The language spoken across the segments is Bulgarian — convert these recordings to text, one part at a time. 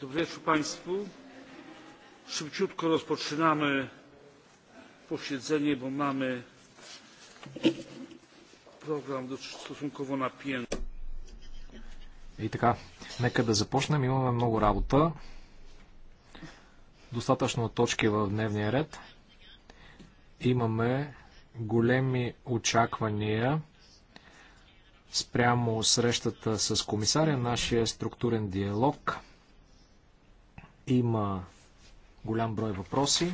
Dobry wieczór Państwu. Szybciutko rozpoczynamy posiedzenie, bo mamy program stosunkowo napięty. И така, нека да започнем. Имаме много работа. Достатъчно точки в дневния ред. Имаме големи очаквания спрямо срещата с комисаря, нашия структурен диалог – има голям брой въпроси.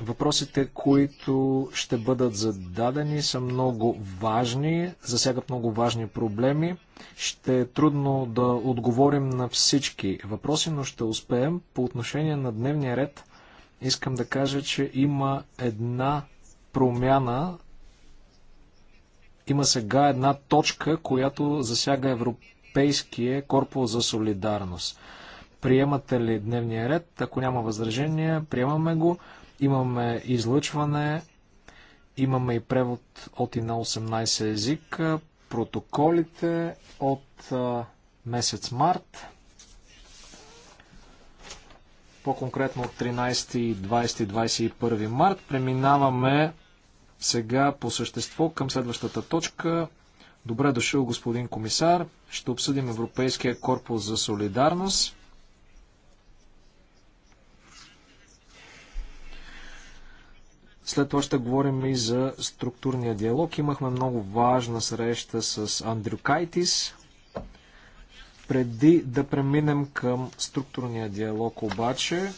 Въпросите, които ще бъдат зададени, са много важни, засягат много важни проблеми. Ще е трудно да отговорим на всички въпроси, но ще успеем. По отношение на дневния ред, искам да кажа, че има една промяна има сега една точка, която засяга Европейския корпус за солидарност. Приемате ли дневния ред? Ако няма възражения, приемаме го. Имаме излъчване, имаме и превод от и на 18 езика, протоколите от а, месец март по-конкретно от 13, 20, 21 март. Преминаваме сега по същество към следващата точка. Добре дошъл, господин комисар. Ще обсъдим Европейския корпус за солидарност. След това ще говорим и за структурния диалог. Имахме много важна среща с Андрю Кайтис. Преди да преминем към структурния диалог обаче,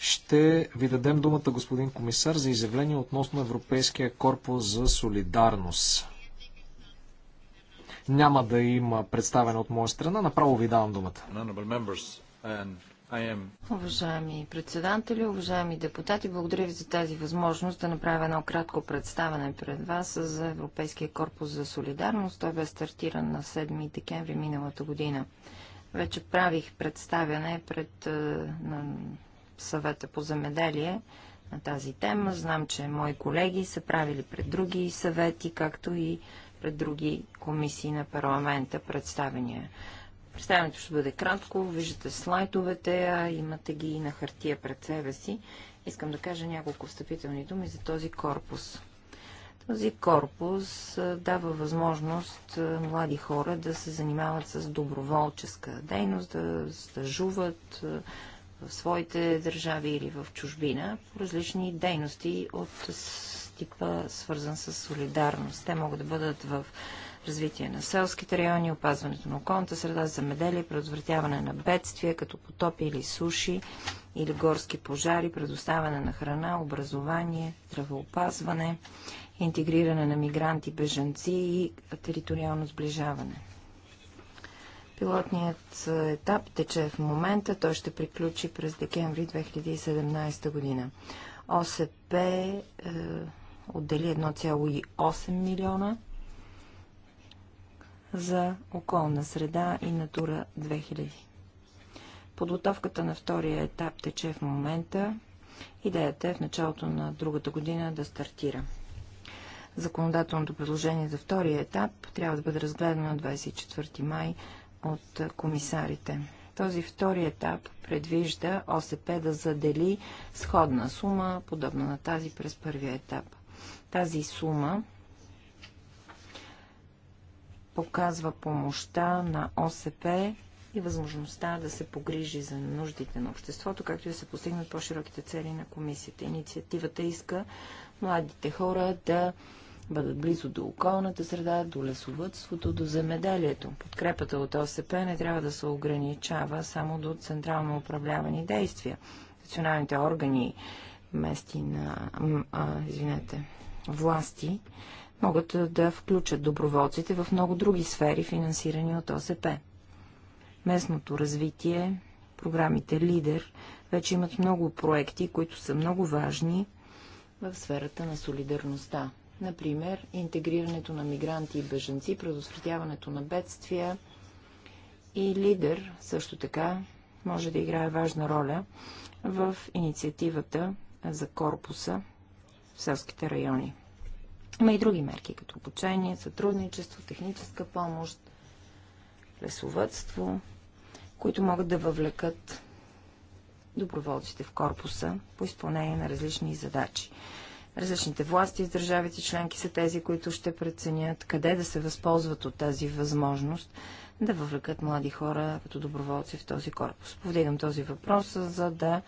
ще ви дадем думата, господин комисар, за изявление относно Европейския корпус за солидарност. Няма да има представяне от моя страна. Направо ви давам думата. Уважаеми председатели, уважаеми депутати, благодаря ви за тази възможност да направя едно кратко представяне пред вас за Европейския корпус за солидарност. Той бе стартиран на 7 декември миналата година. Вече правих представяне пред е, на съвета по земеделие на тази тема. Знам, че мои колеги са правили пред други съвети, както и пред други комисии на парламента представения. Представянето ще бъде кратко, виждате слайдовете, а имате ги и на хартия пред себе си. Искам да кажа няколко встъпителни думи за този корпус. Този корпус дава възможност млади хора да се занимават с доброволческа дейност, да стажуват, в своите държави или в чужбина по различни дейности от типа свързан с солидарност. Те могат да бъдат в развитие на селските райони, опазването на околната среда, замеделие, предотвратяване на бедствия, като потопи или суши, или горски пожари, предоставяне на храна, образование, здравеопазване, интегриране на мигранти, бежанци и териториално сближаване. Пилотният е, етап тече в момента. Той ще приключи през декември 2017 година. ОСП е, отдели 1,8 милиона за околна среда и Натура 2000. Подготовката на втория етап тече в момента. Идеята е в началото на другата година да стартира. Законодателното предложение за втория етап трябва да бъде разгледано на 24 май от комисарите. Този втори етап предвижда ОСП да задели сходна сума, подобна на тази през първия етап. Тази сума показва помощта на ОСП и възможността да се погрижи за нуждите на обществото, както и да се постигнат по-широките цели на комисията. Инициативата иска младите хора да бъдат близо до околната среда, до лесовътството, до земеделието. Подкрепата от ОСП не трябва да се ограничава само до централно управлявани действия. Националните органи, мести на, а, извинете, власти, могат да включат доброволците в много други сфери, финансирани от ОСП. Местното развитие, програмите Лидер, вече имат много проекти, които са много важни в сферата на солидарността. Например, интегрирането на мигранти и беженци, предотвратяването на бедствия и лидер също така може да играе важна роля в инициативата за корпуса в селските райони. Има и други мерки, като обучение, сътрудничество, техническа помощ, лесовътство, които могат да въвлекат доброволците в корпуса по изпълнение на различни задачи. Различните власти в държавите членки са тези, които ще преценят къде да се възползват от тази възможност да въвлекат млади хора като доброволци в този корпус. Повдигам този въпрос, за да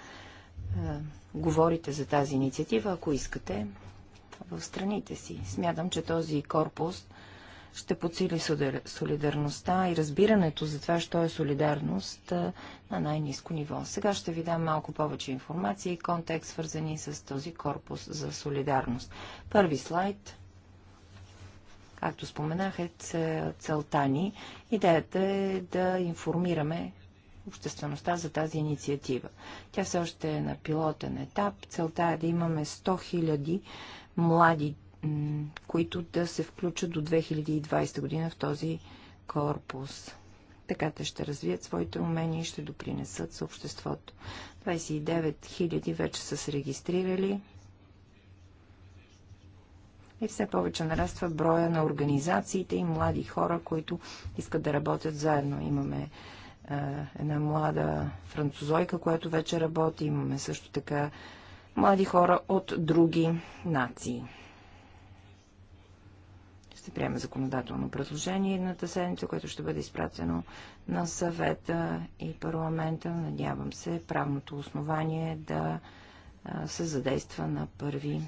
е, говорите за тази инициатива, ако искате, в страните си. Смятам, че този корпус ще подсили солидарността и разбирането за това, що е солидарност на най-низко ниво. Сега ще ви дам малко повече информация и контекст, свързани с този корпус за солидарност. Първи слайд. Както споменах, е целта ни. Идеята е да информираме обществеността за тази инициатива. Тя все още е на пилотен етап. Целта е да имаме 100 000 млади които да се включат до 2020 година в този корпус. Така те ще развият своите умения и ще допринесат съобществото. обществото. 29 000 вече са се регистрирали и все повече нараства броя на организациите и млади хора, които искат да работят заедно. Имаме е, една млада французойка, която вече работи, имаме също така млади хора от други нации се приеме законодателно предложение едната седмица, което ще бъде изпратено на съвета и парламента. Надявам се правното основание да се задейства на 1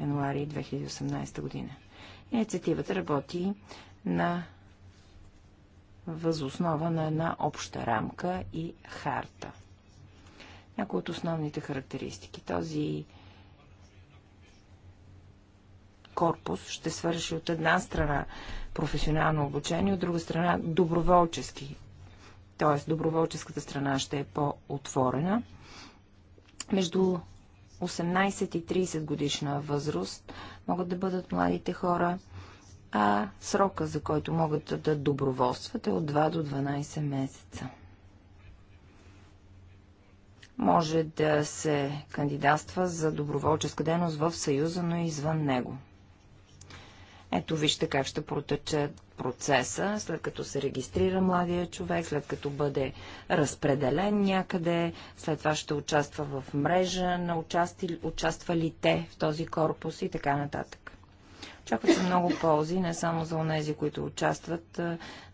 януари 2018 година. Инициативата работи на възоснова на една обща рамка и харта. Някои от основните характеристики. Този корпус ще свърши от една страна професионално обучение, от друга страна доброволчески. Тоест, доброволческата страна ще е по-отворена. Между 18 и 30 годишна възраст могат да бъдат младите хора, а срока, за който могат да доброволстват е от 2 до 12 месеца. Може да се кандидатства за доброволческа дейност в Съюза, но и извън него. Ето вижте как ще протече процеса, след като се регистрира младия човек, след като бъде разпределен някъде, след това ще участва в мрежа на участи, участвалите в този корпус и така нататък. Очакват се много ползи, не само за онези, които участват,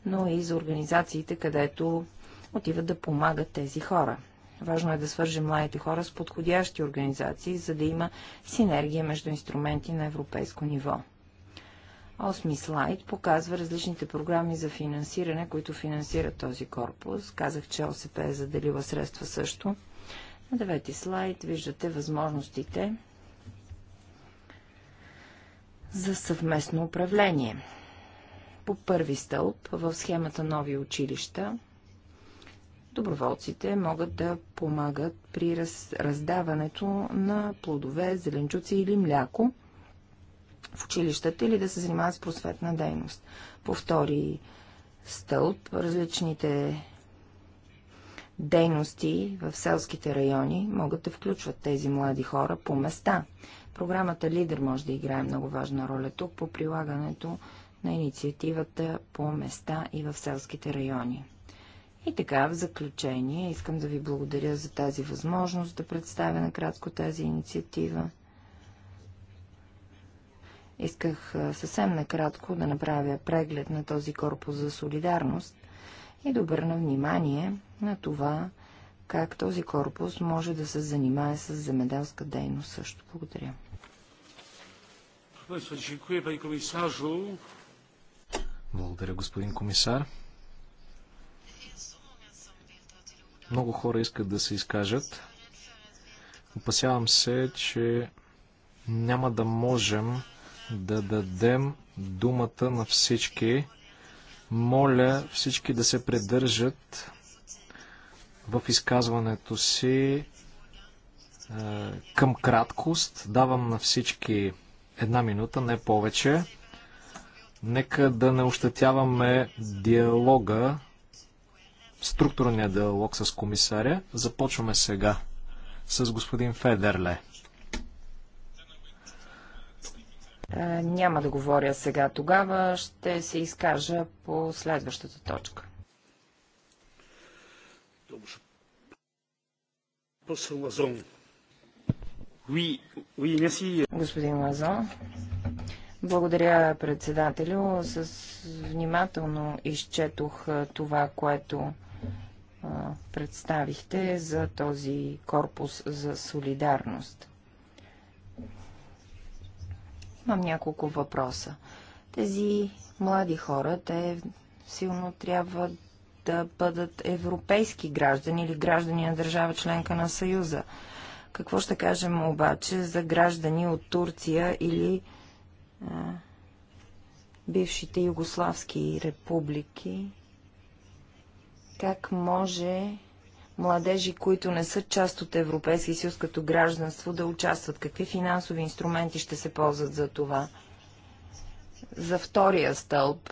но и за организациите, където отиват да помагат тези хора. Важно е да свържем младите хора с подходящи организации, за да има синергия между инструменти на европейско ниво. Осми слайд показва различните програми за финансиране, които финансират този корпус. Казах, че ОСП е заделила средства също. На девети слайд виждате възможностите за съвместно управление. По първи стълб в схемата Нови училища доброволците могат да помагат при раздаването на плодове, зеленчуци или мляко – в училищата или да се занимават с просветна дейност. По втори стълб различните дейности в селските райони могат да включват тези млади хора по места. Програмата Лидер може да играе много важна роля тук по прилагането на инициативата по места и в селските райони. И така, в заключение, искам да ви благодаря за тази възможност да представя накратко тази инициатива. Исках съвсем накратко да направя преглед на този корпус за солидарност и да обърна внимание на това, как този корпус може да се занимае с земеделска дейност също. Благодаря. Благодаря, господин комисар. Много хора искат да се изкажат. Опасявам се, че няма да можем да дадем думата на всички. Моля всички да се придържат в изказването си е, към краткост. Давам на всички една минута, не повече. Нека да не ощетяваме диалога, структурния диалог с комисаря. Започваме сега с господин Федерле. Няма да говоря сега тогава, ще се изкажа по следващата точка. Господин Лазон, благодаря председателю. С внимателно изчетох това, което представихте за този корпус за солидарност. Имам няколко въпроса. Тези млади хора, те силно трябва да бъдат европейски граждани или граждани на държава членка на Съюза. Какво ще кажем обаче за граждани от Турция или а, бившите югославски републики? Как може младежи, които не са част от Европейски съюз като гражданство, да участват? Какви финансови инструменти ще се ползват за това? За втория стълб,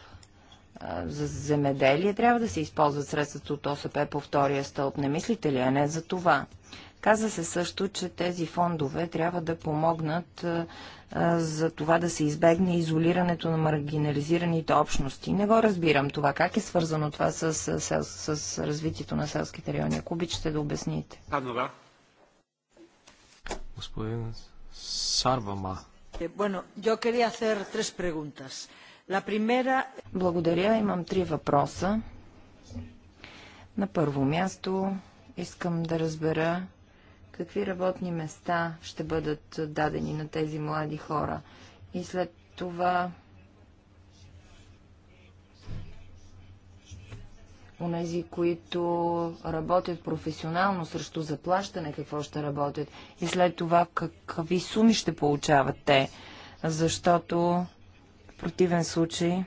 за земеделие, трябва да се използват средствата от ОСП по втория стълб. Не мислите ли, а не за това? Каза се също, че тези фондове трябва да помогнат за това да се избегне изолирането на маргинализираните общности. Не го разбирам това. Как е свързано това с, с, с, с развитието на селските райони? Ако обичате да обясните. Господин Сарвама. Е, Благодаря. Имам три въпроса. На първо място искам да разбера какви работни места ще бъдат дадени на тези млади хора. И след това онези, които работят професионално срещу заплащане, какво ще работят и след това какви суми ще получават те, защото в противен случай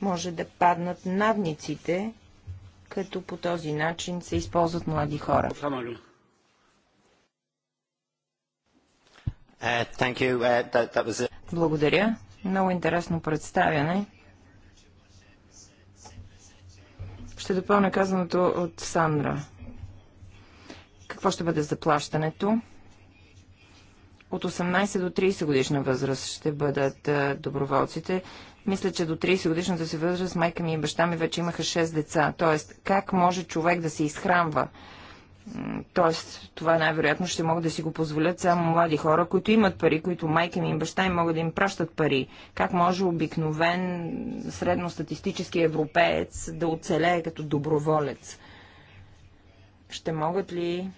може да паднат надниците като по този начин се използват млади хора. Uh, uh, Благодаря. Много интересно представяне. Ще допълня казаното от Сандра. Какво ще бъде заплащането? От 18 до 30 годишна възраст ще бъдат uh, доброволците. Мисля, че до 30 годишната си възраст майка ми и баща ми вече имаха 6 деца. Тоест, как може човек да се изхранва? Тоест, това най-вероятно ще могат да си го позволят само млади хора, които имат пари, които майка ми и баща им могат да им пращат пари. Как може обикновен средностатистически европеец да оцелее като доброволец? Ще могат ли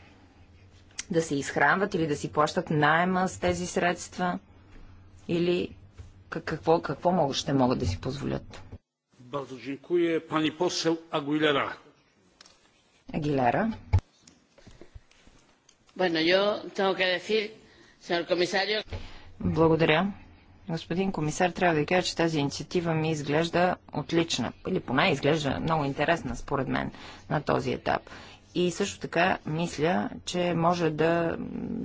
да се изхранват или да си плащат найема с тези средства? Или какво, какво могат, ще могат да си позволят. Бързо dziękuję. пани посел Агуилера. Агуилера. Bueno, yo tengo que decir, señor comisario... Благодаря. Господин комисар, трябва да кажа, че тази инициатива ми изглежда отлична, или поне изглежда много интересна, според мен, на този етап. И също така мисля, че може да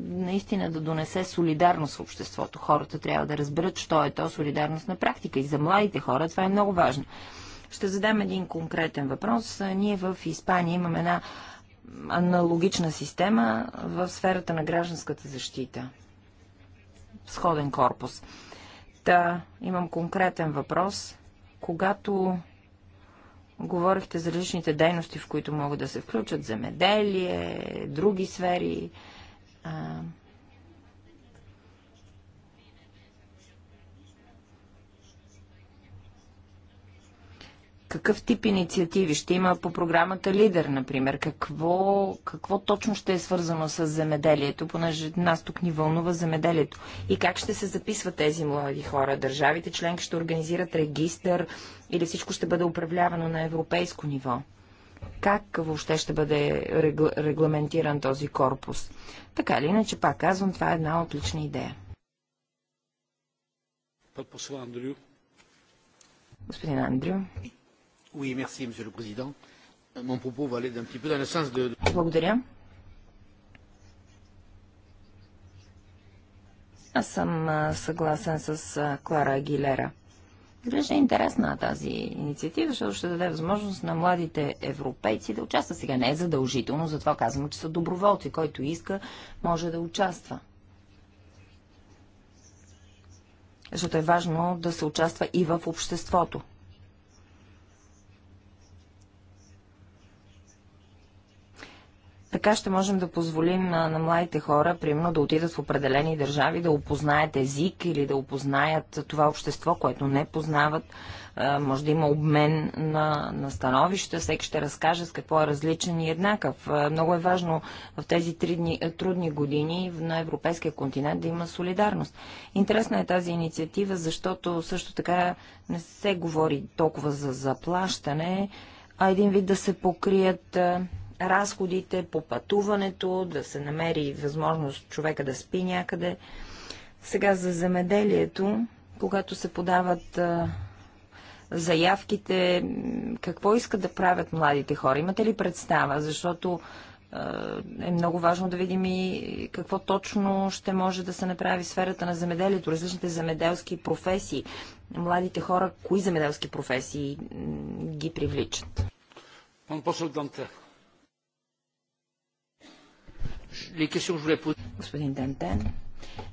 наистина да донесе солидарност в обществото. Хората трябва да разберат, що е то солидарност на практика. И за младите хора това е много важно. Ще задам един конкретен въпрос. Ние в Испания имаме една аналогична система в сферата на гражданската защита. Сходен корпус. Та имам конкретен въпрос. Когато Говорихте за различните дейности, в които могат да се включат земеделие, други сфери. Какъв тип инициативи ще има по програмата Лидер, например? Какво, какво точно ще е свързано с земеделието, понеже нас тук ни вълнува земеделието? И как ще се записват тези млади хора? Държавите членки ще организират регистър или всичко ще бъде управлявано на европейско ниво? Как въобще ще бъде регламентиран този корпус? Така или иначе, пак казвам, това е една отлична идея. Господин Андрю. Oui, merci, Monsieur le Président. Mon propos va aller d'un petit peu dans le sens de... Благодаря. Аз съм съгласен с Клара Агилера. е интересна тази инициатива, защото ще даде възможност на младите европейци да участват. Сега не е задължително, затова казвам, че са доброволци. Който иска, може да участва. Защото е важно да се участва и в обществото. Така ще можем да позволим на, на младите хора, примерно, да отидат в определени държави, да опознаят език или да опознаят това общество, което не познават. Може да има обмен на, на становища, всеки ще разкаже с какво е различен и еднакъв. Много е важно в тези три дни, трудни години на европейския континент да има солидарност. Интересна е тази инициатива, защото също така не се говори толкова за заплащане, а един вид да се покрият разходите по пътуването, да се намери възможност човека да спи някъде. Сега за земеделието, когато се подават а, заявките, какво искат да правят младите хора? Имате ли представа? Защото е много важно да видим и какво точно ще може да се направи в сферата на земеделието, различните земеделски професии. Младите хора, кои земеделски професии ги привличат? Пан посол Данте. Господин Дентен,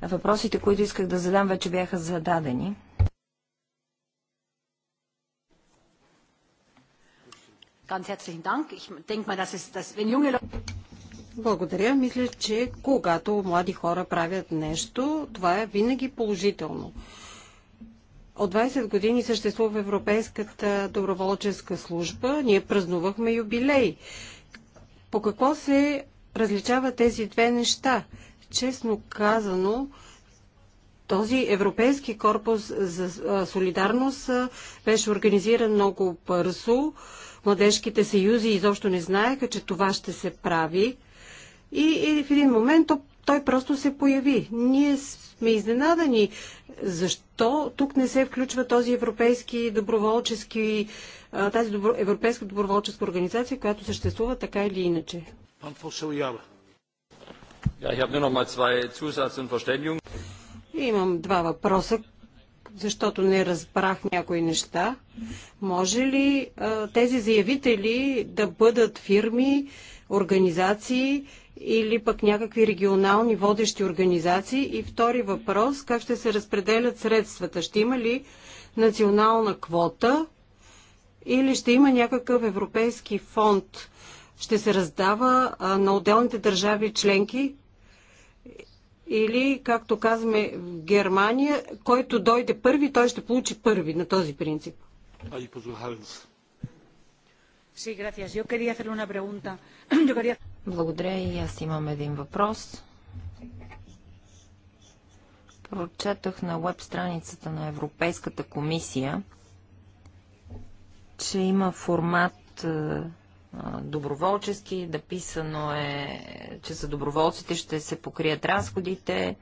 въпросите, които исках да задам, вече бяха зададени. Благодаря. Мисля, че когато млади хора правят нещо, това е винаги положително. От 20 години съществува Европейската доброволческа служба. Ние празнувахме юбилей. По какво се различава тези две неща. Честно казано, този Европейски корпус за солидарност беше организиран много бързо. Младежките съюзи изобщо не знаеха, че това ще се прави. И, и в един момент той просто се появи. Ние сме изненадани защо тук не се включва този европейски доброволчески, тази добро, европейска доброволческа организация, която съществува така или иначе. Имам два въпроса, защото не разбрах някои неща. Може ли тези заявители да бъдат фирми, организации или пък някакви регионални водещи организации? И втори въпрос, как ще се разпределят средствата? Ще има ли национална квота или ще има някакъв европейски фонд? ще се раздава на отделните държави членки или, както казваме в Германия, който дойде първи, той ще получи първи на този принцип. Благодаря и аз имам един въпрос. Прочетах на веб страницата на Европейската комисия, че има формат доброволчески, написано е, че за доброволците ще се покрият разходите.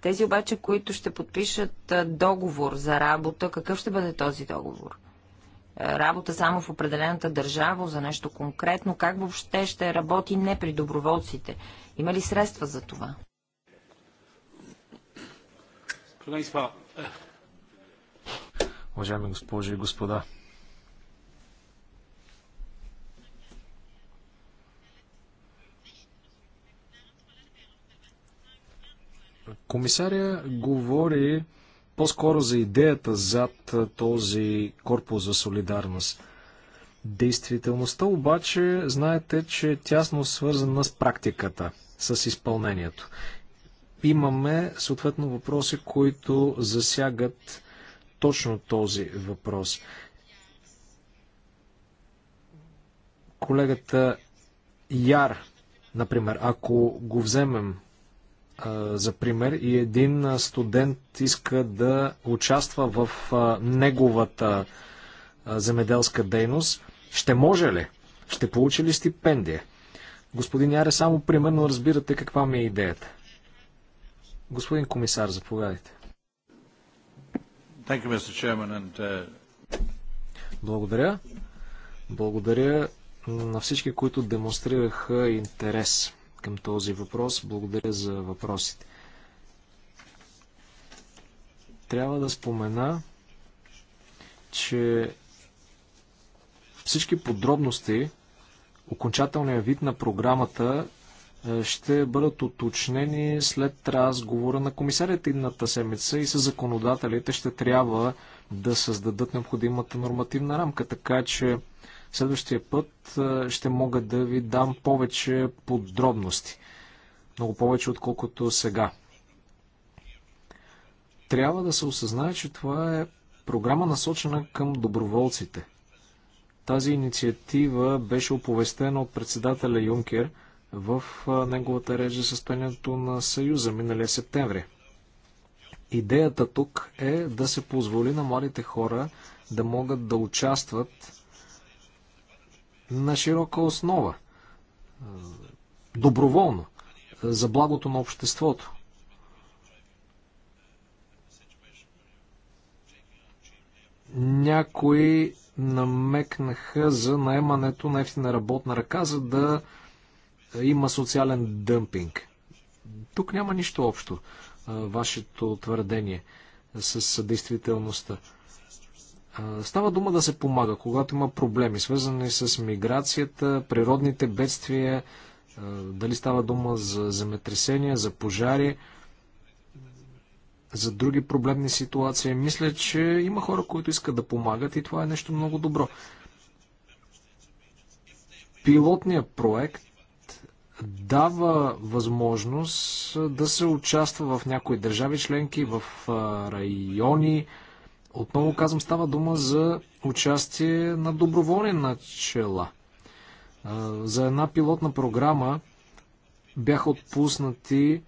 Тези обаче, които ще подпишат договор за работа, какъв ще бъде този договор? Работа само в определената държава, за нещо конкретно, как въобще ще работи не при доброволците? Има ли средства за това? E. Уважаеми госпожи и господа, Комисаря говори по-скоро за идеята зад този корпус за солидарност. Действителността обаче, знаете, че е тясно свързана с практиката, с изпълнението. Имаме съответно въпроси, които засягат точно този въпрос. Колегата Яр, например, ако го вземем за пример и един студент иска да участва в неговата земеделска дейност, ще може ли? Ще получи ли стипендия? Господин Яре, само примерно разбирате каква ми е идеята. Господин комисар, заповядайте. Uh, Благодаря. Благодаря на всички, които демонстрираха интерес към този въпрос. Благодаря за въпросите. Трябва да спомена, че всички подробности, окончателният вид на програмата е, ще бъдат уточнени след разговора на комисарите едната седмица и с законодателите ще трябва да създадат необходимата нормативна рамка, така че Следващия път ще мога да ви дам повече подробности. Много повече, отколкото сега. Трябва да се осъзнае, че това е програма насочена към доброволците. Тази инициатива беше оповестена от председателя Юнкер в неговата реч за състоянието на Съюза миналия септември. Идеята тук е да се позволи на младите хора да могат да участват на широка основа, доброволно, за благото на обществото. Някои намекнаха за наемането на ефтина работна ръка, за да има социален дъмпинг. Тук няма нищо общо вашето твърдение с действителността. Става дума да се помага, когато има проблеми, свързани с миграцията, природните бедствия, дали става дума за земетресения, за пожари, за други проблемни ситуации. Мисля, че има хора, които искат да помагат и това е нещо много добро. Пилотният проект дава възможност да се участва в някои държави членки, в райони, отново казвам, става дума за участие на доброволни начала. За една пилотна програма бяха отпуснати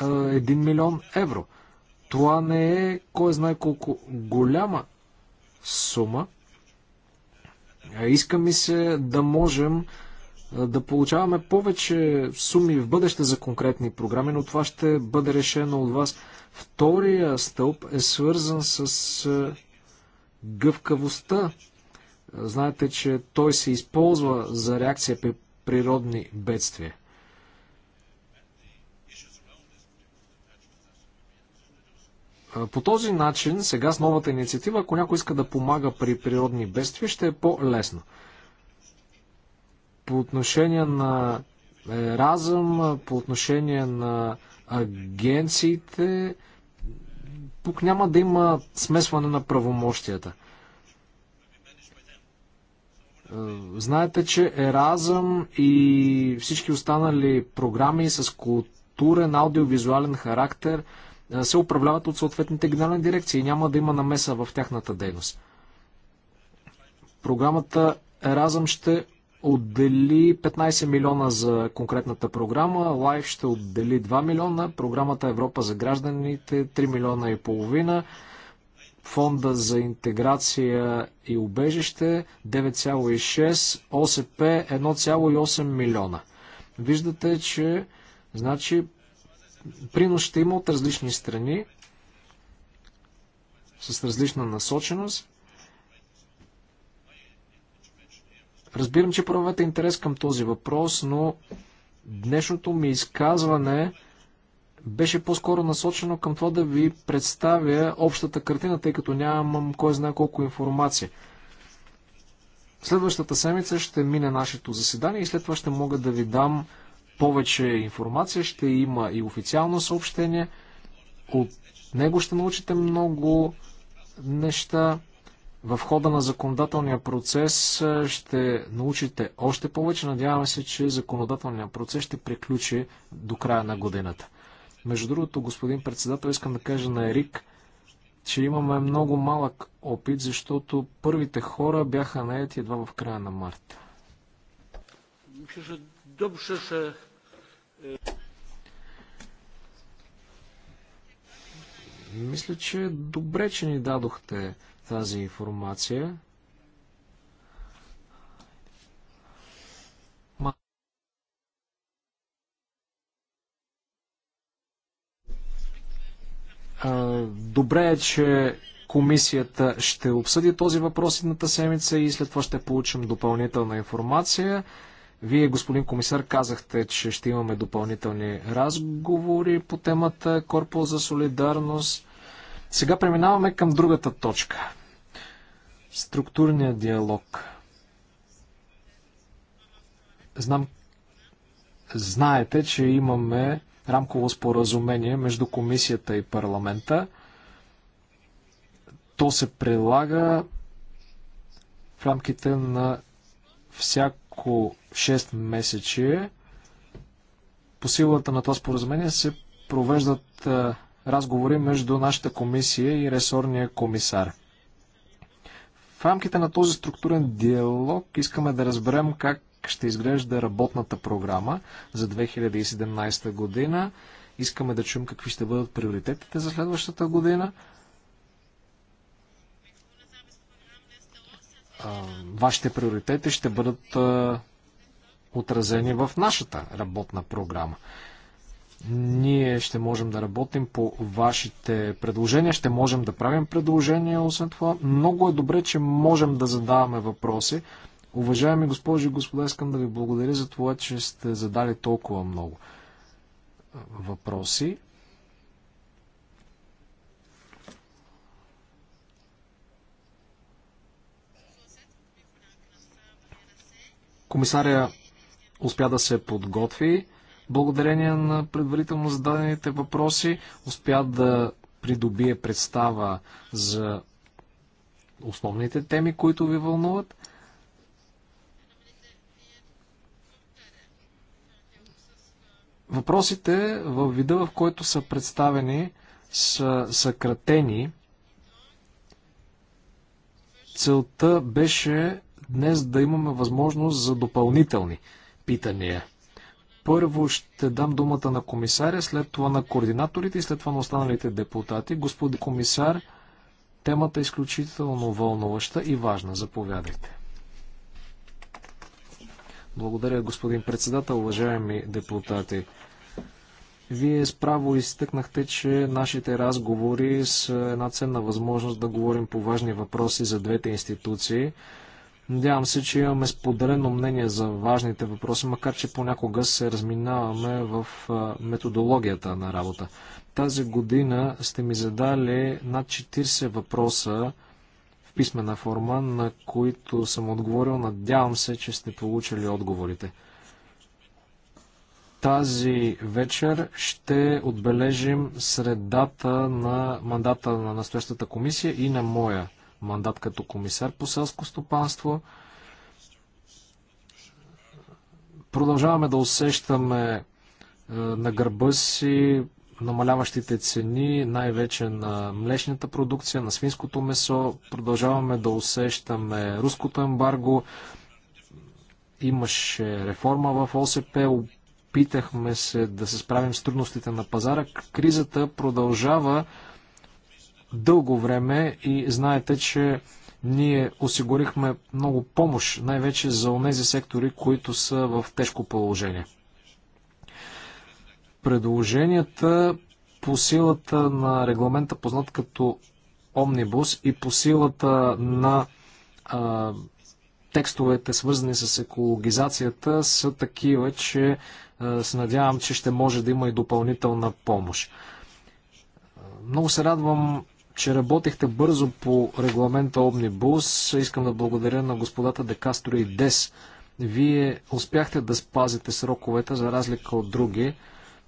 1 милион евро. Това не е кой знае колко голяма сума. Иска ми се да можем да получаваме повече суми в бъдеще за конкретни програми, но това ще бъде решено от вас. Втория стълб е свързан с гъвкавостта. Знаете, че той се използва за реакция при природни бедствия. По този начин, сега с новата инициатива, ако някой иска да помага при природни бедствия, ще е по-лесно по отношение на разъм, по отношение на агенциите, тук няма да има смесване на правомощията. Знаете, че Еразъм и всички останали програми с културен аудиовизуален характер се управляват от съответните генерални дирекции и няма да има намеса в тяхната дейност. Програмата Еразъм ще отдели 15 милиона за конкретната програма, Лайф ще отдели 2 милиона, програмата Европа за гражданите 3 милиона и половина, фонда за интеграция и убежище 9,6, ОСП 1,8 милиона. Виждате, че значи принос ще има от различни страни с различна насоченост. Разбирам, че правете интерес към този въпрос, но днешното ми изказване беше по-скоро насочено към това да ви представя общата картина, тъй като нямам кой знае колко информация. Следващата седмица ще мине нашето заседание и след това ще мога да ви дам повече информация. Ще има и официално съобщение. От него ще научите много неща в хода на законодателния процес е, ще научите още повече. Надяваме се, че законодателният процес ще приключи до края на годината. Между другото, господин председател, искам да кажа на Ерик, че имаме много малък опит, защото първите хора бяха наети едва в края на март. Мисля, че е добре, че ни дадохте тази информация. Добре е, че комисията ще обсъди този въпрос едната седмица и след това ще получим допълнителна информация. Вие, господин комисар, казахте, че ще имаме допълнителни разговори по темата Корпус за солидарност. Сега преминаваме към другата точка. Структурният диалог. Знам, знаете, че имаме рамково споразумение между комисията и парламента. То се прилага в рамките на всяко 6 месече. По силата на това споразумение се провеждат разговори между нашата комисия и ресорния комисар. В рамките на този структурен диалог искаме да разберем как ще изглежда работната програма за 2017 година. Искаме да чуем какви ще бъдат приоритетите за следващата година. Вашите приоритети ще бъдат отразени в нашата работна програма. Ние ще можем да работим по вашите предложения, ще можем да правим предложения, освен това. Много е добре, че можем да задаваме въпроси. Уважаеми госпожи и господа, искам да ви благодаря за това, че сте задали толкова много въпроси. Комисаря успя да се подготви благодарение на предварително зададените въпроси, успя да придобие представа за основните теми, които ви вълнуват. Въпросите в вида, в който са представени, са съкратени. Целта беше днес да имаме възможност за допълнителни питания. Първо ще дам думата на комисаря, след това на координаторите и след това на останалите депутати. Господи комисар, темата е изключително вълнуваща и важна. Заповядайте. Благодаря, господин председател, уважаеми депутати. Вие справо изтъкнахте, че нашите разговори са една ценна възможност да говорим по важни въпроси за двете институции. Надявам се, че имаме споделено мнение за важните въпроси, макар че понякога се разминаваме в методологията на работа. Тази година сте ми задали над 40 въпроса в писмена форма, на които съм отговорил. Надявам се, че сте получили отговорите. Тази вечер ще отбележим средата на мандата на настоящата комисия и на моя мандат като комисар по селско стопанство. Продължаваме да усещаме е, на гърба си намаляващите цени, най-вече на млечната продукция, на свинското месо. Продължаваме да усещаме руското ембарго. Имаше реформа в ОСП, опитахме се да се справим с трудностите на пазара. Кризата продължава дълго време и знаете, че ние осигурихме много помощ, най-вече за онези сектори, които са в тежко положение. Предложенията по силата на регламента, познат като Омнибус и по силата на а, текстовете, свързани с екологизацията, са такива, че а, се надявам, че ще може да има и допълнителна помощ. Много се радвам че работихте бързо по регламента Омнибус. Искам да благодаря на господата Декастро и Дес. Вие успяхте да спазите сроковете, за разлика от други.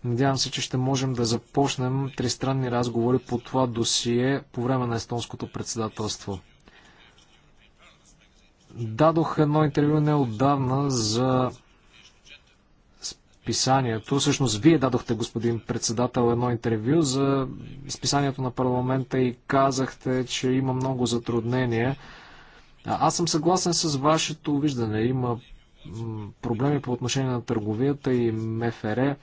Надявам се, че ще можем да започнем тристранни разговори по това досие по време на естонското председателство. Дадох едно интервю неотдавна за списанието. Всъщност, вие дадохте, господин председател, едно интервю за списанието на парламента и казахте, че има много затруднения. Аз съм съгласен с вашето виждане. Има проблеми по отношение на търговията и МФР.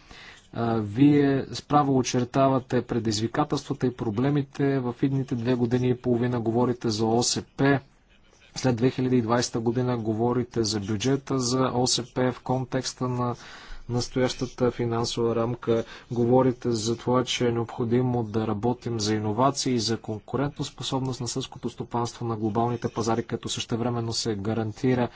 Вие справо очертавате предизвикателствата и проблемите. В идните две години и половина говорите за ОСП. След 2020 година говорите за бюджета за ОСП в контекста на настоящата финансова рамка. Говорите за това, че е необходимо да работим за иновации и за конкурентоспособност на сълското стопанство на глобалните пазари, като същевременно се гарантира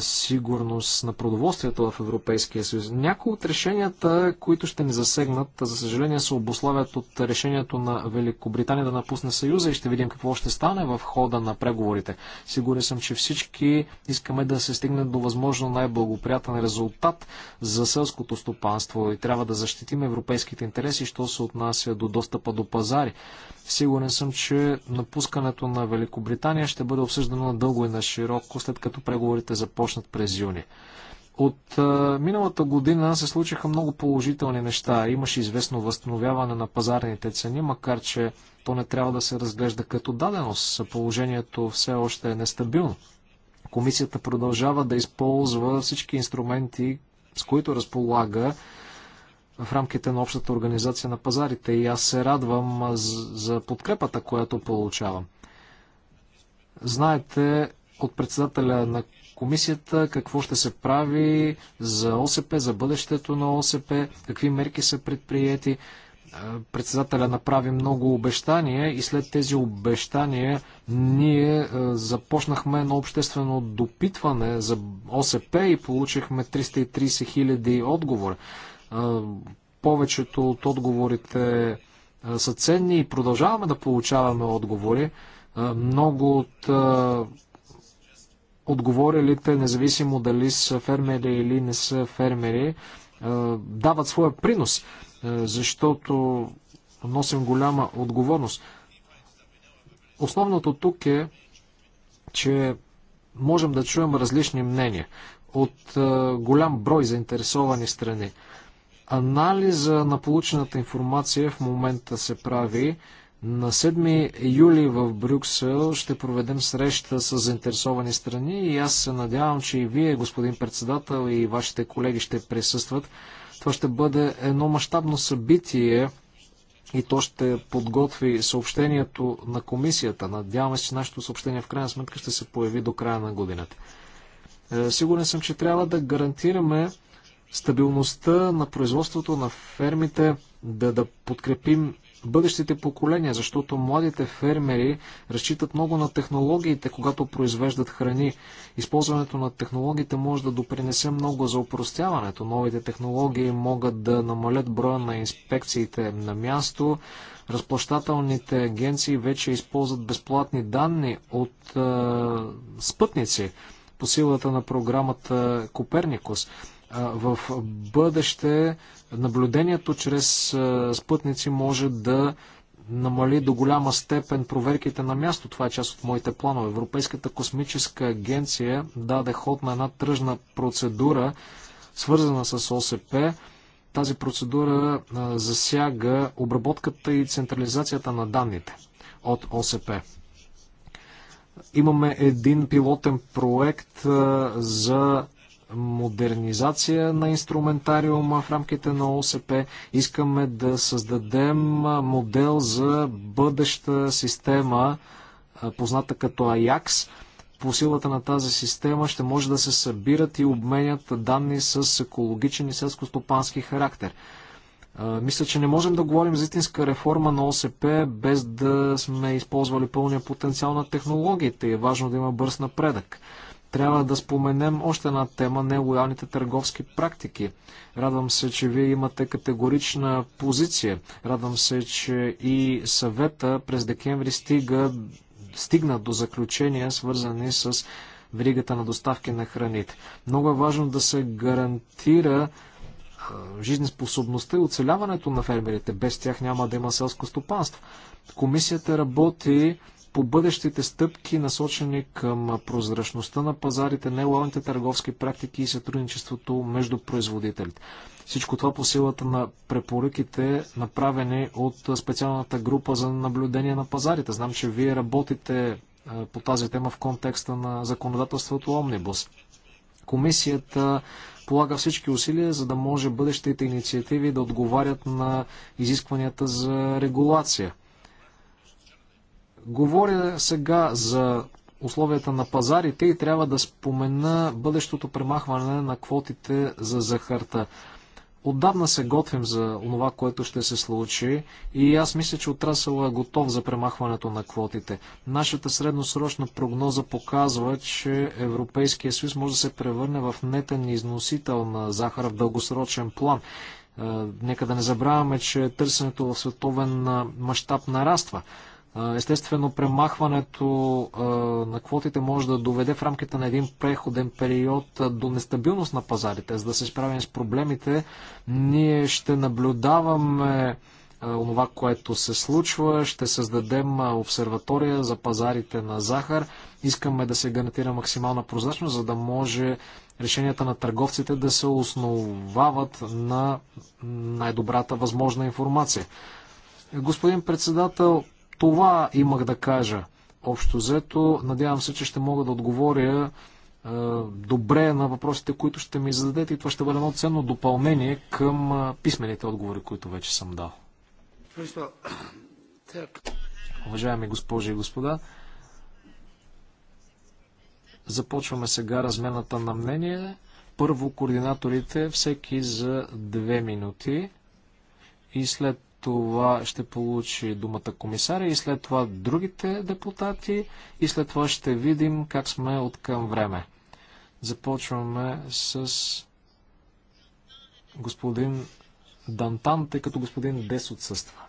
сигурност на продоволствието в Европейския съюз. Някои от решенията, които ще ни засегнат, за съжаление се обославят от решението на Великобритания да напусне Съюза и ще видим какво ще стане в хода на преговорите. Сигурен съм, че всички искаме да се стигне до възможно най-благоприятен резултат за селското стопанство и трябва да защитим европейските интереси, що се отнася до достъпа до пазари. Сигурен съм, че напускането на Великобритания ще бъде обсъждано на дълго и на широко, след като преговорите започнат през юни. От а, миналата година се случиха много положителни неща. Имаше известно възстановяване на пазарните цени, макар че то не трябва да се разглежда като даденост. Положението все още е нестабилно. Комисията продължава да използва всички инструменти, с които разполага, в рамките на общата организация на пазарите и аз се радвам за подкрепата, която получавам. Знаете от председателя на комисията какво ще се прави за ОСП, за бъдещето на ОСП, какви мерки са предприяти. Председателя направи много обещания и след тези обещания ние започнахме едно обществено допитване за ОСП и получихме 330 хиляди отговора. Повечето от отговорите са ценни и продължаваме да получаваме отговори. Много от отговорилите, независимо дали са фермери или не са фермери, дават своя принос, защото носим голяма отговорност. Основното тук е, че можем да чуем различни мнения от голям брой заинтересовани страни. Анализа на получената информация в момента се прави. На 7 юли в Брюксел ще проведем среща с заинтересовани страни и аз се надявам, че и вие, господин председател, и вашите колеги ще присъстват. Това ще бъде едно мащабно събитие и то ще подготви съобщението на комисията. Надяваме се, че нашето съобщение в крайна сметка ще се появи до края на годината. Е, сигурен съм, че трябва да гарантираме стабилността на производството на фермите, да, да подкрепим бъдещите поколения, защото младите фермери разчитат много на технологиите, когато произвеждат храни. Използването на технологиите може да допринесе много за упростяването. Новите технологии могат да намалят броя на инспекциите на място. Разплащателните агенции вече използват безплатни данни от е, спътници по силата на програмата Коперникус в бъдеще наблюдението чрез спътници може да намали до голяма степен проверките на място. Това е част от моите планове. Европейската космическа агенция даде ход на една тръжна процедура, свързана с ОСП. Тази процедура засяга обработката и централизацията на данните от ОСП. Имаме един пилотен проект за модернизация на инструментариума в рамките на ОСП. Искаме да създадем модел за бъдеща система, позната като АЯКС. По силата на тази система ще може да се събират и обменят данни с екологичен и селско-стопански характер. Мисля, че не можем да говорим за истинска реформа на ОСП без да сме използвали пълния потенциал на технологиите. Е важно да има бърз напредък. Трябва да споменем още една тема – нелоялните търговски практики. Радвам се, че вие имате категорична позиция. Радвам се, че и съвета през декември стига, стигна до заключения, свързани с веригата на доставки на храните. Много е важно да се гарантира жизнеспособността и оцеляването на фермерите. Без тях няма да има селско стопанство. Комисията работи по бъдещите стъпки, насочени към прозрачността на пазарите, нелоялните търговски практики и сътрудничеството между производителите. Всичко това по силата на препоръките, направени от специалната група за наблюдение на пазарите. Знам, че вие работите е, по тази тема в контекста на законодателството Омнибус. Комисията полага всички усилия, за да може бъдещите инициативи да отговарят на изискванията за регулация – Говоря сега за условията на пазарите и трябва да спомена бъдещото премахване на квотите за захарта. Отдавна се готвим за това, което ще се случи и аз мисля, че отрасъл е готов за премахването на квотите. Нашата средносрочна прогноза показва, че Европейския съюз може да се превърне в нетен износител на захара в дългосрочен план. Е, нека да не забравяме, че търсенето в световен мащаб нараства. Естествено, премахването на квотите може да доведе в рамките на един преходен период до нестабилност на пазарите. За да се справим с проблемите, ние ще наблюдаваме онова, което се случва. Ще създадем обсерватория за пазарите на захар. Искаме да се гарантира максимална прозрачност, за да може решенията на търговците да се основават на най-добрата възможна информация. Господин председател, това имах да кажа общо взето. Надявам се, че ще мога да отговоря е, добре на въпросите, които ще ми зададете и това ще бъде едно ценно допълнение към е, писмените отговори, които вече съм дал. Уважаеми госпожи и господа, започваме сега размената на мнение. Първо координаторите, всеки за две минути и след това ще получи думата комисаря и след това другите депутати и след това ще видим как сме от към време. Започваме с господин Дантан, тъй като господин Дес отсъства.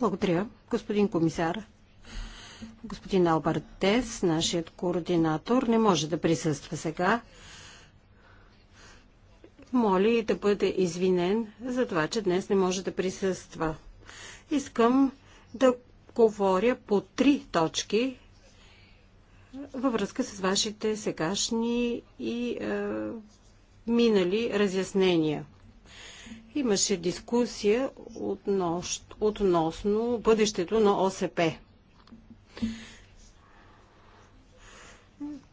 Благодаря, господин комисар. Господин Албарт Дес, нашият координатор, не може да присъства сега моли да бъде извинен за това, че днес не може да присъства. Искам да говоря по три точки във връзка с вашите сегашни и е, минали разяснения. Имаше дискусия относ, относно бъдещето на ОСП.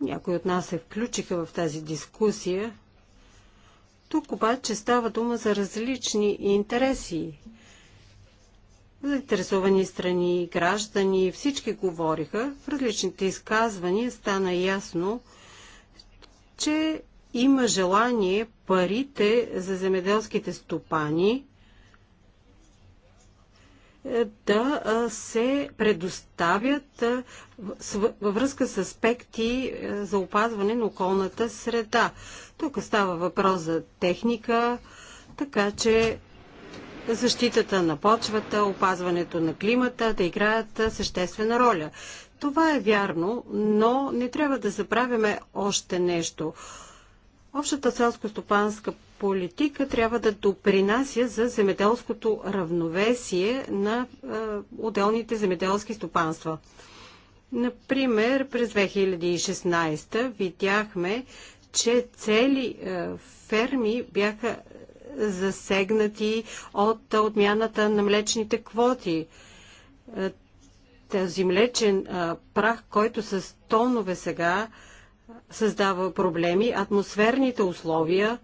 Някои от нас се включиха в тази дискусия тук обаче става дума за различни интереси. Заинтересовани страни, граждани, всички говориха. В различните изказвания стана ясно, че има желание парите за земеделските стопани да се предоставят във връзка с аспекти за опазване на околната среда. Тук става въпрос за техника, така че защитата на почвата, опазването на климата да играят съществена роля. Това е вярно, но не трябва да забравяме още нещо. Общата селско-стопанска политика трябва да допринася за земеделското равновесие на отделните земеделски стопанства. Например, през 2016 видяхме, че цели ферми бяха засегнати от отмяната на млечните квоти. Тази млечен прах, който с тонове сега създава проблеми. Атмосферните условия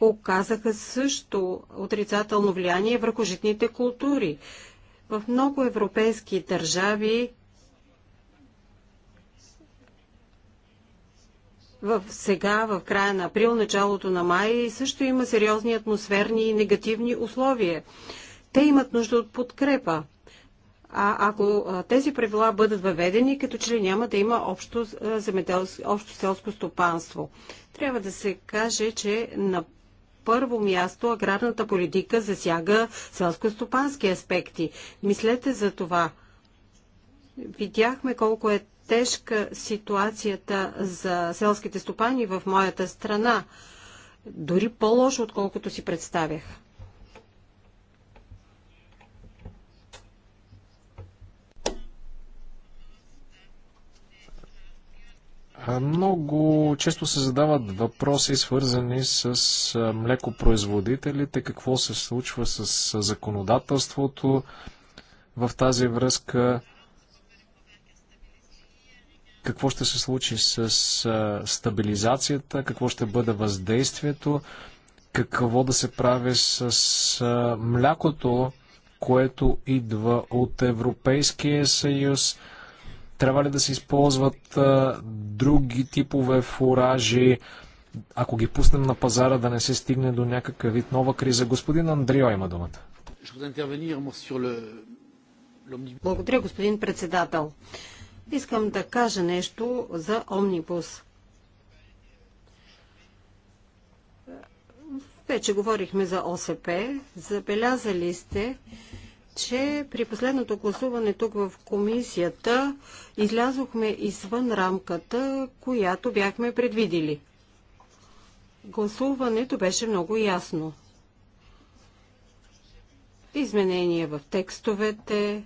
оказаха също отрицателно влияние върху житните култури. В много европейски държави в сега, в края на април, началото на май, също има сериозни атмосферни и негативни условия. Те имат нужда от подкрепа. А ако тези правила бъдат въведени, като че ли няма да има общо, земедел, общо селско стопанство. Трябва да се каже, че на първо място аграрната политика засяга селско-стопански аспекти. Мислете за това. Видяхме колко е тежка ситуацията за селските стопани в моята страна. Дори по-лошо, отколкото си представях. Много често се задават въпроси, свързани с млекопроизводителите, какво се случва с законодателството в тази връзка, какво ще се случи с стабилизацията, какво ще бъде въздействието, какво да се прави с млякото, което идва от Европейския съюз. Трябва ли да се използват а, други типове фуражи, ако ги пуснем на пазара, да не се стигне до някакъв вид нова криза? Господин Андрио има думата. Благодаря, господин председател. Искам да кажа нещо за Омнибус. Вече говорихме за ОСП. Забелязали сте, че при последното гласуване тук в комисията излязохме извън рамката, която бяхме предвидили. Гласуването беше много ясно. Изменения в текстовете,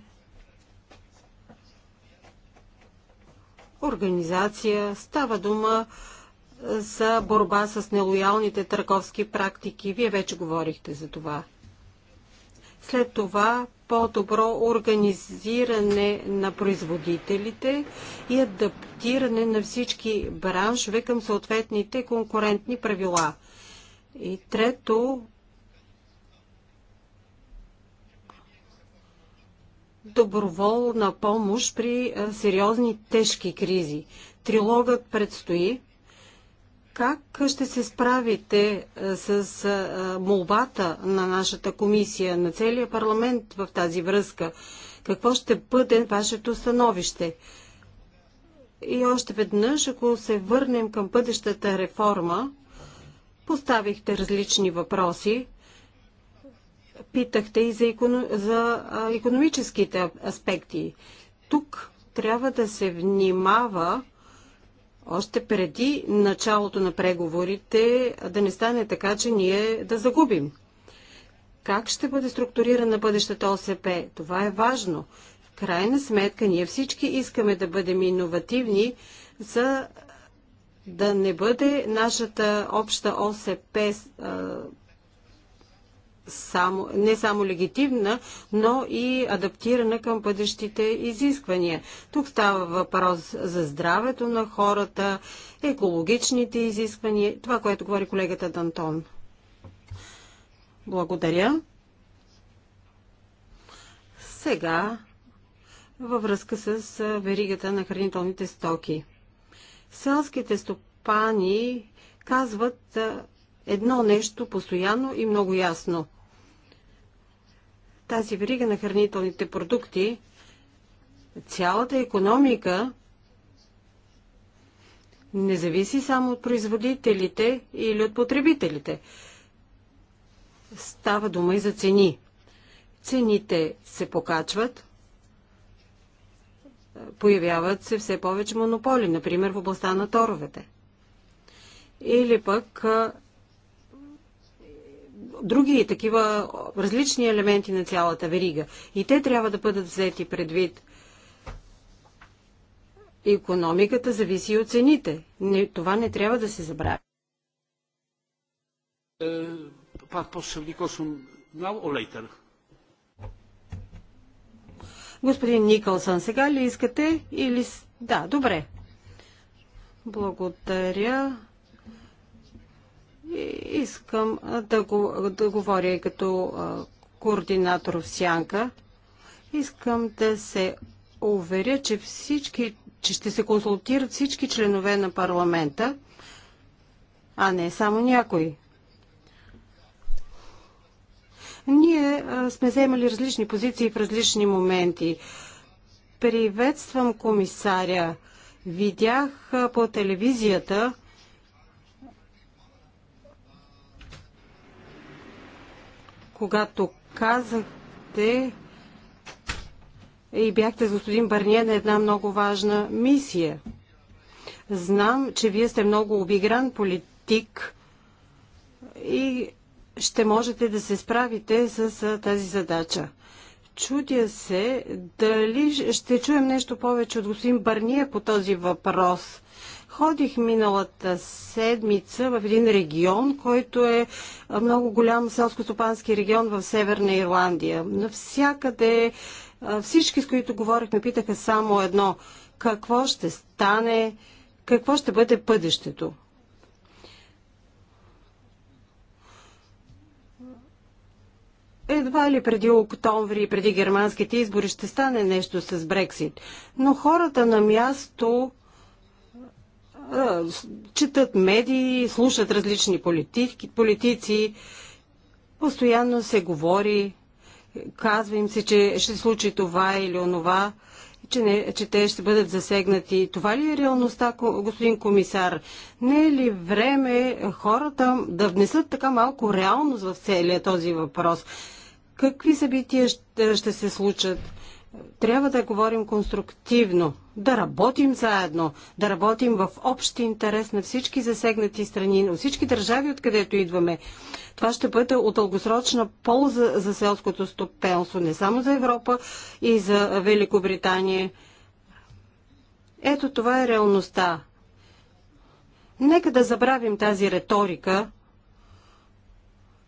организация, става дума за борба с нелоялните търговски практики. Вие вече говорихте за това. След това по-добро организиране на производителите и адаптиране на всички браншове към съответните конкурентни правила. И трето, доброволна помощ при сериозни тежки кризи. Трилогът предстои. Как ще се справите е, с е, молбата на нашата комисия, на целия парламент в тази връзка? Какво ще бъде вашето становище? И още веднъж, ако се върнем към бъдещата реформа, поставихте различни въпроси. Питахте и за, економ... за економическите аспекти. Тук трябва да се внимава още преди началото на преговорите, да не стане така, че ние да загубим. Как ще бъде структурирана бъдещата ОСП? Това е важно. В крайна сметка, ние всички искаме да бъдем иновативни, за да не бъде нашата обща ОСП само, не само легитимна, но и адаптирана към бъдещите изисквания. Тук става въпрос за здравето на хората, екологичните изисквания, това, което говори колегата Дантон. Благодаря. Сега във връзка с веригата на хранителните стоки. Селските стопани казват едно нещо постоянно и много ясно тази верига на хранителните продукти, цялата економика не зависи само от производителите или от потребителите. Става дума и за цени. Цените се покачват, появяват се все повече монополи, например в областта на торовете. Или пък други такива различни елементи на цялата верига. И те трябва да бъдат взети предвид. Економиката зависи от цените. Не, това не трябва да се забрави. Е, Господин Никълсън, сега ли искате или... Да, добре. Благодаря. Искам да, го, да говоря и като координатор в Сянка. Искам да се уверя, че всички, че ще се консултират всички членове на парламента, а не само някои. Ние сме вземали различни позиции в различни моменти. Приветствам комисаря. Видях по телевизията, когато казахте и бяхте с господин Барние на една много важна мисия. Знам, че вие сте много обигран политик и ще можете да се справите с тази задача. Чудя се дали ще чуем нещо повече от господин Барния по този въпрос. Ходих миналата седмица в един регион, който е много голям селско-стопански регион в Северна Ирландия. Навсякъде всички, с които говорихме, питаха само едно. Какво ще стане? Какво ще бъде бъдещето? едва ли преди октомври, преди германските избори ще стане нещо с Брексит. Но хората на място четат медии, слушат различни политики, политици, постоянно се говори, казва им се, че ще случи това или онова, че, не, че те ще бъдат засегнати. Това ли е реалността, господин комисар? Не е ли време хората да внесат така малко реалност в целия този въпрос? Какви събития ще, ще се случат? Трябва да говорим конструктивно да работим заедно, да работим в общ интерес на всички засегнати страни, на всички държави, откъдето идваме. Това ще бъде от дългосрочна полза за селското стопенство, не само за Европа и за Великобритания. Ето това е реалността. Нека да забравим тази риторика,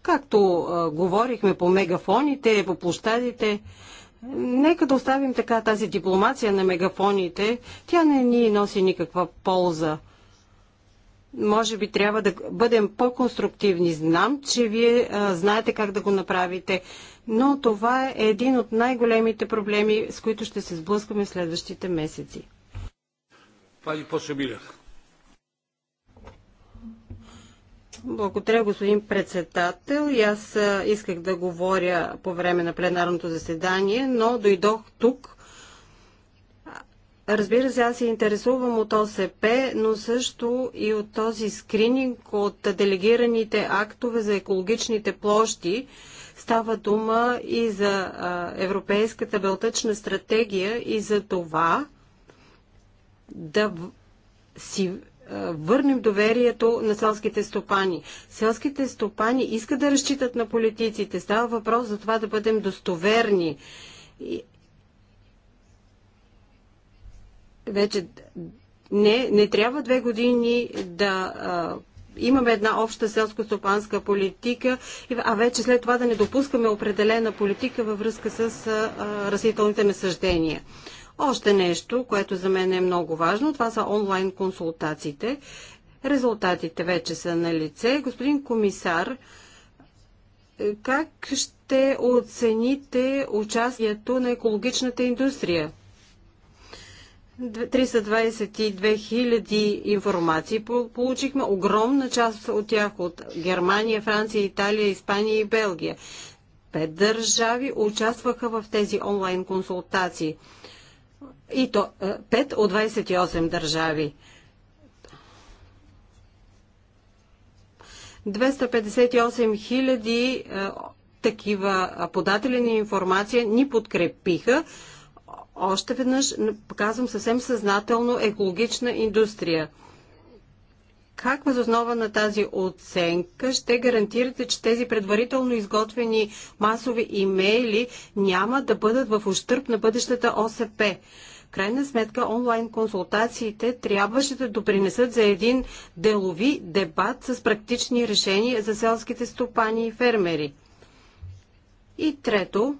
както а, говорихме по мегафоните, по площадите. Нека да оставим така тази дипломация на мегафоните. Тя не ни носи никаква полза. Може би трябва да бъдем по-конструктивни. Знам, че вие а, знаете как да го направите, но това е един от най-големите проблеми, с които ще се сблъскаме следващите месеци. Пани Посемилях. Благодаря, господин председател. И аз исках да говоря по време на пленарното заседание, но дойдох тук. Разбира се, аз се интересувам от ОСП, но също и от този скрининг от делегираните актове за екологичните площи. Става дума и за Европейската белтъчна стратегия и за това да си върнем доверието на селските стопани. Селските стопани искат да разчитат на политиците. Става въпрос за това да бъдем достоверни. Вече не, не трябва две години да а, имаме една обща селско-стопанска политика, а вече след това да не допускаме определена политика във връзка с а, а, растителните насъждения. Още нещо, което за мен е много важно, това са онлайн консултациите. Резултатите вече са на лице. Господин комисар, как ще оцените участието на екологичната индустрия? 322 хиляди информации получихме. Огромна част от тях от Германия, Франция, Италия, Испания и Белгия. Пет държави участваха в тези онлайн консултации и то 5 е, от 28 държави. 258 хиляди е, такива податели на информация ни подкрепиха. Още веднъж показвам съвсем съзнателно екологична индустрия. Как въз основа на тази оценка ще гарантирате, че тези предварително изготвени масови имейли няма да бъдат в ущърп на бъдещата ОСП? крайна сметка онлайн консултациите трябваше да допринесат за един делови дебат с практични решения за селските стопани и фермери. И трето,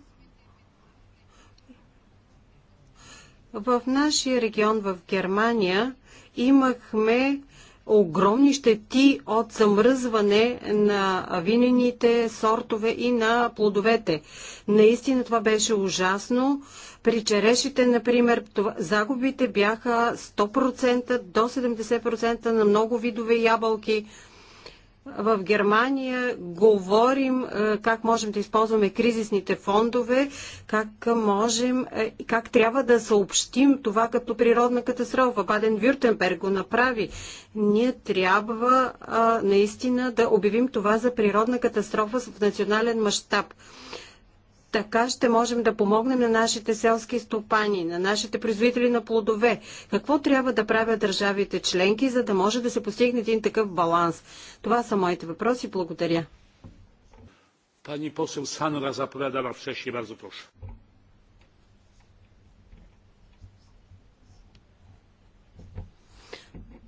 в нашия регион в Германия имахме огромни щети от замръзване на винените сортове и на плодовете. Наистина това беше ужасно. При черешите, например, това, загубите бяха 100% до 70% на много видове ябълки. В Германия говорим е, как можем да използваме кризисните фондове, как можем, е, как трябва да съобщим това като природна катастрофа. Баден Вюртенберг го направи. Ние трябва е, наистина да обявим това за природна катастрофа в национален мащаб. Така ще можем да помогнем на нашите селски стопани, на нашите производители на плодове. Какво трябва да правят държавите членки, за да може да се постигне един такъв баланс? Това са моите въпроси. Благодаря. посел poseł Sanra в wcześniej. Бързо прошу.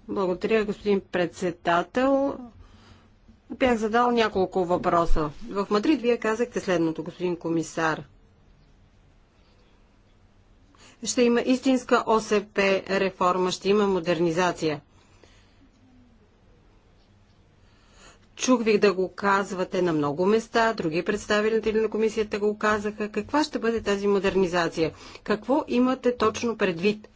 Благодаря, господин председател. Бях задал няколко въпроса. В Мадрид вие казахте следното, господин комисар. Ще има истинска ОСП реформа, ще има модернизация. Чух ви да го казвате на много места, други представители на комисията го казаха. Каква ще бъде тази модернизация? Какво имате точно предвид?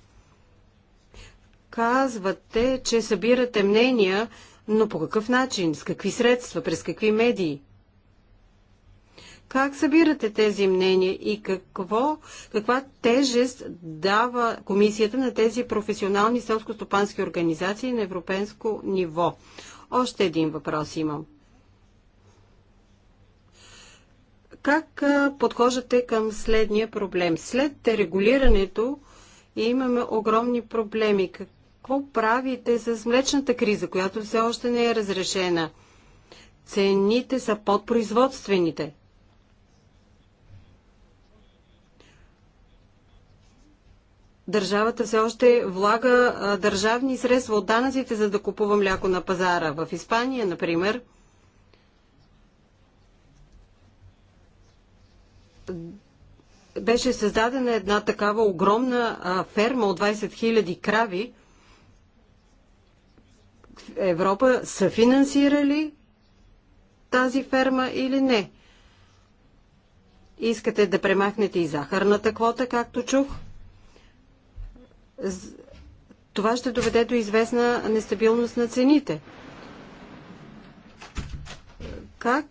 Казвате, че събирате мнения но по какъв начин? С какви средства? През какви медии? Как събирате тези мнения и какво, каква тежест дава комисията на тези професионални селско-стопански организации на европейско ниво? Още един въпрос имам. Как подхождате към следния проблем? След регулирането имаме огромни проблеми какво правите с млечната криза, която все още не е разрешена? Цените са подпроизводствените. Държавата все още влага държавни средства от данъците, за да купува мляко на пазара. В Испания, например, беше създадена една такава огромна ферма от 20 000 крави, Европа са финансирали тази ферма или не? Искате да премахнете и захарната квота, както чух? Това ще доведе до известна нестабилност на цените. Как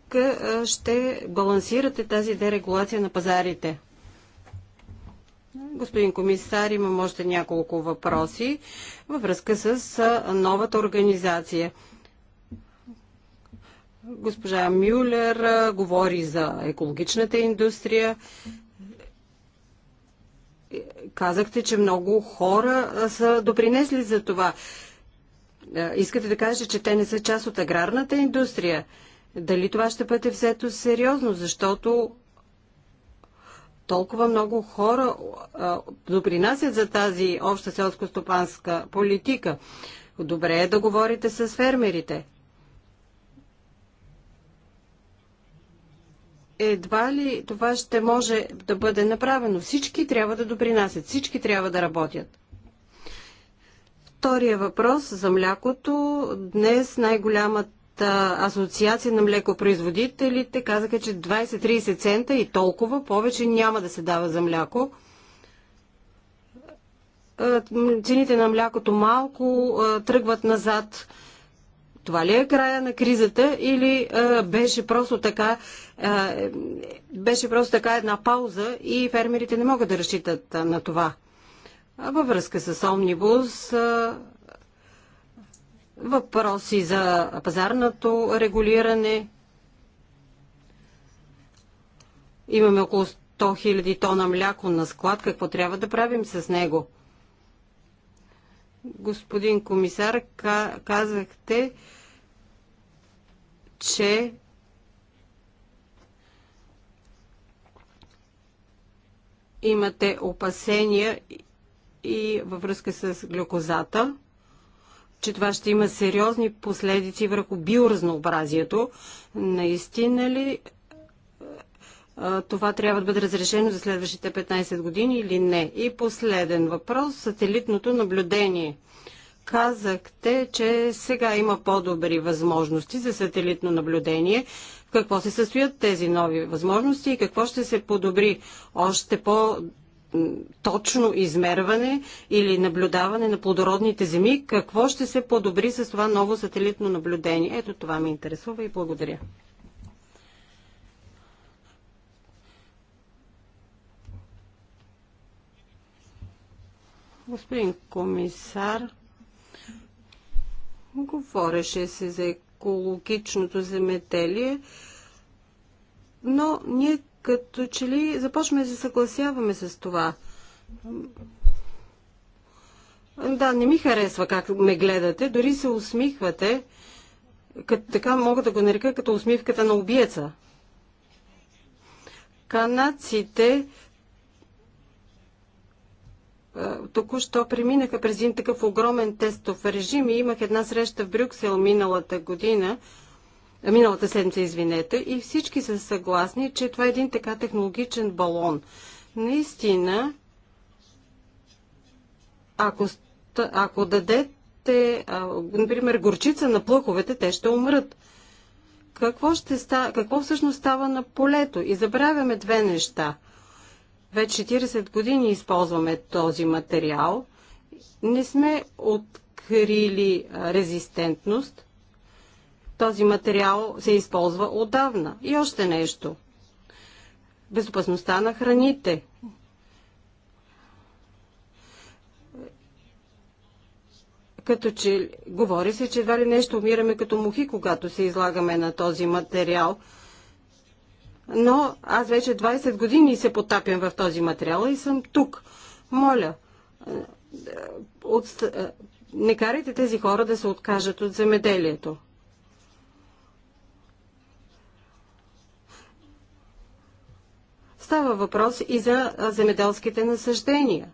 ще балансирате тази дерегулация на пазарите? Господин комисар, имам още няколко въпроси във връзка с новата организация. Госпожа Мюлер говори за екологичната индустрия. Казахте, че много хора са допринесли за това. Искате да кажете, че те не са част от аграрната индустрия. Дали това ще бъде взето сериозно, защото толкова много хора допринасят за тази обща селско-стопанска политика. Добре е да говорите с фермерите. Едва ли това ще може да бъде направено? Всички трябва да допринасят, всички трябва да работят. Втория въпрос за млякото. Днес най-голямата асоциация на млекопроизводителите казаха, че 20-30 цента и толкова повече няма да се дава за мляко. Цените на млякото малко тръгват назад. Това ли е края на кризата или беше просто така беше просто така една пауза и фермерите не могат да разчитат на това? във връзка с Омнибус въпроси за пазарното регулиране. Имаме около 100 000 тона мляко на склад. Какво трябва да правим с него? Господин комисар, казахте, че имате опасения и във връзка с глюкозата че това ще има сериозни последици върху биоразнообразието. Наистина ли това трябва да бъде разрешено за следващите 15 години или не? И последен въпрос – сателитното наблюдение. Казахте, че сега има по-добри възможности за сателитно наблюдение. В какво се състоят тези нови възможности и какво ще се подобри? Още по точно измерване или наблюдаване на плодородните земи, какво ще се подобри с това ново сателитно наблюдение? Ето това ме интересува и благодаря. Господин комисар, говореше се за екологичното земетелие, но ние като че ли започваме да се съгласяваме с това. Да, не ми харесва как ме гледате, дори се усмихвате. Като, така мога да го нарека като усмивката на убиеца. Канадците току-що преминаха през един такъв огромен тестов режим и имах една среща в Брюксел миналата година, миналата седмица, извинете, и всички са съгласни, че това е един така технологичен балон. Наистина, ако, ако дадете, например, горчица на плъховете, те ще умрат. Какво, ще ста, какво всъщност става на полето? И забравяме две неща. Вече 40 години използваме този материал. Не сме открили резистентност – този материал се използва отдавна. И още нещо. Безопасността на храните. Като че говори се, че едва ли нещо умираме като мухи, когато се излагаме на този материал. Но аз вече 20 години се потапям в този материал и съм тук. Моля, от... не карайте тези хора да се откажат от земеделието. става въпрос и за земеделските насъждения.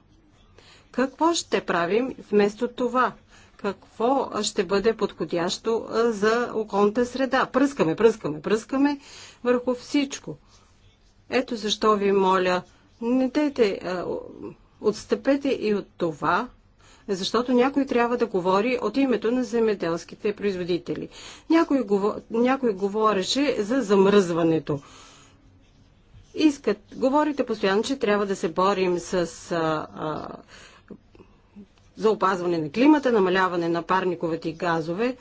Какво ще правим вместо това? Какво ще бъде подходящо за околната среда? Пръскаме, пръскаме, пръскаме върху всичко. Ето защо ви моля, не дайте, отстъпете и от това, защото някой трябва да говори от името на земеделските производители. Някой, някой говореше за замръзването искат. Говорите постоянно, че трябва да се борим с. А, а, за опазване на климата, намаляване на парниковите газове.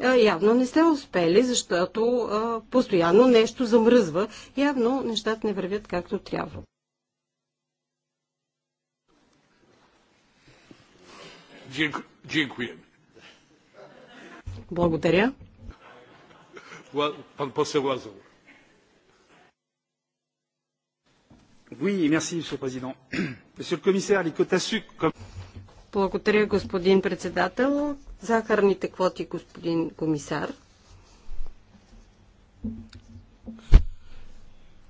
А, явно не сте успели, защото а, постоянно нещо замръзва. Явно нещата не вървят както трябва. Благодаря. Пан посел Лазаров. Oui, merci, monsieur le président. Monsieur le commissaire, les quotas sucre, comme... Благодаря, господин председател. Захарните квоти, господин комисар.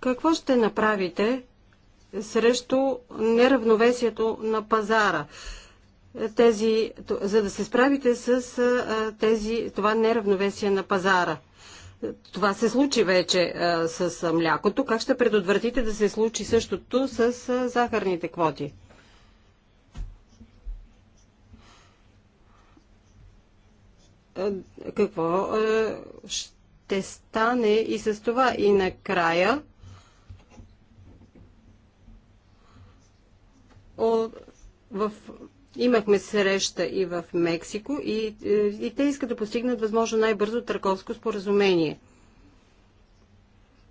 Какво ще направите срещу неравновесието на пазара? Тези, за да се справите с тези, това неравновесие на пазара. Това се случи вече а, е, с е, млякото. Как ще предотвратите да се случи същото с а, е, захарните квоти? А, какво ще стане и с това? И накрая О, в Имахме среща и в Мексико и, е, и те искат да постигнат възможно най-бързо търговско споразумение.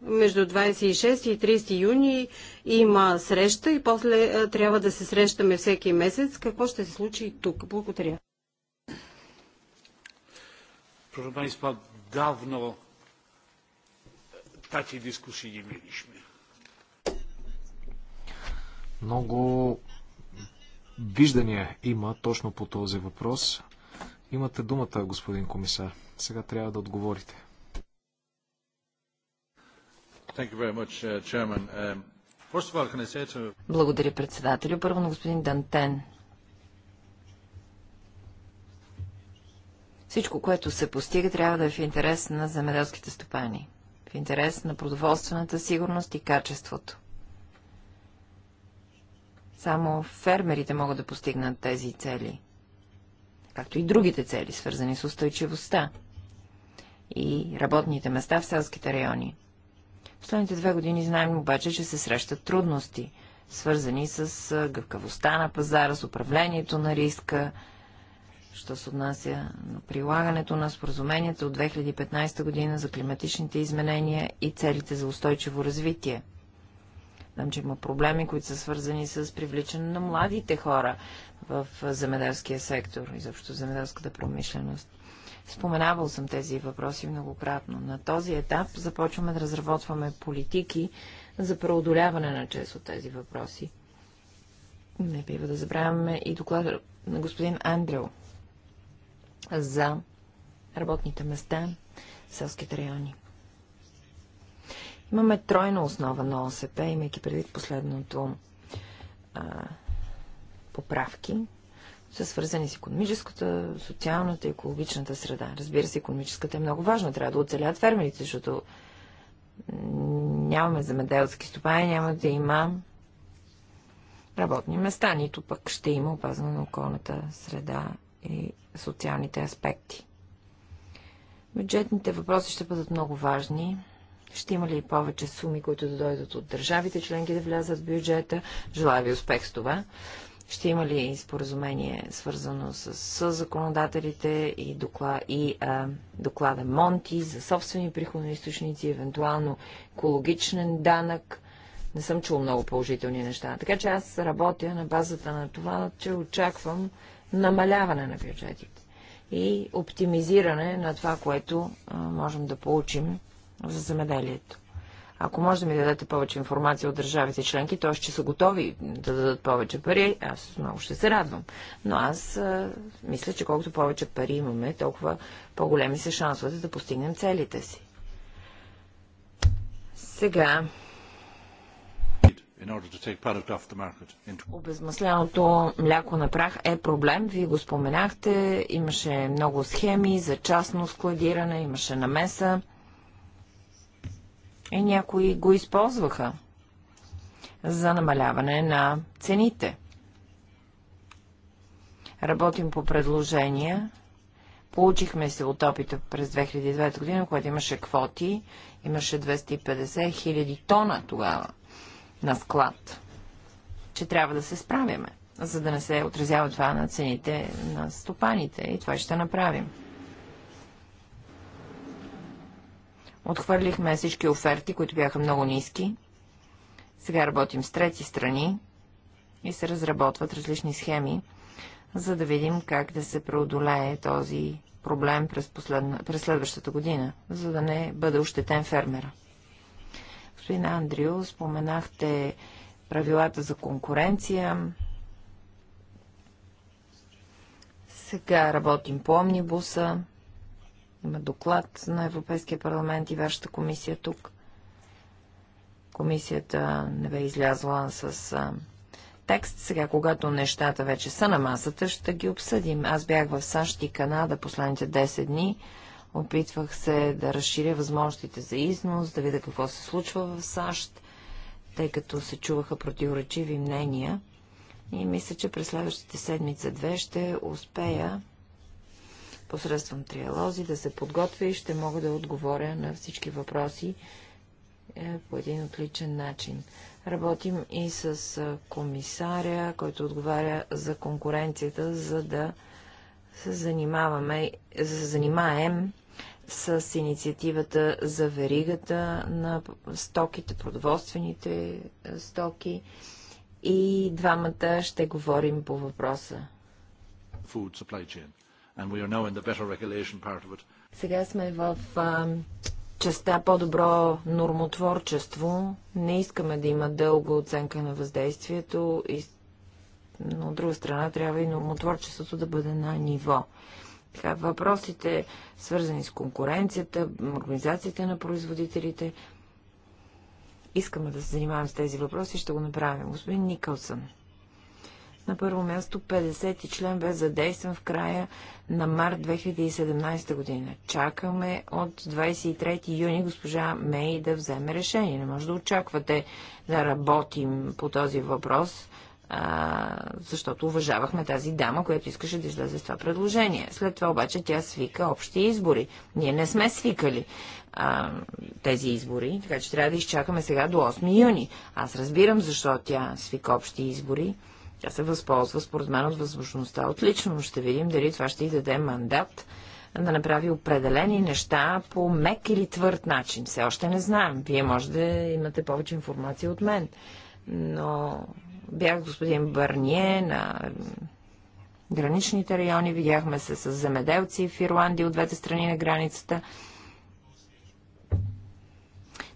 Между 26 и 30 юни има среща и после е, трябва да се срещаме всеки месец. Какво ще се случи и тук? Благодаря. Proszę Państwa, давно takiej дискусии nie Много виждания има точно по този въпрос. Имате думата, господин комисар. Сега трябва да отговорите. Uh, um, Благодаря, председателю. Първо на господин Дантен. Всичко, което се постига, трябва да е в интерес на земеделските стопани, в интерес на продоволствената сигурност и качеството. Само фермерите могат да постигнат тези цели, както и другите цели, свързани с устойчивостта и работните места в селските райони. Последните две години знаем обаче, че се срещат трудности, свързани с гъвкавостта на пазара, с управлението на риска, що се отнася на прилагането на споразуменията от 2015 година за климатичните изменения и целите за устойчиво развитие – Знам, че има проблеми, които са свързани с привличане на младите хора в земеделския сектор и заобщо земеделската промишленост. Споменавал съм тези въпроси многократно. На този етап започваме да разработваме политики за преодоляване на чест от тези въпроси. Не бива да забравяме и доклада на господин Андрео за работните места в селските райони. Имаме тройна основа на ОСП, имайки предвид последното а, поправки, са свързани с економическата, социалната и екологичната среда. Разбира се, економическата е много важна. Трябва да оцелят фермерите, защото нямаме земеделски стопани, няма да има работни места, нито пък ще има опазване на околната среда и социалните аспекти. Бюджетните въпроси ще бъдат много важни. Ще има ли повече суми, които да дойдат от държавите членки да влязат в бюджета? Желая ви успех с това. Ще има ли споразумение свързано с, с законодателите и, докла, и а, доклада Монти за собствени приходни източници, евентуално екологичен данък? Не съм чул много положителни неща. Така че аз работя на базата на това, че очаквам намаляване на бюджетите и оптимизиране на това, което а, можем да получим за замеделието. Ако може да ми дадете повече информация от държавите членки, т.е. че са готови да дадат повече пари, аз много ще се радвам. Но аз а, мисля, че колкото повече пари имаме, толкова по-големи са шансовете да постигнем целите си. Сега. Обезмасляното мляко на прах е проблем. Вие го споменахте. Имаше много схеми за частно складиране, имаше намеса. И е, някои го използваха за намаляване на цените. Работим по предложения. Получихме се от опита през 2009 година, когато имаше квоти. Имаше 250 хиляди тона тогава на склад, че трябва да се справяме, за да не се отразява това на цените на стопаните. И това ще направим. Отхвърлихме всички оферти, които бяха много ниски. Сега работим с трети страни и се разработват различни схеми, за да видим как да се преодолее този проблем през, последна, през следващата година, за да не бъде ощетен фермера. Господин Андрио, споменахте правилата за конкуренция. Сега работим по омнибуса. Има доклад на Европейския парламент и вашата комисия тук. Комисията не бе излязла с а, текст. Сега, когато нещата вече са на масата, ще ги обсъдим. Аз бях в САЩ и Канада последните 10 дни. Опитвах се да разширя възможностите за износ, да видя какво се случва в САЩ, тъй като се чуваха противоречиви мнения. И мисля, че през следващите седмица-две ще успея посредством триалози, да се подготвя и ще мога да отговоря на всички въпроси е, по един отличен начин. Работим и с е, комисаря, който отговаря за конкуренцията, за да се занимаваме, за да занимаем с инициативата за веригата на стоките, продоволствените е, стоки и двамата ще говорим по въпроса. Food supply chain and we are now in the better regulation part of it. Сега сме в частта по-добро нормотворчество. Не искаме да има дълго оценка на въздействието, и, но от друга страна трябва и нормотворчеството да бъде на ниво. Така, въпросите, свързани с конкуренцията, организацията на производителите, искаме да се занимаваме с тези въпроси, ще го направим. Господин Никълсън. На първо място 50 ти член бе задействан в края на март 2017 година. Чакаме от 23 юни госпожа Мей да вземе решение. Не може да очаквате да работим по този въпрос, а, защото уважавахме тази дама, която искаше да излезе с това предложение. След това обаче тя свика общи избори. Ние не сме свикали а, тези избори, така че трябва да изчакаме сега до 8 юни. Аз разбирам защо тя свика общи избори. Тя се възползва, според мен, от възможността. Отлично ще видим дали това ще й даде мандат да направи определени неща по мек или твърд начин. Все още не знам. Вие може да имате повече информация от мен. Но бях господин Бърние на граничните райони, видяхме се с земеделци в Ирландия от двете страни на границата.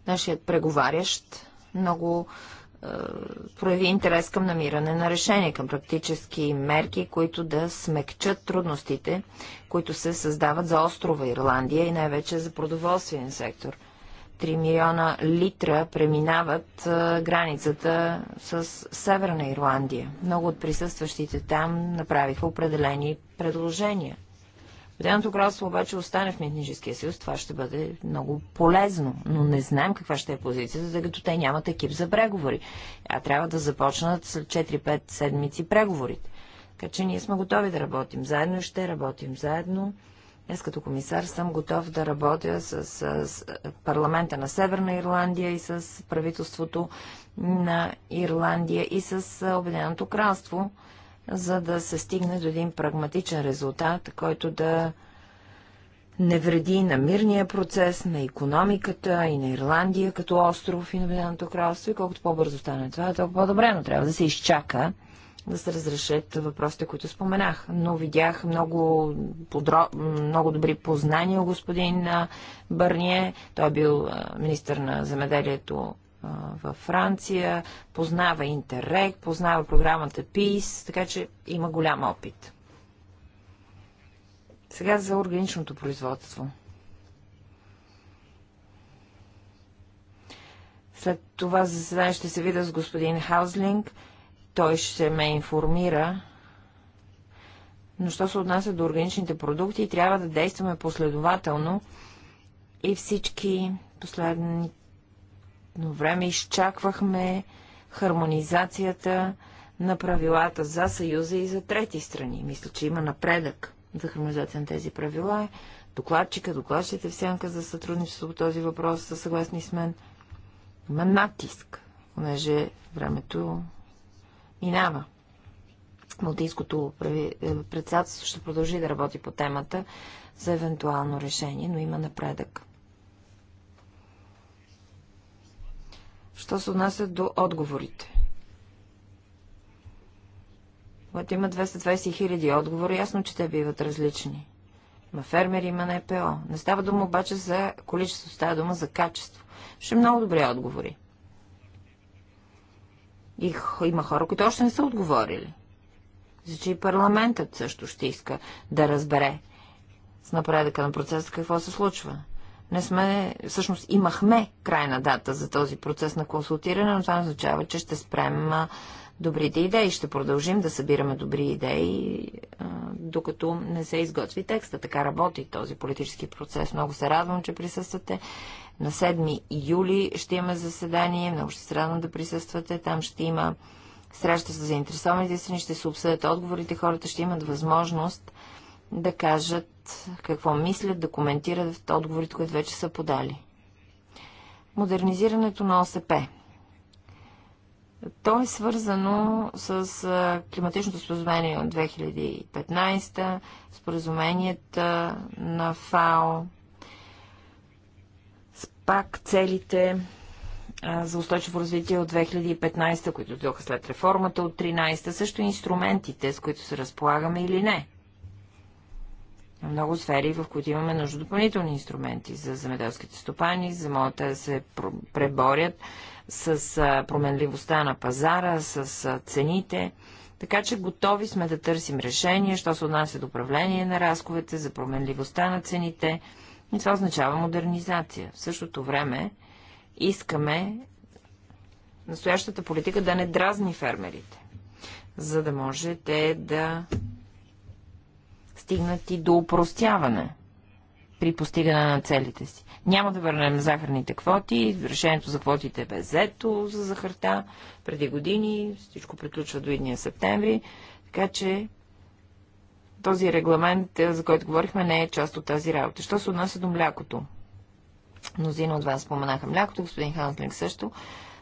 Нашият преговарящ много е, прояви интерес към намиране на решение, към практически мерки, които да смекчат трудностите, които се създават за острова Ирландия и най-вече за продоволствен сектор. 3 милиона литра преминават е, границата с Северна Ирландия. Много от присъстващите там направиха определени предложения. Обединеното кралство обаче остане в Митническия съюз, това ще бъде много полезно, но не знаем каква ще е позицията, тъй като те нямат екип за преговори, а трябва да започнат след 4-5 седмици преговорите. Така че ние сме готови да работим заедно и ще работим заедно. Аз като комисар съм готов да работя с, с, с парламента на Северна Ирландия и с правителството на Ирландия и с Обединеното кралство, за да се стигне до един прагматичен резултат, който да не вреди на мирния процес, на економиката и на Ирландия като остров и на Обединеното кралство. И колкото по-бързо стане това, е толкова по-добре, но трябва да се изчака да се разрешат въпросите, които споменах. Но видях много, подро... много добри познания у господин Бърние. Той е бил министър на земеделието във Франция, познава Интеррег, познава програмата ПИС, така че има голям опит. Сега за органичното производство. След това заседание ще се видя с господин Хаузлинг. Той ще ме информира. Но що се отнася до органичните продукти, трябва да действаме последователно и всички последните но време изчаквахме хармонизацията на правилата за Съюза и за трети страни. Мисля, че има напредък за хармонизация на тези правила. Докладчика, докладчите в сянка за сътрудничество по този въпрос са съгласни с мен. Има натиск, понеже времето минава. Малтийското е, председателство ще продължи да работи по темата за евентуално решение, но има напредък. Що се отнася до отговорите? Когато има 220 хиляди отговори, ясно, че те биват различни. Ма фермери, има НПО. Не става дума обаче за количество, става дума за качество. Ще е много добри отговори. И има хора, които още не са отговорили. Значи и парламентът също ще иска да разбере с напредъка на процеса какво се случва не сме, всъщност имахме крайна дата за този процес на консултиране, но това означава, че ще спрем добрите идеи. Ще продължим да събираме добри идеи, докато не се изготви текста. Така работи този политически процес. Много се радвам, че присъствате. На 7 юли ще имаме заседание. Много ще се радвам да присъствате. Там ще има среща с заинтересованите страни, ще се обсъдят отговорите. Хората ще имат възможност да кажат какво мислят, да коментират в отговорите, които вече са подали. Модернизирането на ОСП. То е свързано с климатичното споразумение от 2015, споразуменията на ФАО, с пак целите за устойчиво развитие от 2015, които дойдоха след реформата от 13, също инструментите, с които се разполагаме или не много сфери, в които имаме нужда допълнителни инструменти за земеделските стопани, за могат да се преборят с променливостта на пазара, с цените. Така че готови сме да търсим решение, що се отнася до управление на разковете, за променливостта на цените. И това означава модернизация. В същото време искаме настоящата политика да не дразни фермерите, за да може те да стигнати до упростяване при постигане на целите си. Няма да върнем захарните квоти. Решението за квотите е бе взето за захарта преди години. Всичко приключва до идния септември. Така че този регламент, е, за който говорихме, не е част от тази работа. Що се отнася до млякото? Мнозина от вас споменаха млякото, господин Хантлинг също.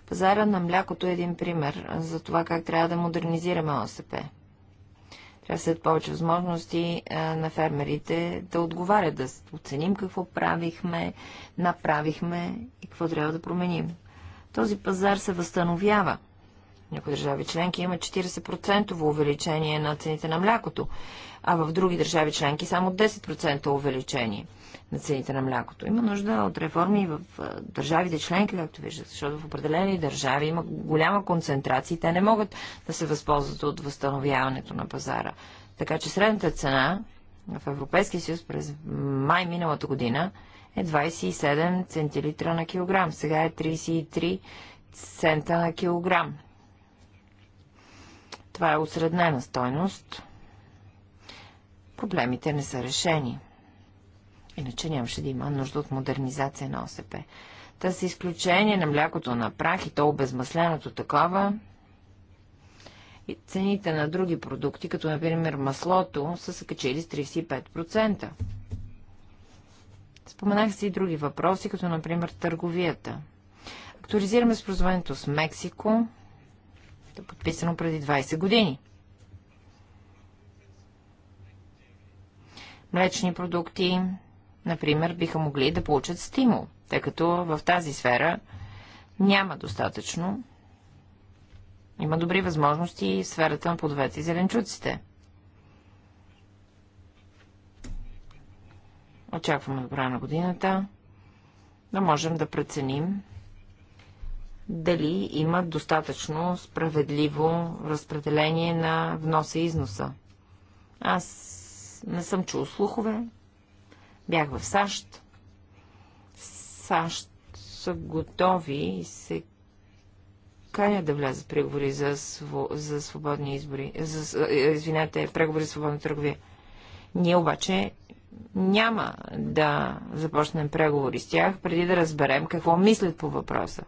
Пазара на млякото е един пример за това как трябва да модернизираме ОСП търсят е, повече възможности е, на фермерите да отговарят, да оценим какво правихме, направихме и какво трябва да променим. Този пазар се възстановява някои държави членки има 40% увеличение на цените на млякото, а в други държави членки само 10% увеличение на цените на млякото. Има нужда от реформи в държавите членки, както виждате, защото в определени държави има голяма концентрация и те не могат да се възползват от възстановяването на пазара. Така че средната цена в Европейския съюз през май миналата година е 27 центилитра на килограм. Сега е 33 цента на килограм. Това е осреднена стойност. Проблемите не са решени. Иначе нямаше да има нужда от модернизация на ОСП. Та с изключение на млякото на прах и то обезмасленото такова, и цените на други продукти, като например маслото, са се качили с 35%. Споменах си и други въпроси, като например търговията. Актуализираме с с Мексико, е подписано преди 20 години. Млечни продукти, например, биха могли да получат стимул, тъй като в тази сфера няма достатъчно. Има добри възможности и сферата на плодовете и зеленчуците. Очакваме добра на годината да можем да преценим дали има достатъчно справедливо разпределение на вноса и износа. Аз не съм чул слухове. Бях в САЩ. САЩ са готови и се канят да влязат преговори за, св... за свободни избори. За... Извинете, преговори за свободна търговия. Ние обаче няма да започнем преговори с тях, преди да разберем какво мислят по въпроса.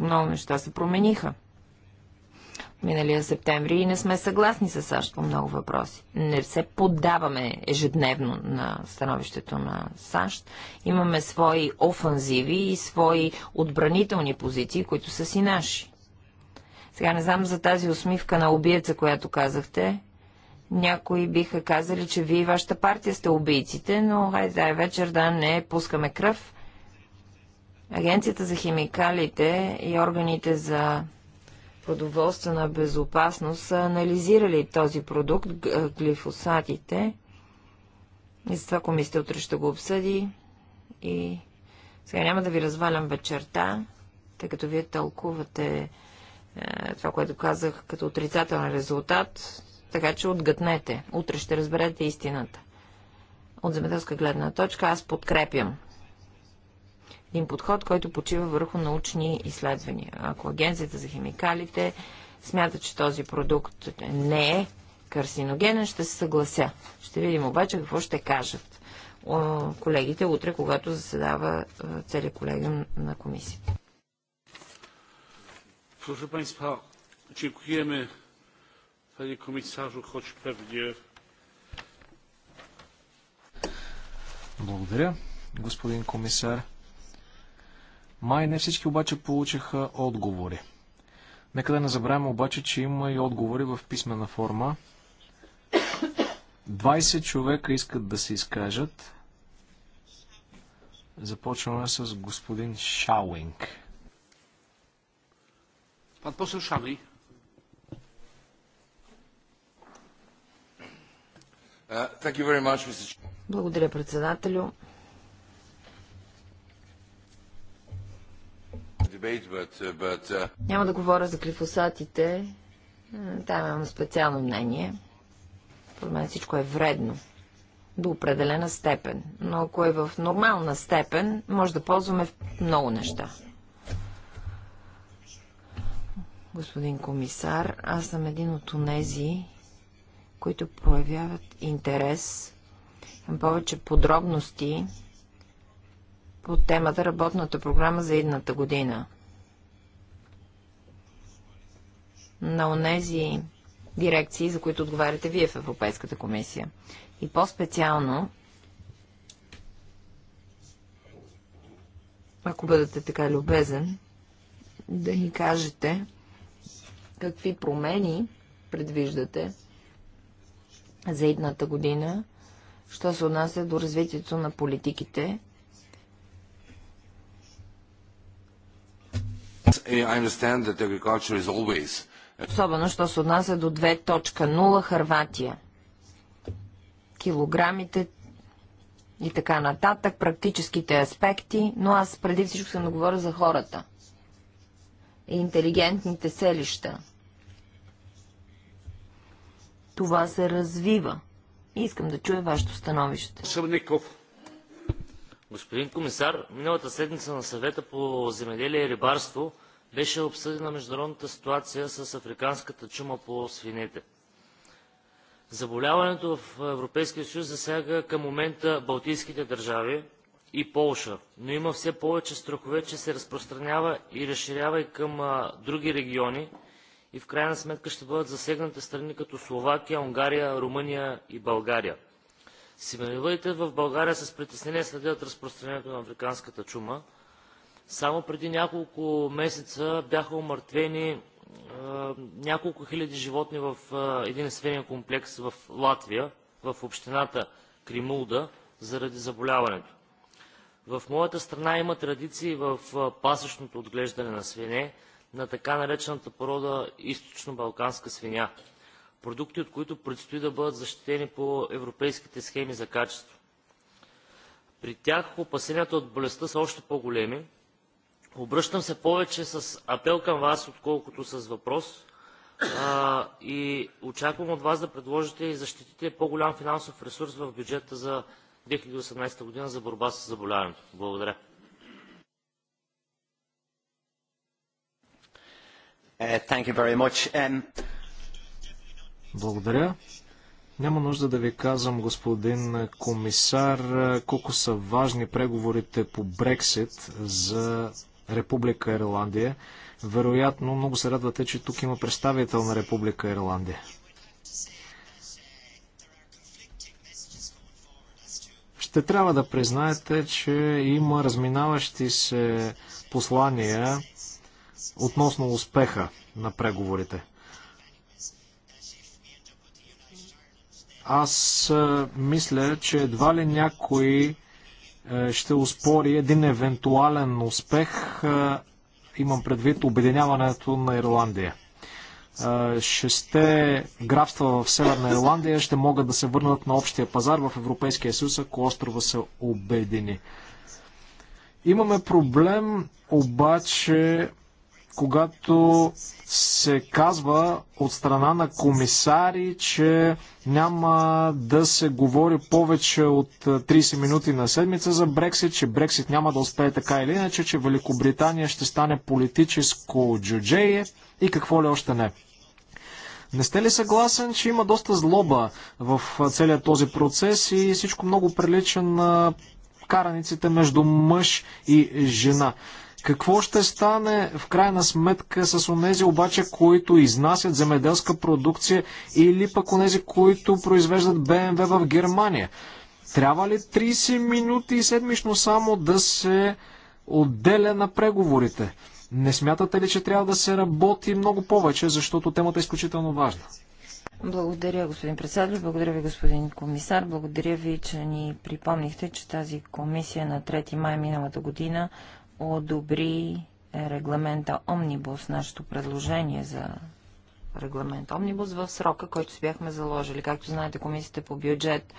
Много неща се промениха. Миналия септември и не сме съгласни с САЩ по много въпроси. Не се поддаваме ежедневно на становището на САЩ. Имаме свои офанзиви и свои отбранителни позиции, които са си наши. Сега не знам за тази усмивка на убиеца, която казахте. Някои биха казали, че вие и вашата партия сте убийците, но хайде дай вечер да не пускаме кръв Агенцията за химикалите и органите за продоволствена безопасност са анализирали този продукт, глифосатите. И за това комисията утре ще го обсъди. И сега няма да ви развалям вечерта, тъй като вие тълкувате е, това, което казах като отрицателен резултат, така че отгътнете. Утре ще разберете истината. От земеделска гледна точка аз подкрепям един подход, който почива върху научни изследвания. Ако Агенцията за химикалите смята, че този продукт не е карсиногенен, ще се съглася. Ще видим обаче какво ще кажат колегите утре, когато заседава целият колегиум на комисията. Proszę Państwa, dziękujemy Panie Komisarzu, choć pewnie. Благодаря, господин комисар. Май не всички обаче получиха отговори. Нека да не забравяме обаче, че има и отговори в писмена форма. 20 човека искат да се изкажат. Започваме с господин Шауинг. Пан посъл uh, Szali. Благодаря, председателю. Uh, uh, Няма да говоря за глифосатите. Там имам специално мнение. Според мен всичко е вредно. До определена степен. Но ако е в нормална степен, може да ползваме много неща. Господин комисар, аз съм един от онези, които проявяват интерес към повече подробности по темата работната програма за едната година. на онези дирекции, за които отговаряте вие в Европейската комисия. И по-специално, ако бъдете така любезен, да ни кажете какви промени предвиждате за идната година, що се отнася до развитието на политиките. I understand that agriculture is always Особено, що се отнася до 2.0 Харватия. Килограмите и така нататък, практическите аспекти, но аз преди всичко съм да говоря за хората. И интелигентните селища. Това се развива. И искам да чуя вашето становище. Събников. Господин комисар, миналата седмица на съвета по земеделие и рибарство – беше обсъдена международната ситуация с африканската чума по свинете. Заболяването в Европейския съюз засяга към момента Балтийските държави и Полша, но има все повече страхове, че се разпространява и разширява и към а, други региони и в крайна сметка ще бъдат засегнати страни като Словакия, Унгария, Румъния и България. Семеновите в България с притеснение следят разпространението на африканската чума – само преди няколко месеца бяха умъртвени няколко хиляди животни в един свинен комплекс в Латвия, в общината Кримулда, заради заболяването. В моята страна има традиции в пасечното отглеждане на свине, на така наречената порода източно-балканска свиня, продукти от които предстои да бъдат защитени по европейските схеми за качество. При тях опасенията от болестта са още по-големи, Обръщам се повече с апел към вас, отколкото с въпрос. А, и очаквам от вас да предложите и защитите по-голям финансов ресурс в бюджета за 2018 година за борба с заболяването. Благодаря. Um... Благодаря. Няма нужда да ви казвам, господин комисар, колко са важни преговорите по Брексит за Република Ирландия. Вероятно, много се радвате, че тук има представител на Република Ирландия. Ще трябва да признаете, че има разминаващи се послания относно успеха на преговорите. Аз мисля, че едва ли някой е, ще успори един евентуален успех, е, имам предвид обединяването на Ирландия. Е, шесте графства в Северна Ирландия ще могат да се върнат на общия пазар в Европейския съюз, ако острова се обедини. Имаме проблем обаче когато се казва от страна на комисари, че няма да се говори повече от 30 е, минути на седмица за Брексит, че Брексит няма да успее така или иначе, че Великобритания ще стане политическо джуджее и какво ли още не. Не сте ли съгласен, че има доста злоба в е, целият този процес и всичко много прилича на караниците между мъж и жена? Какво ще стане в крайна сметка с онези обаче, които изнасят земеделска продукция или пък онези, които произвеждат БМВ в Германия? Трябва ли 30 минути седмично само да се отделя на преговорите? Не смятате ли, че трябва да се работи много повече, защото темата е изключително важна? Благодаря, господин председател. Благодаря ви, господин комисар. Благодаря ви, че ни припомнихте, че тази комисия на 3 май миналата година одобри регламента Омнибус, нашето предложение за регламент Омнибус в срока, който си бяхме заложили. Както знаете, комисията по бюджет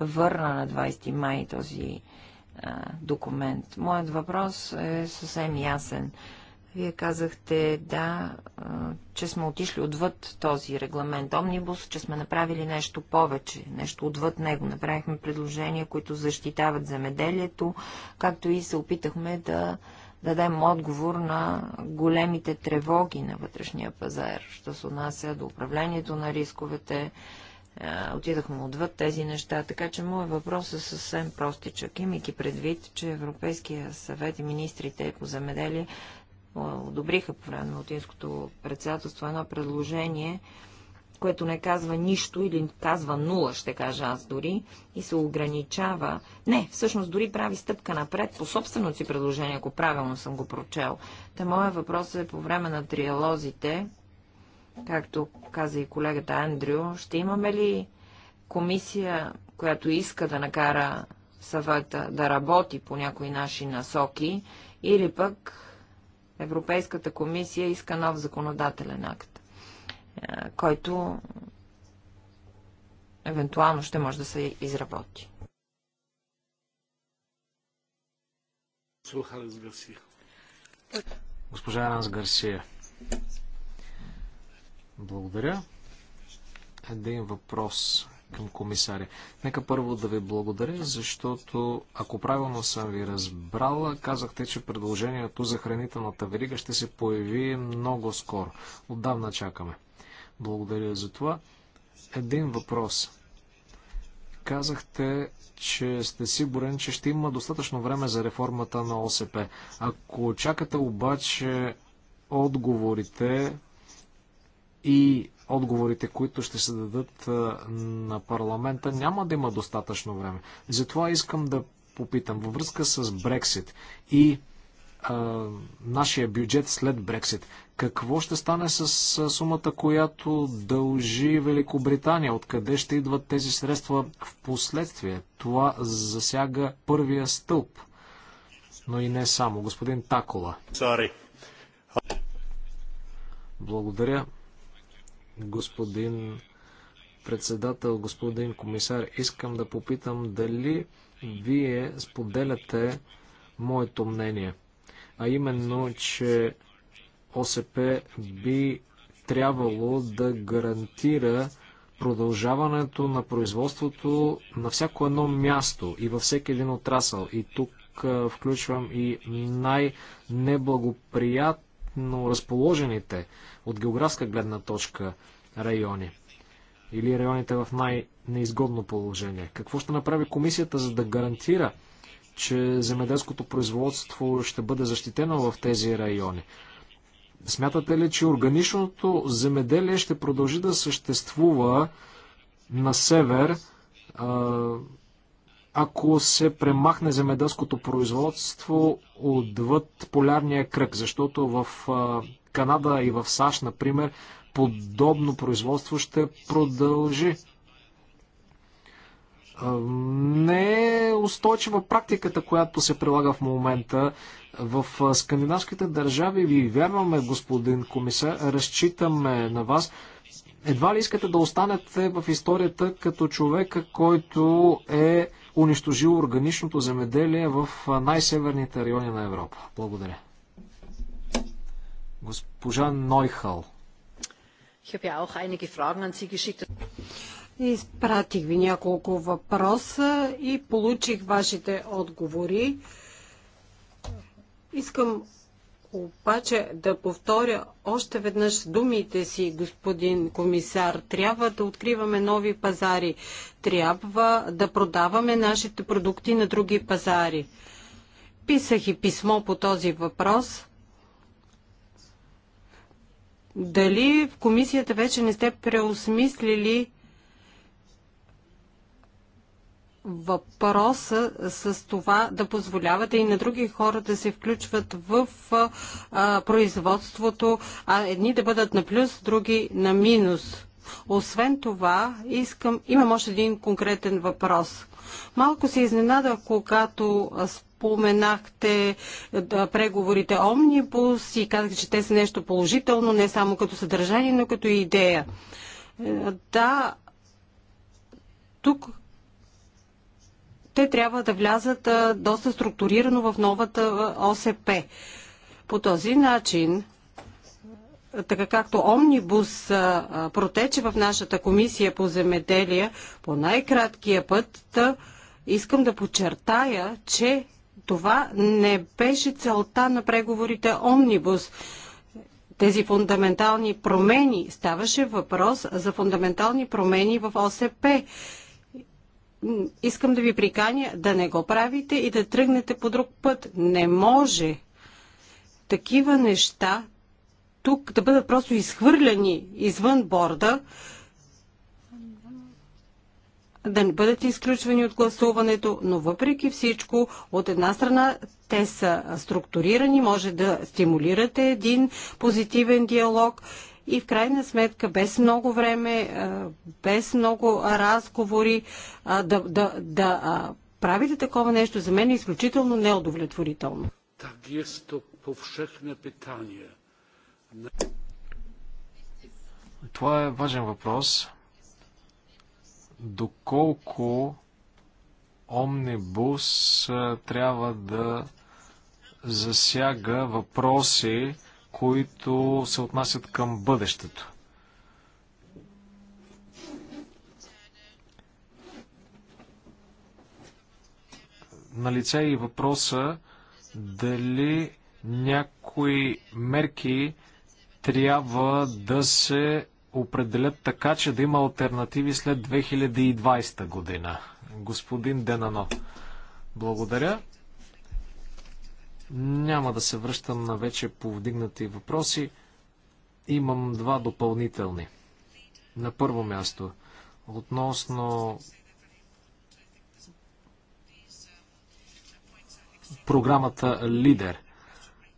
върна на 20 май този а, документ. Моят въпрос е съвсем ясен. Вие казахте, да, че сме отишли отвъд този регламент Омнибус, че сме направили нещо повече, нещо отвъд него. Направихме предложения, които защитават земеделието, както и се опитахме да дадем отговор на големите тревоги на вътрешния пазар, що се отнася до управлението на рисковете. Отидахме отвъд тези неща, така че моят въпрос е съвсем простичък, имайки предвид, че Европейския съвет и министрите по земеделие одобриха по време на латинското председателство едно предложение, което не казва нищо или казва нула, ще кажа аз дори, и се ограничава. Не, всъщност дори прави стъпка напред по собственото си предложение, ако правилно съм го прочел. Та моят въпрос е по време на триалозите, както каза и колегата Андрю, ще имаме ли комисия, която иска да накара съвета да работи по някои наши насоки, или пък Европейската комисия иска нов законодателен акт, е, който евентуално ще може да се изработи. Госпожа Аранс Гарсия. Благодаря. Един въпрос към комисаря. Нека първо да ви благодаря, защото ако правилно съм ви разбрала, казахте, че предложението за хранителната верига ще се появи много скоро. Отдавна чакаме. Благодаря за това. Един въпрос. Казахте, че сте сигурен, че ще има достатъчно време за реформата на ОСП. Ако чакате обаче отговорите и отговорите, които ще се дадат на парламента, няма да има достатъчно време. Затова искам да попитам във връзка с Брексит и а, нашия бюджет след Брексит. Какво ще стане с сумата, която дължи Великобритания? Откъде ще идват тези средства в последствие? Това засяга първия стълб, но и не само. Господин Такола. Sorry. Благодаря господин председател, господин комисар. Искам да попитам дали вие споделяте моето мнение, а именно, че ОСП би трябвало да гарантира продължаването на производството на всяко едно място и във всеки един отрасъл. И тук включвам и най-неблагоприятно но разположените от географска гледна точка райони или районите в най-неизгодно положение. Какво ще направи комисията, за да гарантира, че земеделското производство ще бъде защитено в тези райони? Смятате ли, че органичното земеделие ще продължи да съществува на север, ако се премахне земеделското производство отвъд полярния кръг, защото в Канада и в САЩ, например, подобно производство ще продължи. Не е устойчива практиката, която се прилага в момента. В скандинавските държави ви вярваме, господин комисар, разчитаме на вас. Едва ли искате да останете в историята като човека, който е унищожило органичното земеделие в най-северните райони на Европа. Благодаря. Госпожа Нойхал. Изпратих ви няколко въпроса и получих вашите отговори. Искам обаче да повторя още веднъж думите си, господин комисар. Трябва да откриваме нови пазари. Трябва да продаваме нашите продукти на други пазари. Писах и писмо по този въпрос. Дали в комисията вече не сте преосмислили въпроса с това да позволявате и на други хора да се включват в а, производството, а едни да бъдат на плюс, други на минус. Освен това, искам, имам още един конкретен въпрос. Малко се изненадах, когато споменахте да, преговорите Омнибус и казах, че те са нещо положително, не само като съдържание, но като идея. Е, да, тук те трябва да влязат доста структурирано в новата ОСП. По този начин, така както Омнибус протече в нашата комисия по земеделие по най-краткия път, искам да подчертая, че това не беше целта на преговорите Омнибус тези фундаментални промени. Ставаше въпрос за фундаментални промени в ОСП искам да ви приканя да не го правите и да тръгнете по друг път. Не може такива неща тук да бъдат просто изхвърляни извън борда, да не бъдат изключвани от гласуването, но въпреки всичко, от една страна те са структурирани, може да стимулирате един позитивен диалог и в крайна сметка без много време, без много разговори да, да, да правите такова нещо за мен е изключително неудовлетворително. Так jest повшехне питание. Това е важен въпрос. Доколко омнибус трябва да засяга въпроси, които се отнасят към бъдещето. На лице е и въпроса дали някои мерки трябва да се определят така, че да има альтернативи след 2020 година. Господин Денано, благодаря. Няма да се връщам на вече повдигнати въпроси. Имам два допълнителни. На първо място, относно програмата Лидер,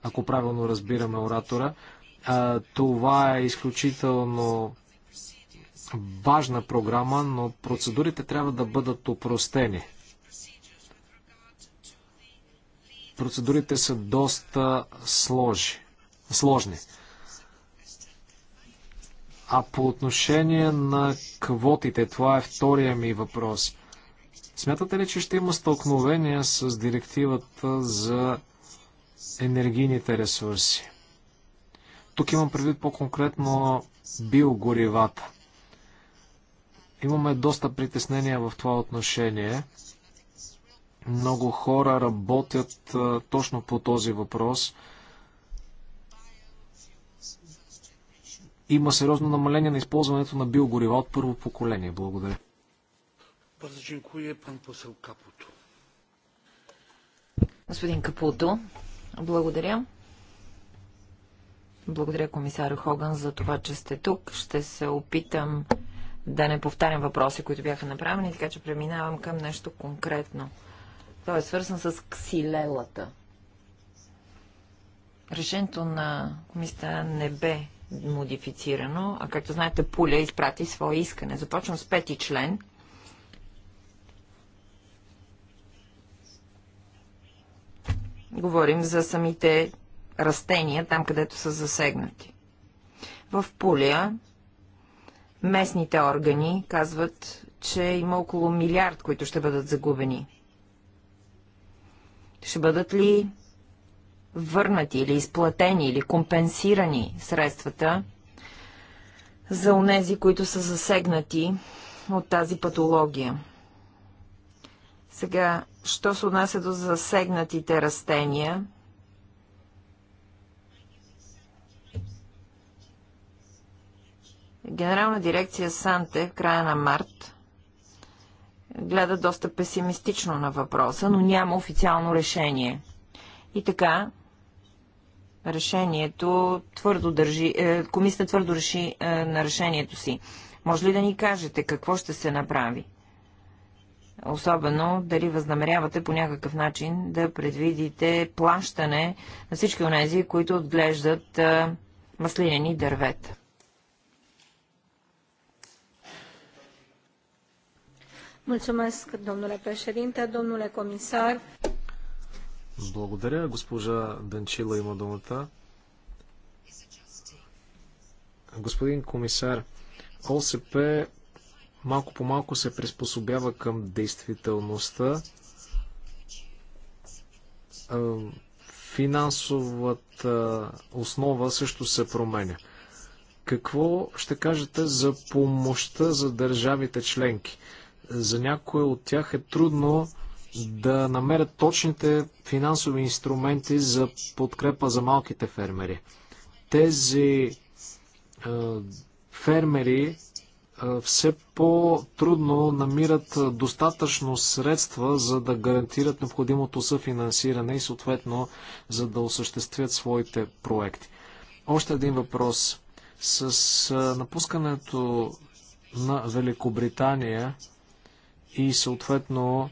ако правилно разбираме оратора. Това е изключително важна програма, но процедурите трябва да бъдат опростени. процедурите са доста сложи, сложни. А по отношение на квотите, това е втория ми въпрос. Смятате ли, че ще има столкновения с директивата за енергийните ресурси? Тук имам предвид по-конкретно биогоривата. Имаме доста притеснения в това отношение. Много хора работят точно по този въпрос. Има сериозно намаление на използването на биогорива от първо поколение. Благодаря. Господин Капуто, благодаря. Благодаря, комисар Хоган, за това, че сте тук. Ще се опитам да не повтарям въпроси, които бяха направени, така че преминавам към нещо конкретно. Той е свързан с ксилелата. Решението на комисията не бе модифицирано, а както знаете, Пуля изпрати свое искане. Започвам с пети член. Говорим за самите растения, там където са засегнати. В Пуля, местните органи казват, че има около милиард, които ще бъдат загубени. Ще бъдат ли върнати или изплатени или компенсирани средствата за онези, които са засегнати от тази патология? Сега, що се отнася до засегнатите растения? Генерална дирекция Санте в края на март гледа доста песимистично на въпроса, но няма официално решение. И така, решението твърдо държи, е, комисията твърдо реши е, на решението си. Може ли да ни кажете какво ще се направи? Особено дали възнамерявате по някакъв начин да предвидите плащане на всички онези, които отглеждат е, маслинени дървета. Mulțumesc, domnule președinte, domnule comisar. Благодаря. Госпожа Данчила има думата. Господин комисар, ОСП малко по малко се приспособява към действителността. Е, финансовата основа също се променя. Какво ще кажете за помощта за държавите членки? За някои от тях е трудно да намерят точните финансови инструменти за подкрепа за малките фермери. Тези е, фермери е, все по-трудно намират достатъчно средства, за да гарантират необходимото съфинансиране и съответно за да осъществят своите проекти. Още един въпрос. С е, напускането на Великобритания и съответно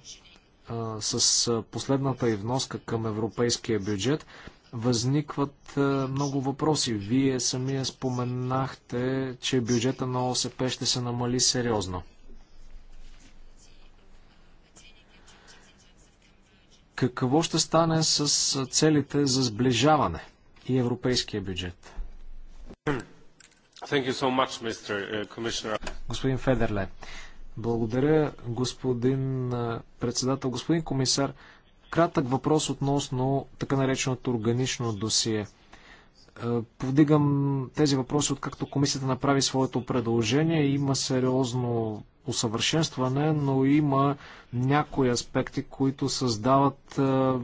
с последната и вноска към европейския бюджет възникват много въпроси. Вие самия споменахте, че бюджета на ОСП ще се намали сериозно. Какво ще стане с целите за сближаване и европейския бюджет? So much, uh, Господин Федерле, благодаря, господин председател. Господин комисар, кратък въпрос относно така нареченото органично досие. Повдигам тези въпроси, откакто комисията направи своето предложение. Има сериозно усъвършенстване, но има някои аспекти, които създават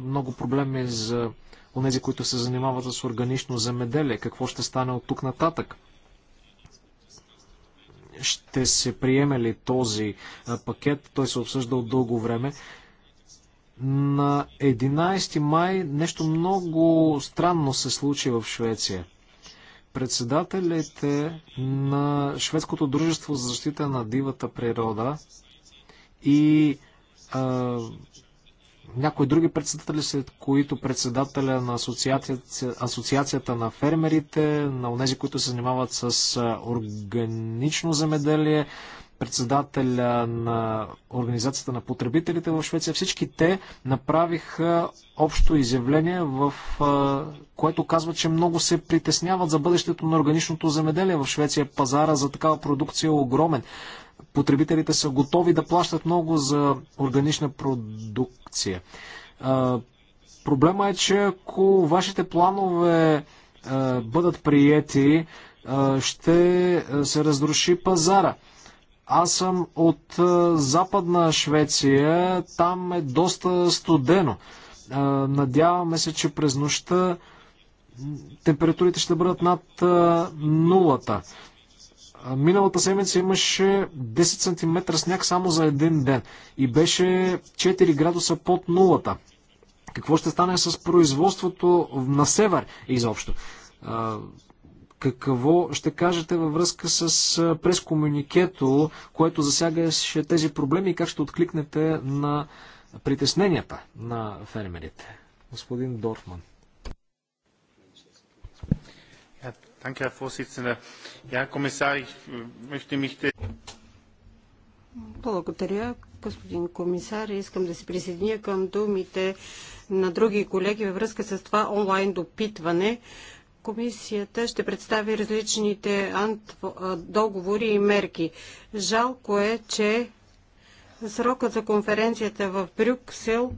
много проблеми за онези, които се занимават с органично земеделие. Какво ще стане от тук нататък? ще се приеме ли този пакет. Той се обсъжда от дълго време. На 11 май нещо много странно се случи в Швеция. Председателите на Шведското дружество за защита на дивата природа и а, някои други председатели, след които председателя на асоциацията, асоциацията на фермерите, на тези, които се занимават с органично земеделие, председателя на Организацията на потребителите в Швеция. Всички те направиха общо изявление, в което казва, че много се притесняват за бъдещето на органичното земеделие в Швеция. Пазара за такава продукция е огромен потребителите са готови да плащат много за органична продукция. Проблема е, че ако вашите планове бъдат приети, ще се разруши пазара. Аз съм от Западна Швеция, там е доста студено. Надяваме се, че през нощта температурите ще бъдат над нулата. Миналата седмица имаше 10 см сняг само за един ден и беше 4 градуса под нулата. Какво ще стане с производството на север изобщо? Какво ще кажете във връзка с прескомуникето, което засягаше тези проблеми и как ще откликнете на притесненията на фермерите? Господин Дорфман. Danke, Herr präsident Ja, Kommissar, ich äh, möchte mich... Благодаря, господин комисар. Искам да се присъединя към думите на други колеги във връзка с това онлайн допитване. Комисията ще представи различните договори и мерки. Жалко е, че срокът за конференцията в Брюксел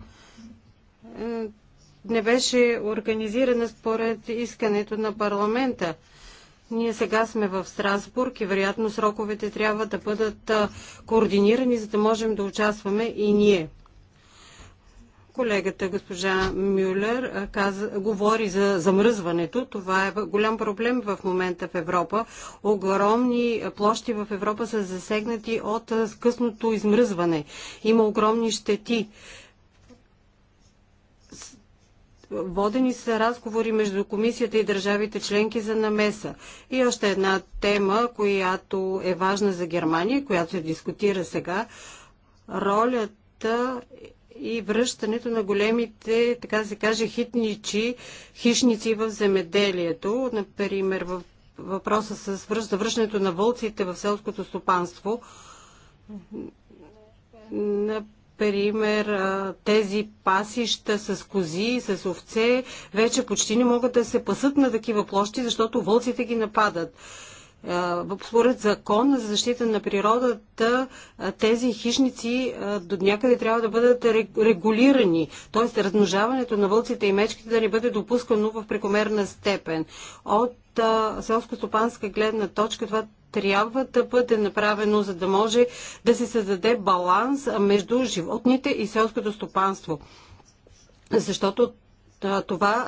е, не беше организирана според искането на парламента. Ние сега сме в Страсбург и вероятно сроковете трябва да бъдат координирани, за да можем да участваме и ние. Колегата госпожа Мюлер каза, говори за замръзването. Това е голям проблем в момента в Европа. Огромни площи в Европа са засегнати от късното измръзване. Има огромни щети. Водени са разговори между комисията и държавите членки за намеса. И още една тема, която е важна за Германия, която се дискутира сега, ролята и връщането на големите, така да се каже, хитничи, хищници в земеделието. Например, в въпроса с връщането на вълците в селското стопанство. Пример, тези пасища с кози, с овце вече почти не могат да се пасат на такива площи, защото вълците ги нападат. Според закон за защита на природата, тези хищници до някъде трябва да бъдат регулирани. Т.е. размножаването на вълците и мечките да не бъде допускано в прекомерна степен. От селско-стопанска гледна точка това трябва да бъде направено, за да може да се създаде баланс между животните и селското стопанство. Защото това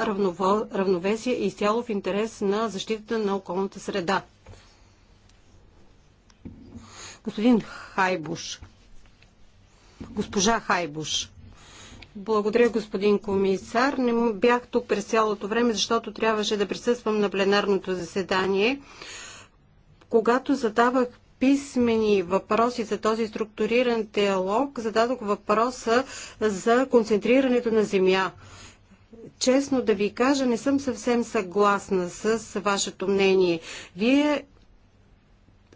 равновесие е изцяло в интерес на защитата на околната среда. Господин Хайбуш. Госпожа Хайбуш. Благодаря, господин комисар. Не бях тук през цялото време, защото трябваше да присъствам на пленарното заседание. Когато задавах писмени въпроси за този структуриран диалог, зададох въпроса за концентрирането на земя. Честно да ви кажа, не съм съвсем съгласна с вашето мнение. Вие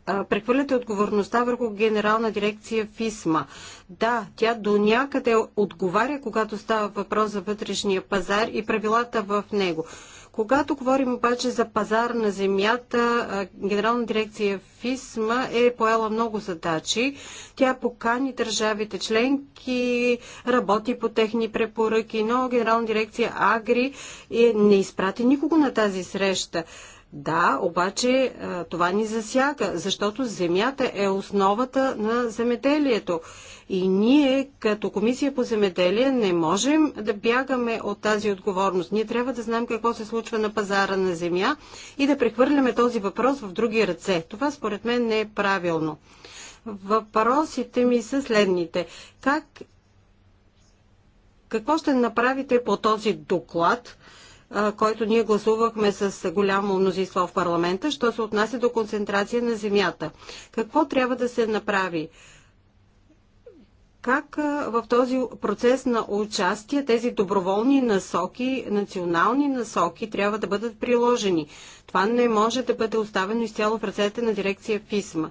прехвърляте отговорността върху генерална дирекция ФИСМА. Да, тя до някъде отговаря, когато става въпрос за вътрешния пазар и правилата в него. Когато говорим обаче за пазар на земята, Генерална дирекция ФИСМА е поела много задачи. Тя покани държавите членки, работи по техни препоръки, но Генерална дирекция Агри е, не изпрати никого на тази среща. Да, обаче това ни засяга, защото земята е основата на земеделието. И ние, като Комисия по земеделие, не можем да бягаме от тази отговорност. Ние трябва да знаем какво се случва на пазара на земя и да прехвърляме този въпрос в други ръце. Това според мен не е правилно. Въпросите ми са следните. Как, какво ще направите по този доклад? който ние гласувахме с голямо мнозинство в парламента, що се отнася до концентрация на земята. Какво трябва да се направи? Как в този процес на участие тези доброволни насоки, национални насоки трябва да бъдат приложени? Това не може да бъде оставено изцяло в ръцете на дирекция ФИСМА.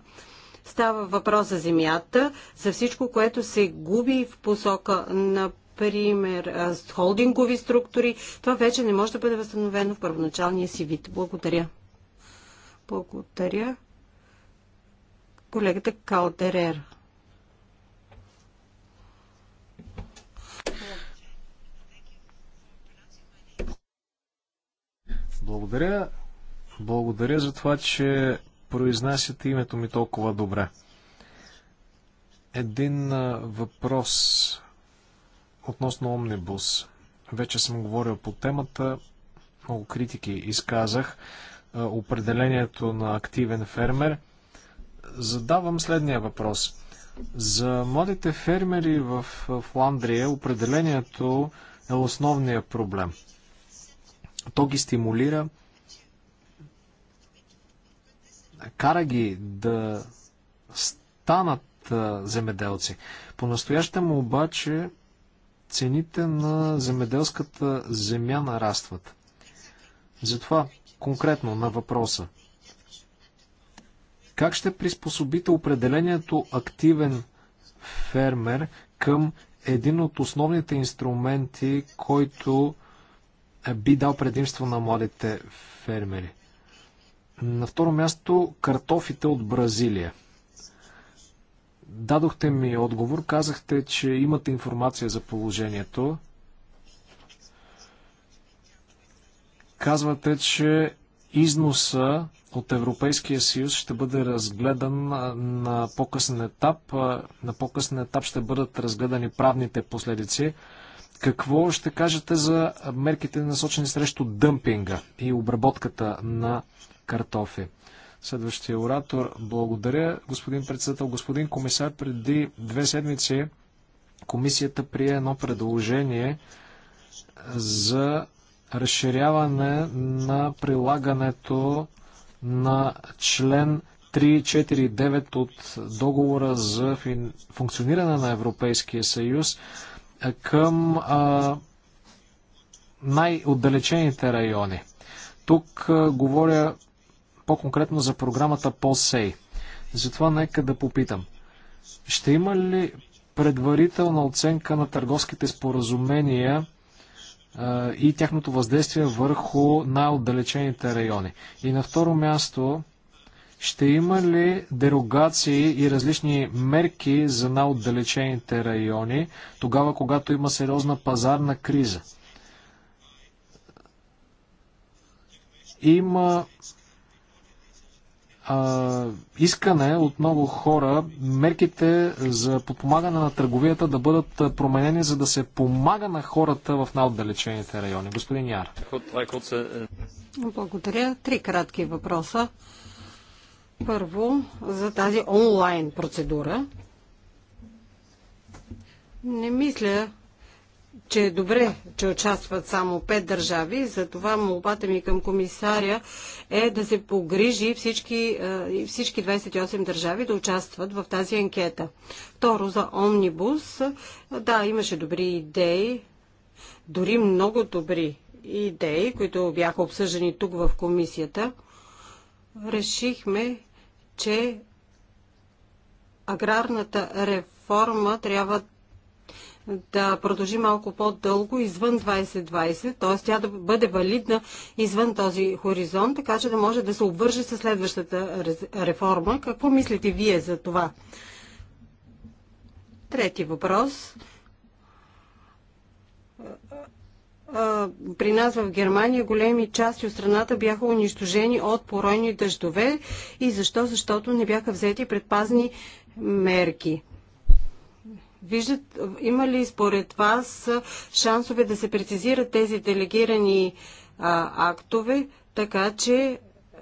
Става въпрос за земята, за всичко, което се губи в посока на например холдингови структури, това вече не може да бъде възстановено в първоначалния си вид. Благодаря. Благодаря. Колегата Калдерер. Благодаря. Благодаря за това, че произнасяте името ми толкова добре. Един въпрос относно Омнибус. Вече съм говорил по темата, много критики изказах. Определението на активен фермер. Задавам следния въпрос. За младите фермери в Фландрия определението е основният проблем. То ги стимулира, кара ги да станат земеделци. По-настоящему обаче цените на земеделската земя нарастват. Затова конкретно на въпроса. Как ще приспособите определението активен фермер към един от основните инструменти, който би дал предимство на младите фермери? На второ място картофите от Бразилия. Дадохте ми отговор, казахте, че имате информация за положението. Казвате, че износа от Европейския съюз ще бъде разгледан на по-късен етап. На по-късен етап ще бъдат разгледани правните последици. Какво ще кажете за мерките насочени срещу дъмпинга и обработката на картофи? Следващия оратор. Благодаря, господин председател. Господин комисар, преди две седмици комисията прие едно предложение за разширяване на прилагането на член 349 от договора за функциониране на Европейския съюз към най-отдалечените райони. Тук говоря по-конкретно за програмата POSEI. Затова нека да попитам. Ще има ли предварителна оценка на търговските споразумения и тяхното въздействие върху най-отдалечените райони? И на второ място, ще има ли дерогации и различни мерки за най-отдалечените райони, тогава когато има сериозна пазарна криза? Има а, искане от много хора мерките за подпомагане на търговията да бъдат променени, за да се помага на хората в най-отдалечените райони. Господин Яр. Благодаря. Три кратки въпроса. Първо, за тази онлайн процедура. Не мисля, че е добре, че участват само пет държави. Затова молбата ми към комисаря е да се погрижи всички, всички 28 държави да участват в тази анкета. Второ, за Омнибус. Да, имаше добри идеи, дори много добри идеи, които бяха обсъждани тук в комисията. Решихме, че аграрната реформа трябва да продължи малко по-дълго извън 2020, т.е. тя да бъде валидна извън този хоризонт, така че да може да се обвърже с следващата реформа. Какво мислите вие за това? Трети въпрос. При нас в Германия големи части от страната бяха унищожени от поройни дъждове и защо? Защото не бяха взети предпазни мерки. Виждат, има ли според вас шансове да се прецизират тези делегирани а, актове, така че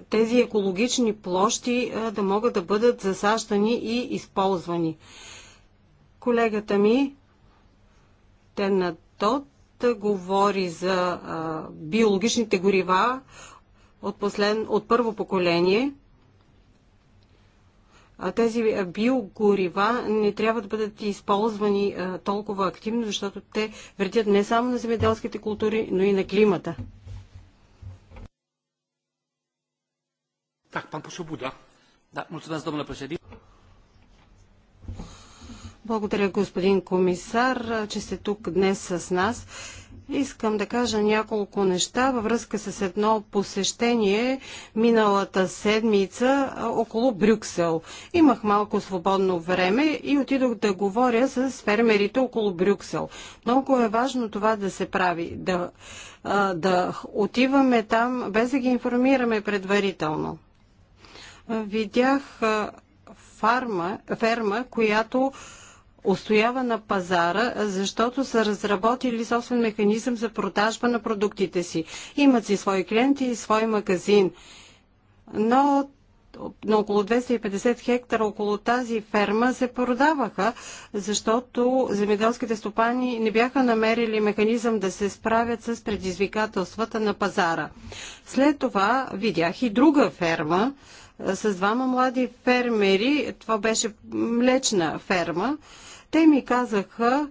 тези екологични площи а, да могат да бъдат засащани и използвани? Колегата ми, Тенна Тот, говори за а, биологичните горива от, послед, от първо поколение тези биогорива не трябва да бъдат използвани толкова активно, защото те вредят не само на земеделските култури, но и на климата. Так, пан посол Буда. Да, с domnule președinte. Благодаря, господин комисар, че сте тук днес с нас. Искам да кажа няколко неща във връзка с едно посещение миналата седмица около Брюксел. Имах малко свободно време и отидох да говоря с фермерите около Брюксел. Много е важно това да се прави, да, да отиваме там без да ги информираме предварително. Видях фарма, ферма, която устоява на пазара, защото са разработили собствен механизъм за продажба на продуктите си. Имат си свои клиенти и свой магазин. Но на около 250 хектара около тази ферма се продаваха, защото земеделските стопани не бяха намерили механизъм да се справят с предизвикателствата на пазара. След това видях и друга ферма с двама млади фермери. Това беше млечна ферма. Те ми казаха,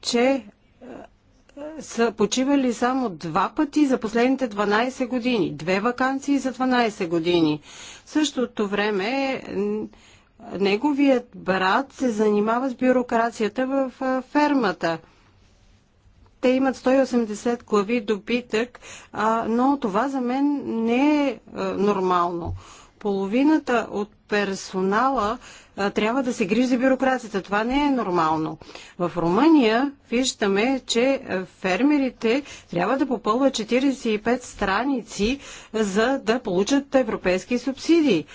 че е, са почивали само два пъти за последните 12 години. Две вакансии за 12 години. В същото време неговият брат се занимава с бюрокрацията в е, фермата. Те имат 180 глави добитък, но това за мен не е, е нормално. Половината от персонала трябва да се грижи за бюрокрацията. Това не е нормално. В Румъния виждаме, че фермерите трябва да попълват 45 страници, за да получат европейски субсидии.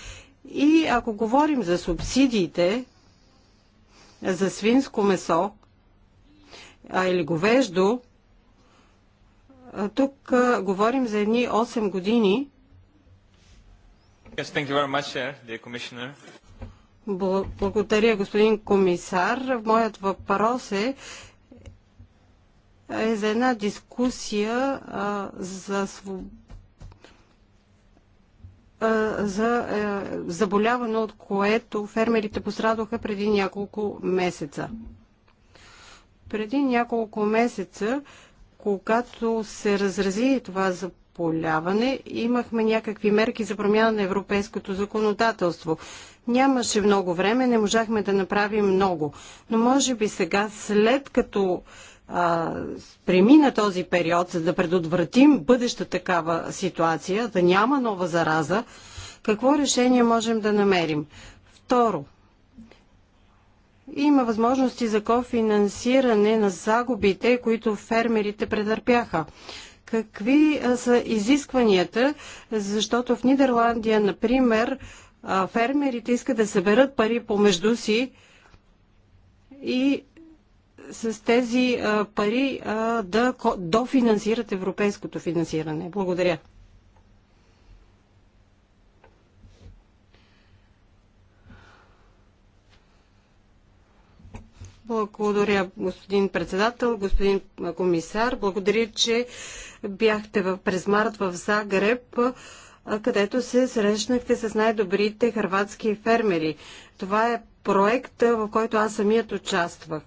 И ако говорим за субсидиите, за свинско месо а, или говеждо, тук а, говорим за едни 8 години. Yes, thank you very much, dear Commissioner. Благодаря, господин комисар. Моят въпрос е, е за една дискусия а, за, за е, заболяване, от което фермерите пострадоха преди няколко месеца. Преди няколко месеца, когато се разрази това заболяване, имахме някакви мерки за промяна на европейското законодателство. Нямаше много време, не можахме да направим много. Но може би сега, след като а, премина този период, за да предотвратим бъдеща такава ситуация, да няма нова зараза, какво решение можем да намерим? Второ, има възможности за кофинансиране на загубите, които фермерите претърпяха. Какви са изискванията? Защото в Нидерландия, например, фермерите искат да съберат пари помежду си и с тези пари да дофинансират европейското финансиране. Благодаря. Благодаря, господин председател, господин комисар. Благодаря, че бяхте в, през март в Загреб където се срещнахте с най-добрите хрватски фермери. Това е проект, в който аз самият участвах.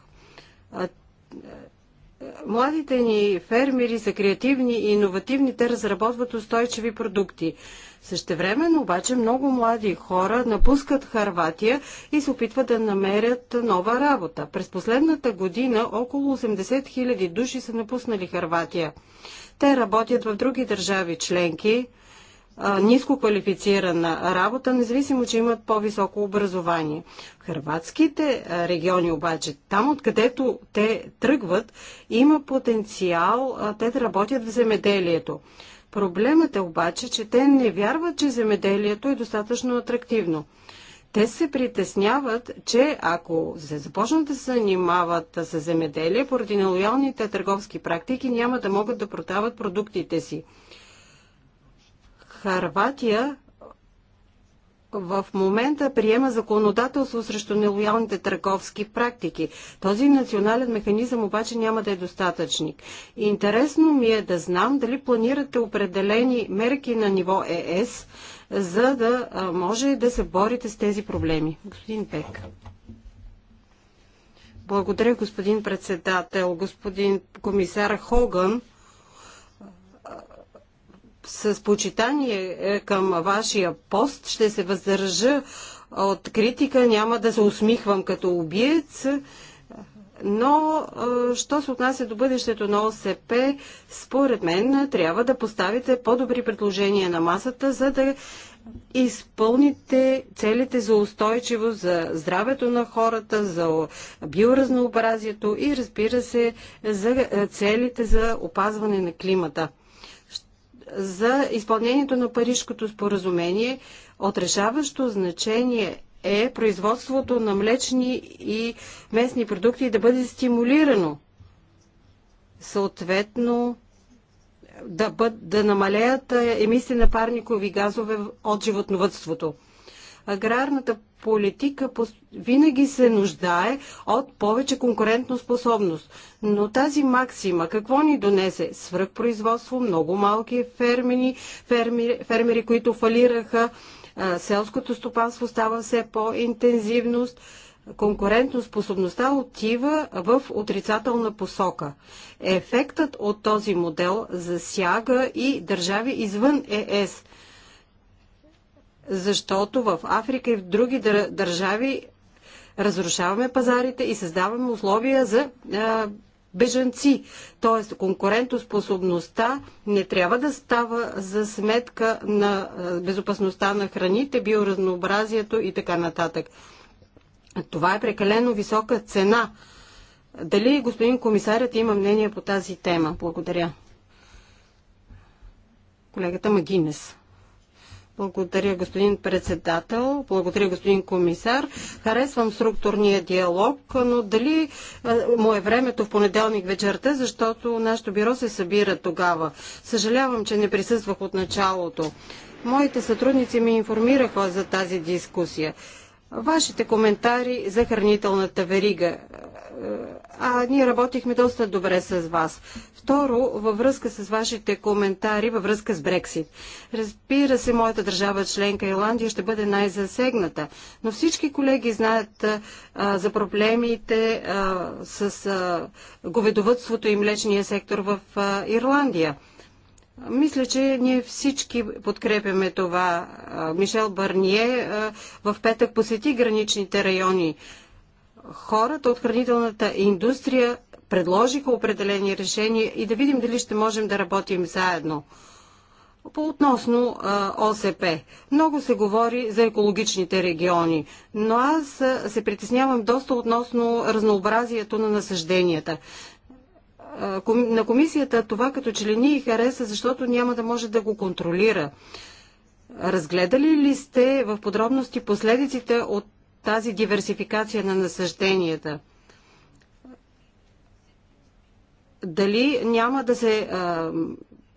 Младите ни фермери са креативни и иновативни, те разработват устойчиви продукти. Същевременно обаче много млади хора напускат Харватия и се опитват да намерят нова работа. През последната година около 80 000 души са напуснали Харватия. Те работят в други държави членки, ниско квалифицирана работа, независимо, че имат по-високо образование. В хрватските региони обаче, там откъдето те тръгват, има потенциал те да работят в земеделието. Проблемът е обаче, че те не вярват, че земеделието е достатъчно атрактивно. Те се притесняват, че ако се започнат да се занимават с земеделие, поради нелоялните търговски практики няма да могат да продават продуктите си. Харватия в момента приема законодателство срещу нелоялните търговски практики. Този национален механизъм обаче няма да е достатъчник. Интересно ми е да знам дали планирате определени мерки на ниво ЕС, за да може да се борите с тези проблеми. Господин Пек. Благодаря, господин председател. Господин комисар Хоган с почитание е, към вашия пост ще се въздържа от критика, няма да се усмихвам като убиец, но, е, що се отнася до бъдещето на ОСП, според мен трябва да поставите по-добри предложения на масата, за да изпълните целите за устойчивост, за здравето на хората, за биоразнообразието и, разбира се, за е, целите за опазване на климата за изпълнението на Парижкото споразумение. От решаващо значение е производството на млечни и местни продукти да бъде стимулирано. Съответно, да, бъд, да намалеят е, емисии на парникови газове от животновътството. Аграрната политика винаги се нуждае от повече конкурентно способност. Но тази максима какво ни донесе? Свръхпроизводство, много малки фермери, фермери, фермери които фалираха, селското стопанство става все по-интензивност, способността отива в отрицателна посока. Ефектът от този модел засяга и държави извън ЕС – защото в Африка и в други държави разрушаваме пазарите и създаваме условия за а, бежанци. Тоест конкурентоспособността не трябва да става за сметка на безопасността на храните, биоразнообразието и така нататък. Това е прекалено висока цена. Дали господин комисарят има мнение по тази тема? Благодаря. Колегата Магинес. Благодаря, господин председател. Благодаря, господин комисар. Харесвам структурния диалог, но дали му е времето в понеделник вечерта, защото нашето бюро се събира тогава. Съжалявам, че не присъствах от началото. Моите сътрудници ми информираха за тази дискусия. Вашите коментари за хранителната верига а ние работихме доста добре с вас. Второ, във връзка с вашите коментари, във връзка с Брексит. Разбира се, моята държава членка Ирландия ще бъде най-засегната, но всички колеги знаят а, за проблемите а, с а, говедовътството и млечния сектор в а, Ирландия. Мисля, че ние всички подкрепяме това. Мишел Барние в петък посети граничните райони хората от хранителната индустрия предложиха определени решения и да видим дали ще можем да работим заедно. По относно ОСП. Много се говори за екологичните региони, но аз се притеснявам доста относно разнообразието на насъжденията. На комисията това като че ли ни и хареса, защото няма да може да го контролира. Разгледали ли сте в подробности последиците от тази диверсификация на насъжденията? Дали няма да се а,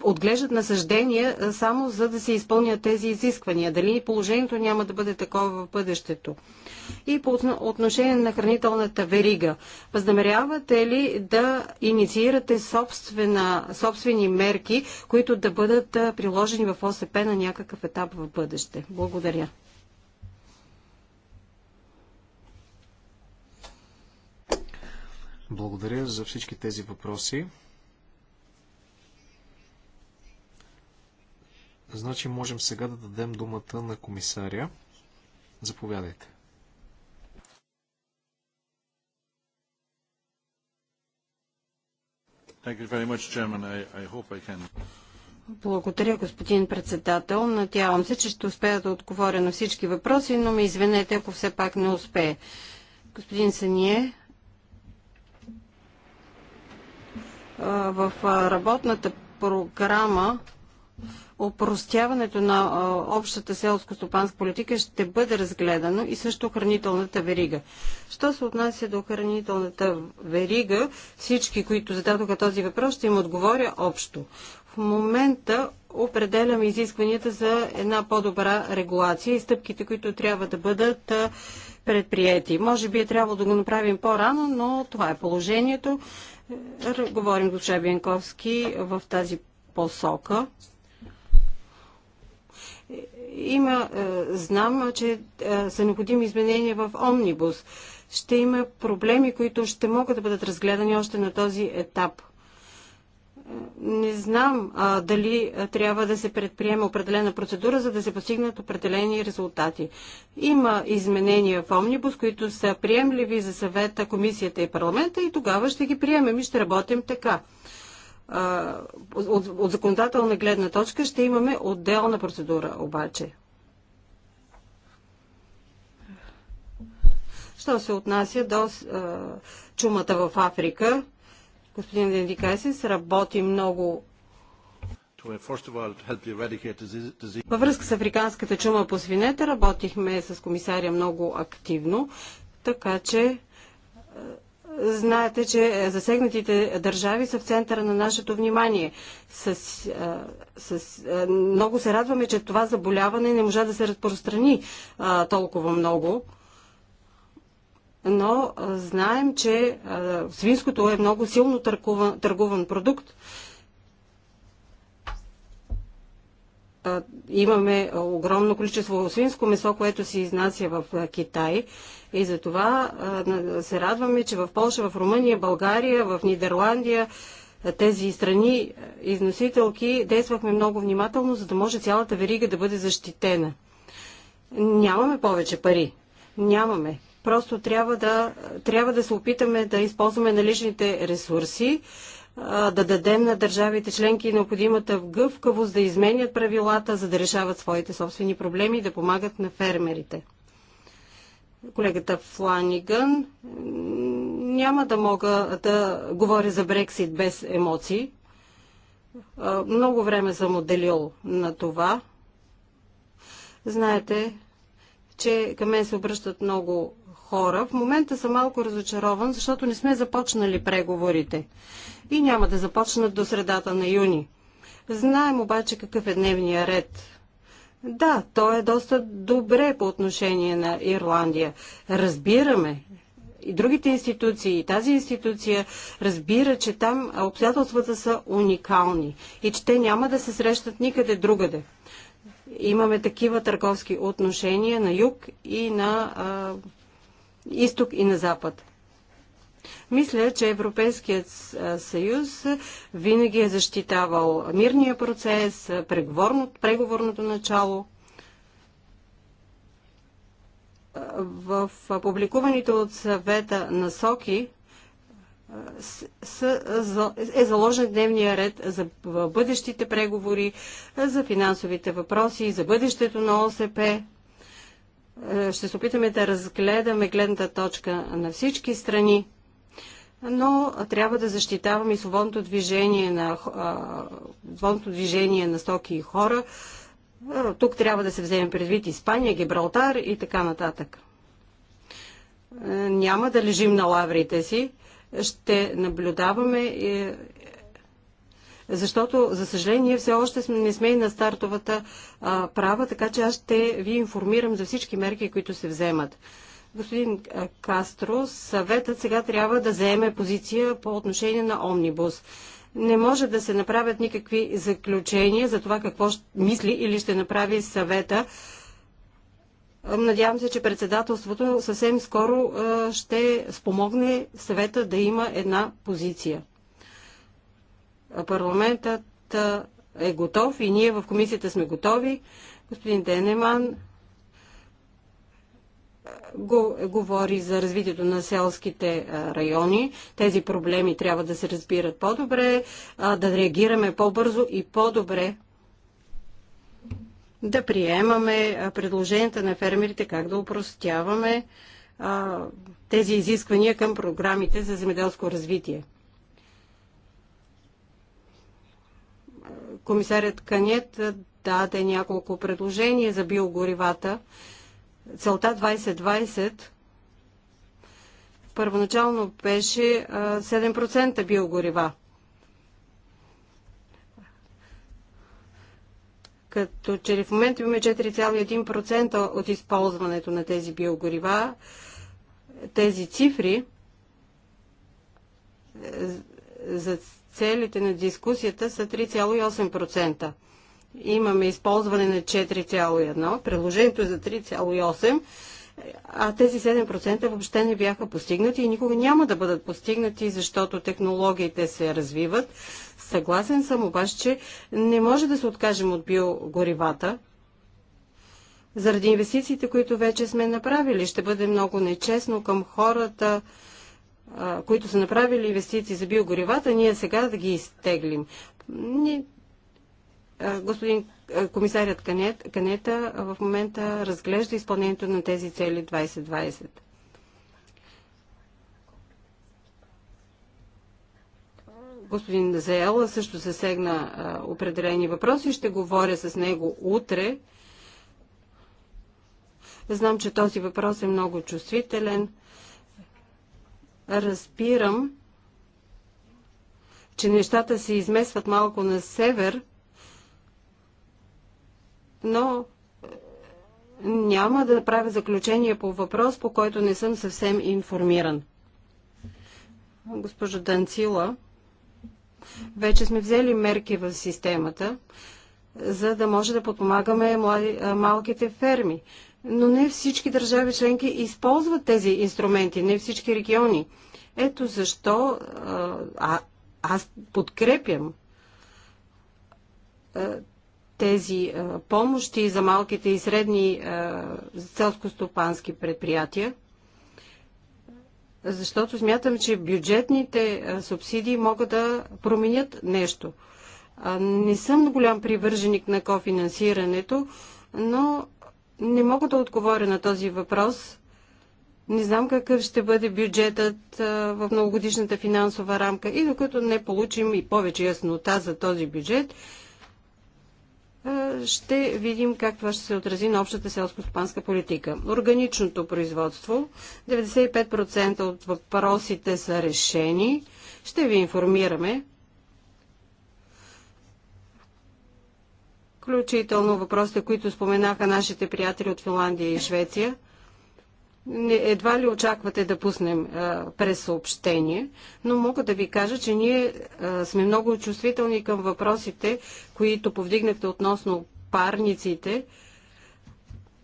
отглеждат насъждения само за да се изпълнят тези изисквания? Дали положението няма да бъде такова в бъдещето? И по отношение на хранителната верига, възнамерявате ли да инициирате собствена, собствени мерки, които да бъдат приложени в ОСП на някакъв етап в бъдеще? Благодаря. Благодаря за всички тези въпроси. Значи можем сега да дадем думата на комисаря. Заповядайте. Благодаря, господин председател. Надявам се, че ще успея да отговоря на всички въпроси, но ме извинете, ако все пак не успее. Господин Сание, в работната програма опростяването на общата селско-стопанска политика ще бъде разгледано и също хранителната верига. Що се отнася до хранителната верига, всички, които зададоха този въпрос, ще им отговоря общо. В момента определяме изискванията за една по-добра регулация и стъпките, които трябва да бъдат предприяти. Може би е трябвало да го направим по-рано, но това е положението. Говорим госпожа Бенковски в тази посока. Има, е, знам, че е, са необходими изменения в Омнибус. Ще има проблеми, които ще могат да бъдат разгледани още на този етап – не знам а, дали трябва да се предприеме определена процедура, за да се постигнат определени резултати. Има изменения в Омнибус, които са приемливи за съвета, комисията и парламента и тогава ще ги приемем и ще работим така. А, от, от законодателна гледна точка ще имаме отделна процедура обаче. Що се отнася до а, чумата в Африка, господин Дендикайсис работи много uh, във връзка с африканската чума по свинете работихме с комисария много активно, така че е, знаете, че засегнатите държави са в центъра на нашето внимание. С, е, с, е, много се радваме, че това заболяване не можа да се разпространи толкова много но знаем, че свинското е много силно търгуван, търгуван продукт. Имаме огромно количество свинско месо, което се изнася в Китай. И затова се радваме, че в Польша, в Румъния, България, в Нидерландия, тези страни износителки действахме много внимателно, за да може цялата верига да бъде защитена. Нямаме повече пари. Нямаме. Просто трябва да, трябва да се опитаме да използваме наличните ресурси, да дадем на държавите членки необходимата гъвкавост да изменят правилата, за да решават своите собствени проблеми и да помагат на фермерите. Колегата Фланиган, няма да мога да говоря за Брексит без емоции. Много време съм отделил на това. Знаете, че към мен се обръщат много хора. В момента съм малко разочарован, защото не сме започнали преговорите. И няма да започнат до средата на юни. Знаем обаче какъв е дневния ред. Да, той е доста добре по отношение на Ирландия. Разбираме, и другите институции, и тази институция разбира, че там обстоятелствата са уникални и че те няма да се срещат никъде другаде. Имаме такива търговски отношения на юг и на а, изток и на запад. Мисля, че Европейският съюз винаги е защитавал мирния процес, преговорното начало. В публикуваните от съвета насоки е заложен дневния ред за бъдещите преговори, за финансовите въпроси, за бъдещето на ОСП. Е, ще се опитаме да разгледаме гледната точка на всички страни, но трябва да защитаваме и свободното движение на, свободното движение на стоки и хора. Е, тук трябва да се вземе предвид Испания, Гибралтар и така нататък. Е, няма да лежим на лаврите си, ще наблюдаваме защото, за съжаление, все още не сме и на стартовата а, права, така че аз ще ви информирам за всички мерки, които се вземат. Господин Кастро, съветът сега трябва да заеме позиция по отношение на Омнибус. Не може да се направят никакви заключения за това какво ще мисли или ще направи съвета. Надявам се, че председателството съвсем скоро ще спомогне съвета да има една позиция парламентът е готов и ние в комисията сме готови. Господин Денеман го, говори за развитието на селските райони. Тези проблеми трябва да се разбират по-добре, да реагираме по-бързо и по-добре да приемаме предложенията на фермерите, как да упростяваме тези изисквания към програмите за земеделско развитие. Комисарят Канет даде няколко предложения за биогоривата. Целта 2020 първоначално беше 7% биогорива. Като че в момента имаме 4,1% от използването на тези биогорива, тези цифри е, за целите на дискусията са 3,8%. Имаме използване на 4,1%, приложението е за 3,8%, а тези 7% въобще не бяха постигнати и никога няма да бъдат постигнати, защото технологиите се развиват. Съгласен съм обаче, че не може да се откажем от биогоривата, заради инвестициите, които вече сме направили. Ще бъде много нечестно към хората, които са направили инвестиции за биогоривата, ние сега да ги изтеглим. Ни, господин комисарят Канета в момента разглежда изпълнението на тези цели 2020. Господин Заела също засегна а, определени въпроси. Ще говоря с него утре. Знам, че този въпрос е много чувствителен разбирам, че нещата се изместват малко на север, но е, няма да направя заключение по въпрос, по който не съм съвсем информиран. Госпожо Данцила, вече сме взели мерки в системата, за да може да подпомагаме малките ферми но не всички държави членки използват тези инструменти, не всички региони. Ето защо а, аз подкрепям тези а, помощи за малките и средни селско-стопански предприятия, защото смятам, че бюджетните а, субсидии могат да променят нещо. А, не съм голям привърженик на кофинансирането, но не мога да отговоря на този въпрос. Не знам какъв ще бъде бюджетът в многогодишната финансова рамка и докато не получим и повече яснота за този бюджет, ще видим как това ще се отрази на общата селско-стопанска политика. Органичното производство. 95% от въпросите са решени. Ще ви информираме включително въпросите, които споменаха нашите приятели от Финландия и Швеция. Едва ли очаквате да пуснем през съобщение, но мога да ви кажа, че ние а, сме много чувствителни към въпросите, които повдигнахте относно парниците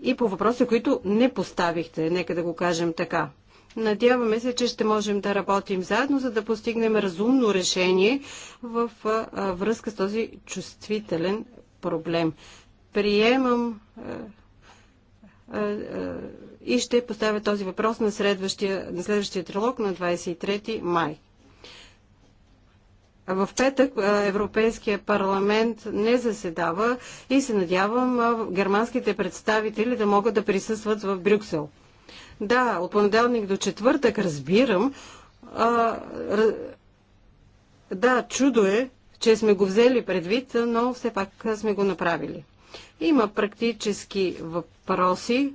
и по въпроси, които не поставихте, нека да го кажем така. Надяваме се, че ще можем да работим заедно, за да постигнем разумно решение в а, връзка с този чувствителен проблем. Приемам е, е, е, и ще поставя този въпрос на следващия, на следващия трилог на 23 май. В петък Европейския парламент не заседава и се надявам германските представители да могат да присъстват в Брюксел. Да, от понеделник до четвъртък разбирам. А, да, чудо е, че сме го взели предвид, но все пак сме го направили. Има практически въпроси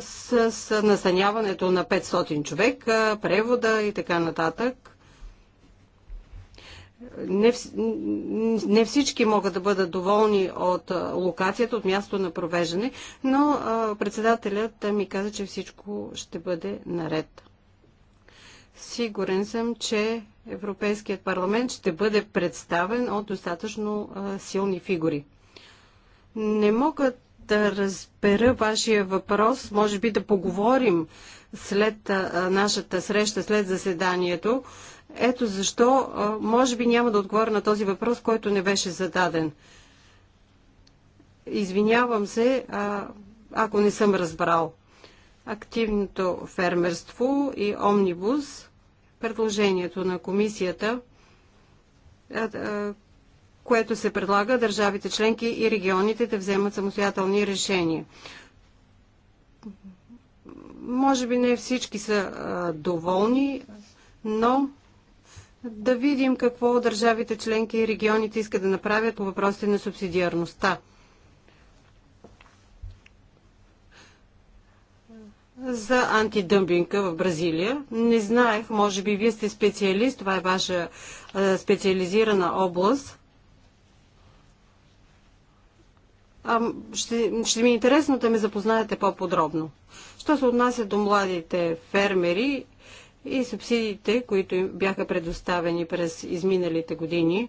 с, настаняването на 500 човек, превода и така нататък. Не, не всички могат да бъдат доволни от локацията, от място на провеждане, но председателят ми каза, че всичко ще бъде наред. Сигурен съм, че Европейският парламент ще бъде представен от достатъчно силни фигури. Не мога да разбера вашия въпрос. Може би да поговорим след нашата среща, след заседанието. Ето защо, може би няма да отговоря на този въпрос, който не беше зададен. Извинявам се, ако не съм разбрал активното фермерство и омнибус, предложението на комисията, което се предлага държавите членки и регионите да вземат самостоятелни решения. Може би не всички са доволни, но да видим какво държавите членки и регионите искат да направят по въпросите на субсидиарността. за антидъмпинга в Бразилия. Не знаех, може би вие сте специалист, това е ваша е, специализирана област. А, ще, ще ми е интересно да ме запознаете по-подробно. Що се отнася до младите фермери и субсидиите, които им бяха предоставени през изминалите години,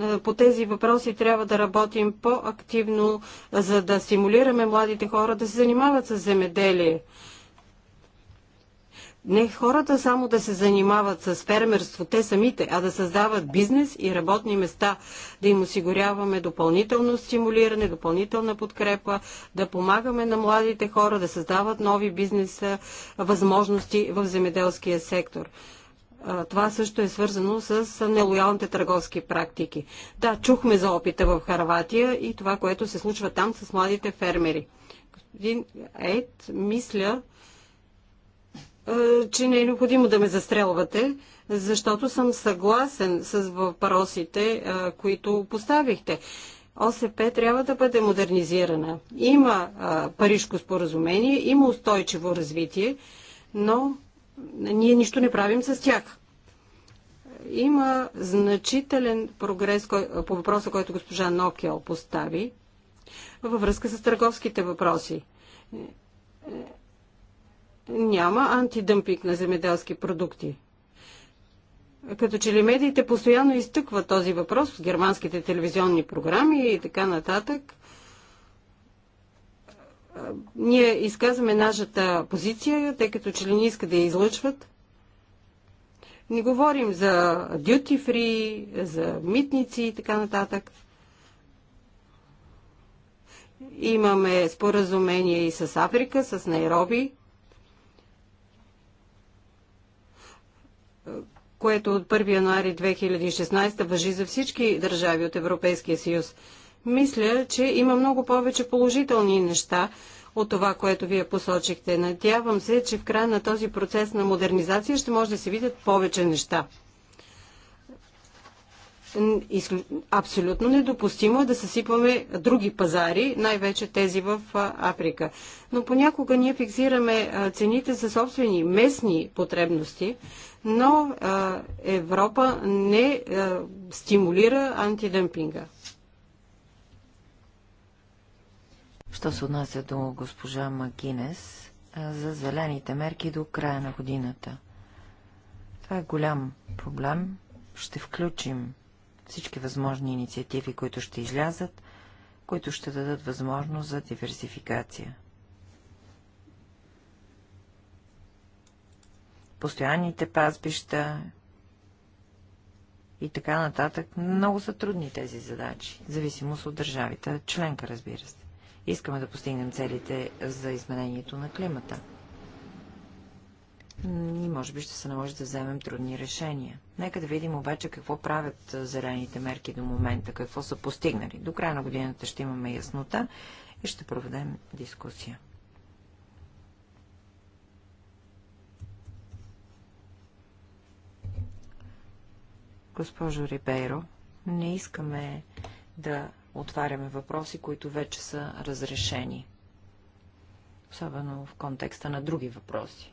е, по тези въпроси трябва да работим по-активно, за да стимулираме младите хора да се занимават с земеделие. Не хората само да се занимават с фермерство, те самите, а да създават бизнес и работни места, да им осигуряваме допълнително стимулиране, допълнителна подкрепа, да помагаме на младите хора да създават нови бизнес възможности в земеделския сектор. Това също е свързано с нелоялните търговски практики. Да, чухме за опита в Харватия и това, което се случва там с младите фермери. Господин Ейт, мисля, че не е необходимо да ме застрелвате, защото съм съгласен с въпросите, които поставихте. ОСП трябва да бъде модернизирана. Има а, парижко споразумение, има устойчиво развитие, но ние нищо не правим с тях. Има значителен прогрес по въпроса, който госпожа Нокел постави във връзка с търговските въпроси. Няма антидъмпинг на земеделски продукти. Като че ли медиите постоянно изтъкват този въпрос в германските телевизионни програми и така нататък – ние изказваме нашата позиция, тъй като че ли не иска да я излъчват. Не говорим за duty free, за митници и така нататък. Имаме споразумение и с Африка, с Найроби, което от 1 януари 2016 въжи за всички държави от Европейския съюз. Мисля, че има много повече положителни неща от това, което вие посочихте. Надявам се, че в края на този процес на модернизация ще може да се видят повече неща. Абсолютно недопустимо е да съсипваме други пазари, най-вече тези в Африка. Но понякога ние фиксираме цените за собствени местни потребности, но Европа не стимулира антидъмпинга. Що се отнася до госпожа Макинес за зелените мерки до края на годината. Това е голям проблем. Ще включим всички възможни инициативи, които ще излязат, които ще дадат възможност за диверсификация. Постоянните пазбища и така нататък. Много са трудни тези задачи, в зависимост от държавите. Членка, разбира се искаме да постигнем целите за изменението на климата. И може би ще се наложи да вземем трудни решения. Нека да видим обаче какво правят зелените мерки до момента, какво са постигнали. До края на годината ще имаме яснота и ще проведем дискусия. Госпожо Рибейро, не искаме да отваряме въпроси, които вече са разрешени. Особено в контекста на други въпроси.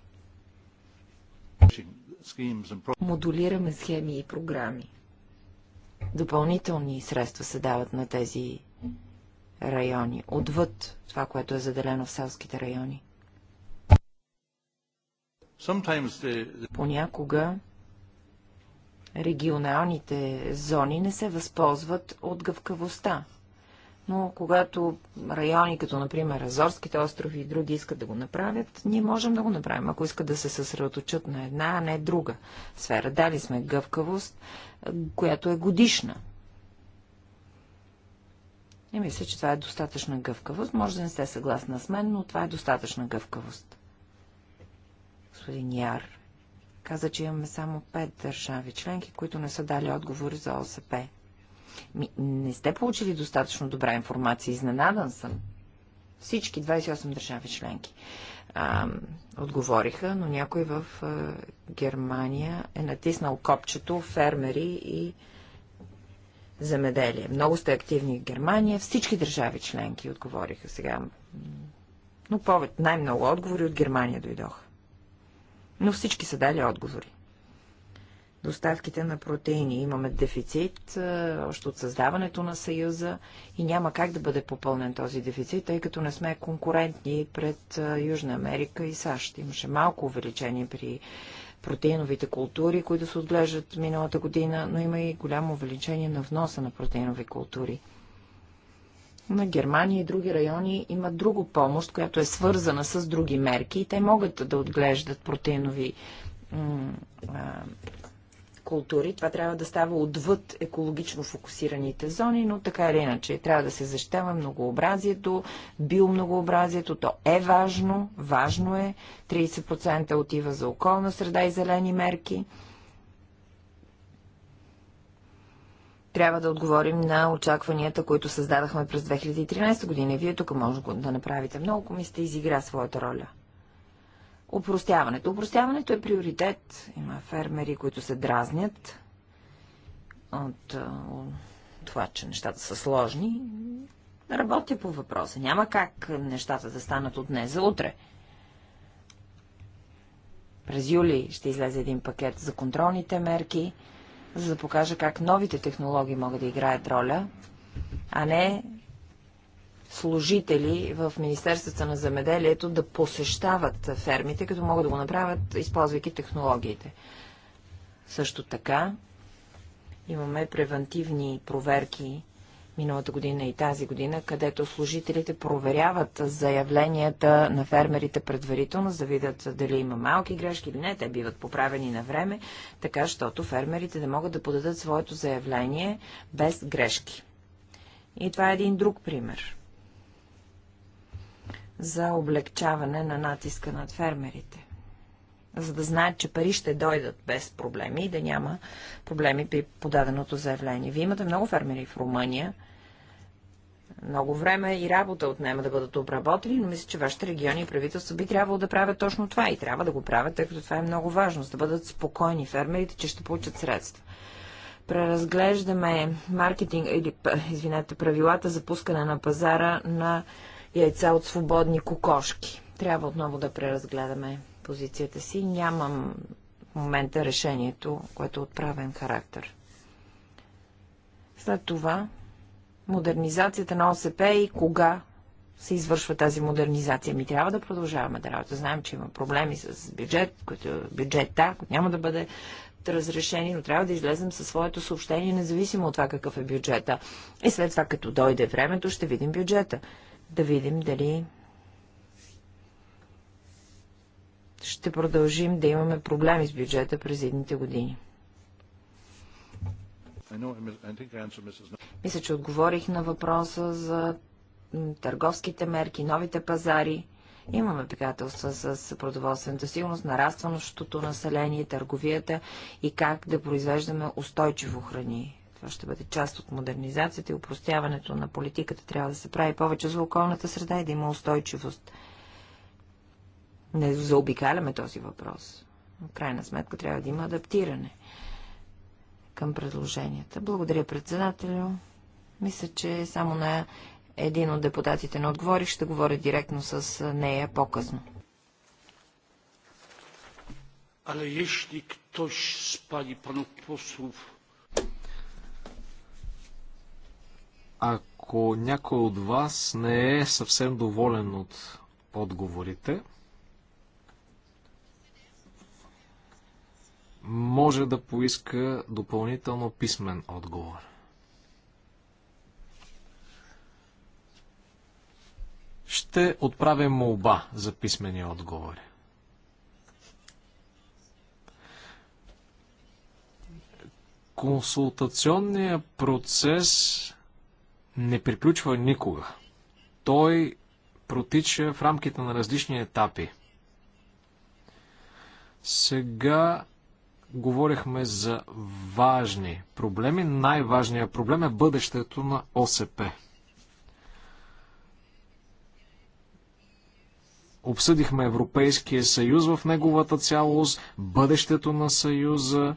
Модулираме схеми и програми. Допълнителни средства се дават на тези райони, отвъд това, което е заделено в селските райони. Понякога регионалните зони не се възползват от гъвкавостта. Но когато райони, като например Азорските острови и други искат да го направят, ние можем да го направим, ако искат да се съсредоточат на една, а не друга сфера. Дали сме гъвкавост, която е годишна. И мисля, че това е достатъчна гъвкавост. Може да не сте съгласна с мен, но това е достатъчна гъвкавост. Господин Яр каза, че имаме само пет държави членки, които не са дали отговори за ОСП. Ми, не сте получили достатъчно добра информация. Изненадан съм. Всички 28 държави членки а, отговориха, но някой в а, Германия е натиснал копчето фермери и земеделие. Много сте активни в Германия. Всички държави членки отговориха сега. Но повече, най-много отговори от Германия дойдоха но всички са дали отговори. Доставките на протеини. Имаме дефицит още от създаването на Съюза и няма как да бъде попълнен този дефицит, тъй като не сме конкурентни пред Южна Америка и САЩ. Имаше малко увеличение при протеиновите култури, които се отглеждат миналата година, но има и голямо увеличение на вноса на протеинови култури на Германия и други райони има друго помощ, която е свързана с други мерки и те могат да отглеждат протеинови култури. Това трябва да става отвъд екологично фокусираните зони, но така или иначе трябва да се защитава многообразието, биомногообразието. То е важно, важно е. 30% отива за околна среда и зелени мерки. трябва да отговорим на очакванията, които създадахме през 2013 година. вие тук може да направите много. Комисията изигра своята роля. Опростяването. Опростяването е приоритет. Има фермери, които се дразнят от това, че нещата са сложни. Работя по въпроса. Няма как нещата да станат от днес за утре. През юли ще излезе един пакет за контролните мерки за да покажа как новите технологии могат да играят роля, а не служители в Министерствата на земеделието да посещават фермите, като могат да го направят, използвайки технологиите. Също така имаме превентивни проверки миналата година и тази година, където служителите проверяват заявленията на фермерите предварително, за видят дали има малки грешки или не. Те биват поправени на време, така, защото фермерите да могат да подадат своето заявление без грешки. И това е един друг пример за облегчаване на натиска над фермерите за да знаят, че пари ще дойдат без проблеми и да няма проблеми при подаденото заявление. Вие имате много фермери в Румъния. Много време и работа отнема да бъдат обработени, но мисля, че вашите региони и правителства би трябвало да правят точно това и трябва да го правят, тъй като това е много важно, за да бъдат спокойни фермерите, че ще получат средства. Преразглеждаме маркетинг, или, извинете, правилата за пускане на пазара на яйца от свободни кокошки. Трябва отново да преразгледаме позицията си. Нямам в момента решението, което е отправен характер. След това, модернизацията на ОСП и кога се извършва тази модернизация. Ми трябва да продължаваме да работа. Знаем, че има проблеми с бюджет, които, бюджет так, няма да бъде разрешени, но трябва да излезем със своето съобщение, независимо от това какъв е бюджета. И след това, като дойде времето, ще видим бюджета. Да видим дали ще продължим да имаме проблеми с бюджета през едните години. Мисля, че отговорих на въпроса за търговските мерки, новите пазари. Имаме приятелства с продоволствената сигурност, нарастващото население, търговията и как да произвеждаме устойчиво храни. Това ще бъде част от модернизацията и упростяването на политиката. Трябва да се прави повече за околната среда и да има устойчивост не заобикаляме този въпрос. В крайна сметка трябва да има адаптиране към предложенията. Благодаря, председателю. Мисля, че само на един от депутатите не отговорих. Ще говоря директно с нея по-късно. Але ешли ктош z pani послов? Ако някой от вас не е съвсем доволен от отговорите, може да поиска допълнително писмен отговор. Ще отправим молба за писмени отговори. Консултационният процес не приключва никога. Той протича в рамките на различни етапи. Сега говорихме за важни проблеми. Най-важният проблем е бъдещето на ОСП. Обсъдихме Европейския съюз в неговата цялост, бъдещето на съюза,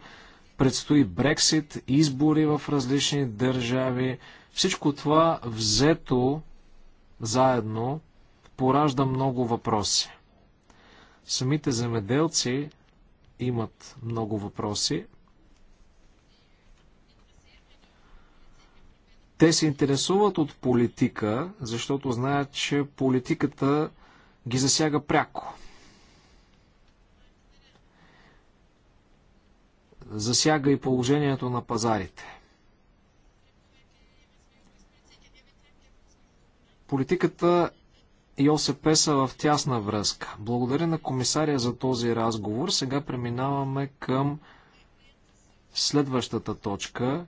предстои Брексит, избори в различни държави. Всичко това взето заедно поражда много въпроси. Самите земеделци имат много въпроси. Те се интересуват от политика, защото знаят, че политиката ги засяга пряко. Засяга и положението на пазарите. Политиката и ОСП са в тясна връзка. Благодаря на комисария за този разговор. Сега преминаваме към следващата точка.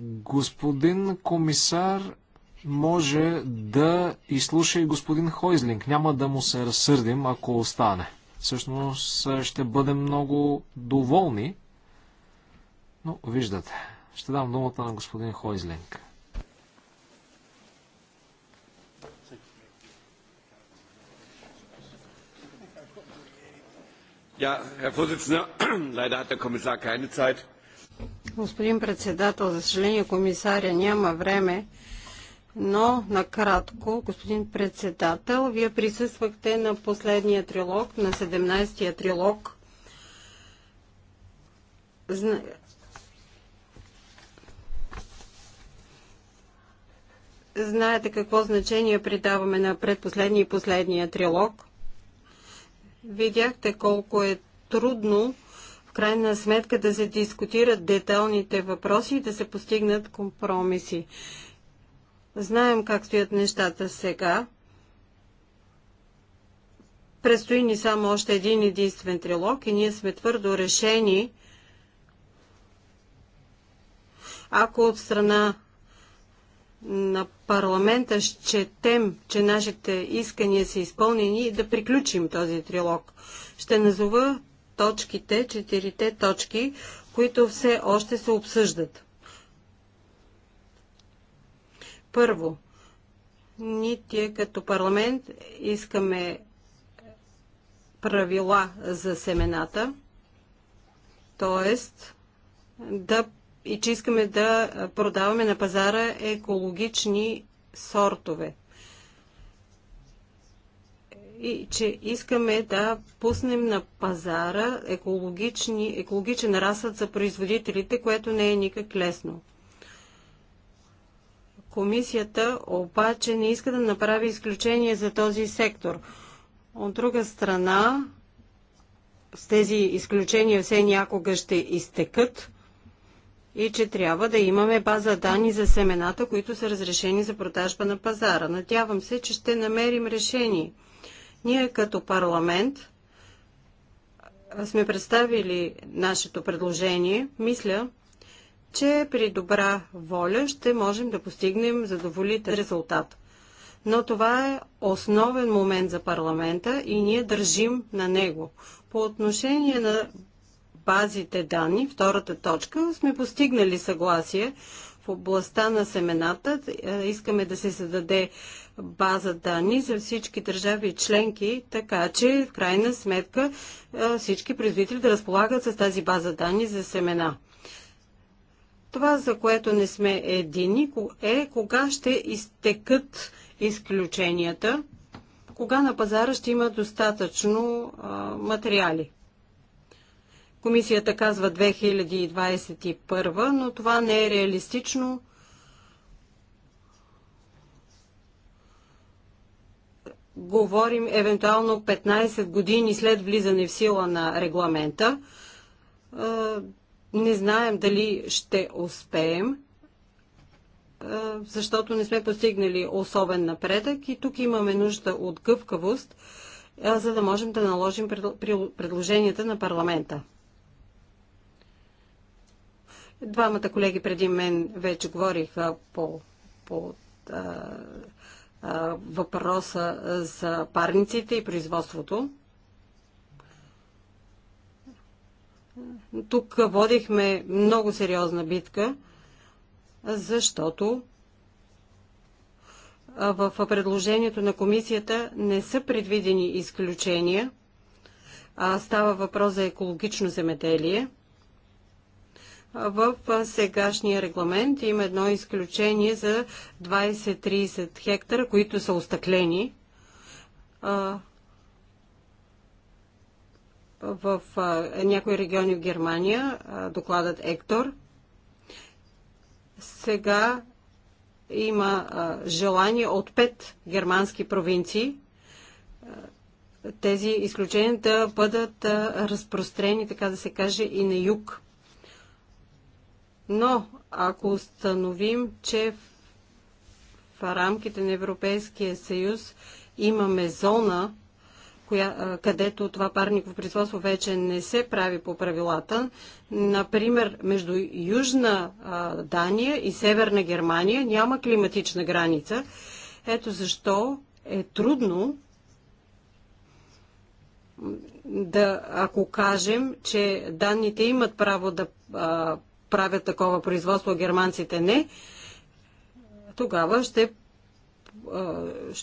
Господин комисар може да изслуша и господин Хойзлинг. Няма да му се разсърдим, ако остане. Всъщност ще бъдем много доволни, но виждате. Ще дам думата на господин Хойзленк. Ja, Herr Vorsitzender, leider hat der Kommissar keine Zeit. Господин председател, за съжаление комисаря няма време, но накратко, господин председател, вие присъствахте на последния трилог, на 17-я трилог. Знаете какво значение придаваме на предпоследния и последния трилог. Видяхте колко е трудно в крайна сметка да се дискутират деталните въпроси и да се постигнат компромиси. Знаем как стоят нещата сега. Престои ни само още един единствен трилог и ние сме твърдо решени, ако от страна на парламента щетем, че нашите искания са изпълнени и да приключим този трилог. Ще назова точките, четирите точки, които все още се обсъждат. Първо, ние като парламент искаме правила за семената, т.е. да и че искаме да продаваме на пазара екологични сортове. И че искаме да пуснем на пазара екологични, екологичен разсъд за производителите, което не е никак лесно. Комисията обаче не иска да направи изключение за този сектор. От друга страна, с тези изключения все някога ще изтекат и че трябва да имаме база данни за семената, които са разрешени за продажба на пазара. Надявам се, че ще намерим решение. Ние като парламент сме представили нашето предложение. Мисля, че при добра воля ще можем да постигнем задоволите резултат. Но това е основен момент за парламента и ние държим на него. По отношение на базите данни, втората точка, сме постигнали съгласие в областта на семената. Е, искаме да се създаде база данни за всички държави и членки, така че в крайна сметка е, всички производители да разполагат с тази база данни за семена. Това, за което не сме едини, е кога ще изтекат изключенията, кога на пазара ще има достатъчно а, материали. Комисията казва 2021, но това не е реалистично. Говорим евентуално 15 години след влизане в сила на регламента. Е, не знаем дали ще успеем, е, защото не сме постигнали особен напредък и тук имаме нужда от гъвкавост, е, за да можем да наложим предложенията на парламента. Двамата колеги преди мен вече говориха по, по а, а, въпроса за парниците и производството. Тук водихме много сериозна битка, защото в предложението на комисията не са предвидени изключения. А става въпрос за екологично земеделие – в сегашния регламент има едно изключение за 20-30 хектара, които са остъклени. В някои региони в Германия, докладът Ектор, сега има желание от пет германски провинции тези изключения да бъдат разпрострени, така да се каже, и на юг. Но ако установим, че в рамките на Европейския съюз имаме зона, коя, където това парниково производство вече не се прави по правилата. Например, между Южна Дания и Северна Германия няма климатична граница. Ето защо е трудно да, ако кажем, че данните имат право да а, правят такова производство, германците не, тогава ще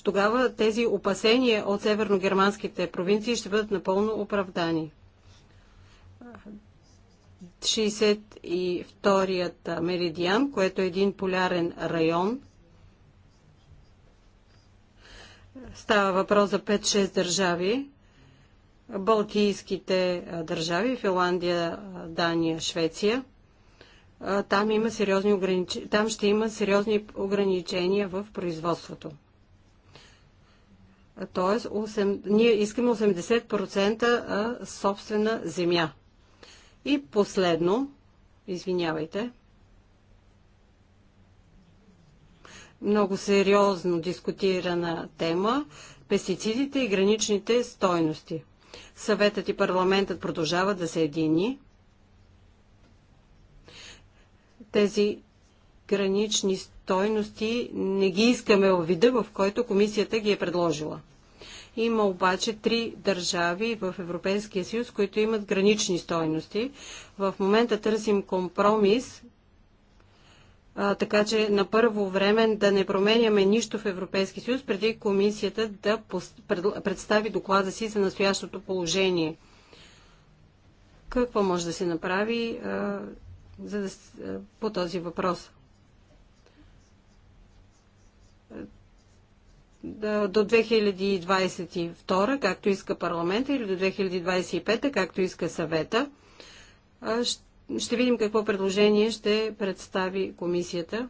тогава тези опасения от северногерманските провинции ще бъдат напълно оправдани. 62-ят меридиан, което е един полярен район. Става въпрос за 5-6 държави. Балтийските държави, Финландия, Дания, Швеция – там, има сериозни огранич... там ще има сериозни ограничения в производството. Тоест, 8... ние искаме 80% собствена земя. И последно, извинявайте, много сериозно дискутирана тема пестицидите и граничните стойности. Съветът и парламентът продължават да са едини. Тези гранични стойности не ги искаме в вида, в който комисията ги е предложила. Има обаче три държави в Европейския съюз, които имат гранични стойности. В момента търсим компромис, а, така че на първо време да не променяме нищо в Европейския съюз, преди комисията да представи доклада си за настоящото положение. Какво може да се направи? за да, по този въпрос. До 2022, както иска парламента, или до 2025, както иска съвета. Ще видим какво предложение ще представи комисията.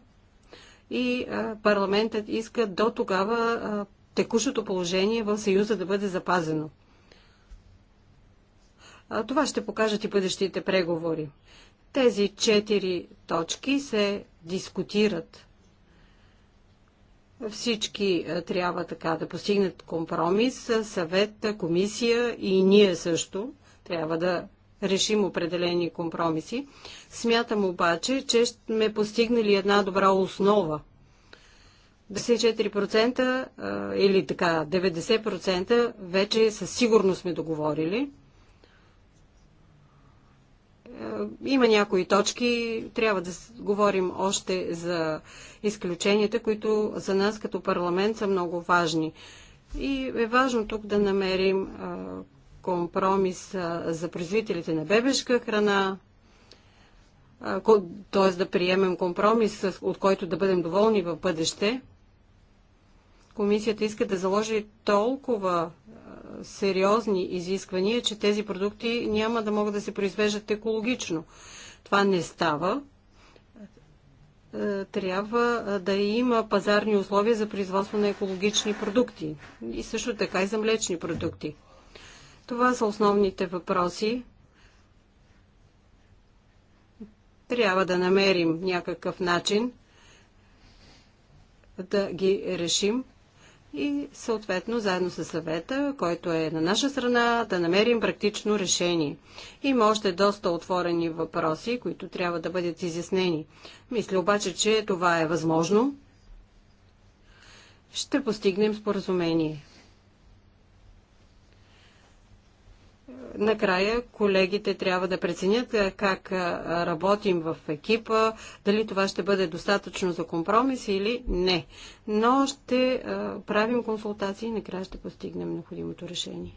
И парламентът иска до тогава текущото положение в Съюза да бъде запазено. Това ще покажат и бъдещите преговори. Тези четири точки се дискутират. Всички е, трябва така да постигнат компромис, е, съвет, е, комисия и ние също трябва да решим определени компромиси. Смятам обаче, че сме постигнали една добра основа. 24% или така 90% вече със сигурност сме договорили. Е, има някои точки, трябва да говорим още за изключенията, които за нас като парламент са много важни. И е важно тук да намерим е, компромис е, за производителите на бебешка храна, т.е. да приемем компромис, от който да бъдем доволни в бъдеще. Комисията иска да заложи толкова сериозни изисквания, че тези продукти няма да могат да се произвеждат екологично. Това не става. Е, трябва е, да има пазарни условия за производство на екологични продукти и също така и за млечни продукти. Това са основните въпроси. Трябва да намерим някакъв начин да ги решим и съответно заедно с съвета, който е на наша страна, да намерим практично решение. Има още доста отворени въпроси, които трябва да бъдат изяснени. Мисля обаче, че това е възможно. Ще постигнем споразумение. Накрая колегите трябва да преценят как работим в екипа, дали това ще бъде достатъчно за компромис или не. Но ще правим консултации и накрая ще постигнем необходимото решение.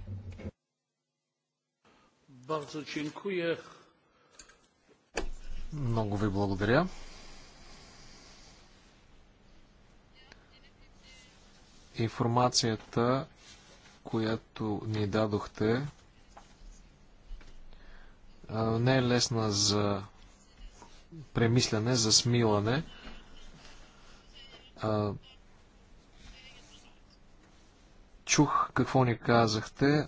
Много ви благодаря. Информацията, която ни дадохте, не е лесна за премисляне, за смилане. Чух какво ни казахте.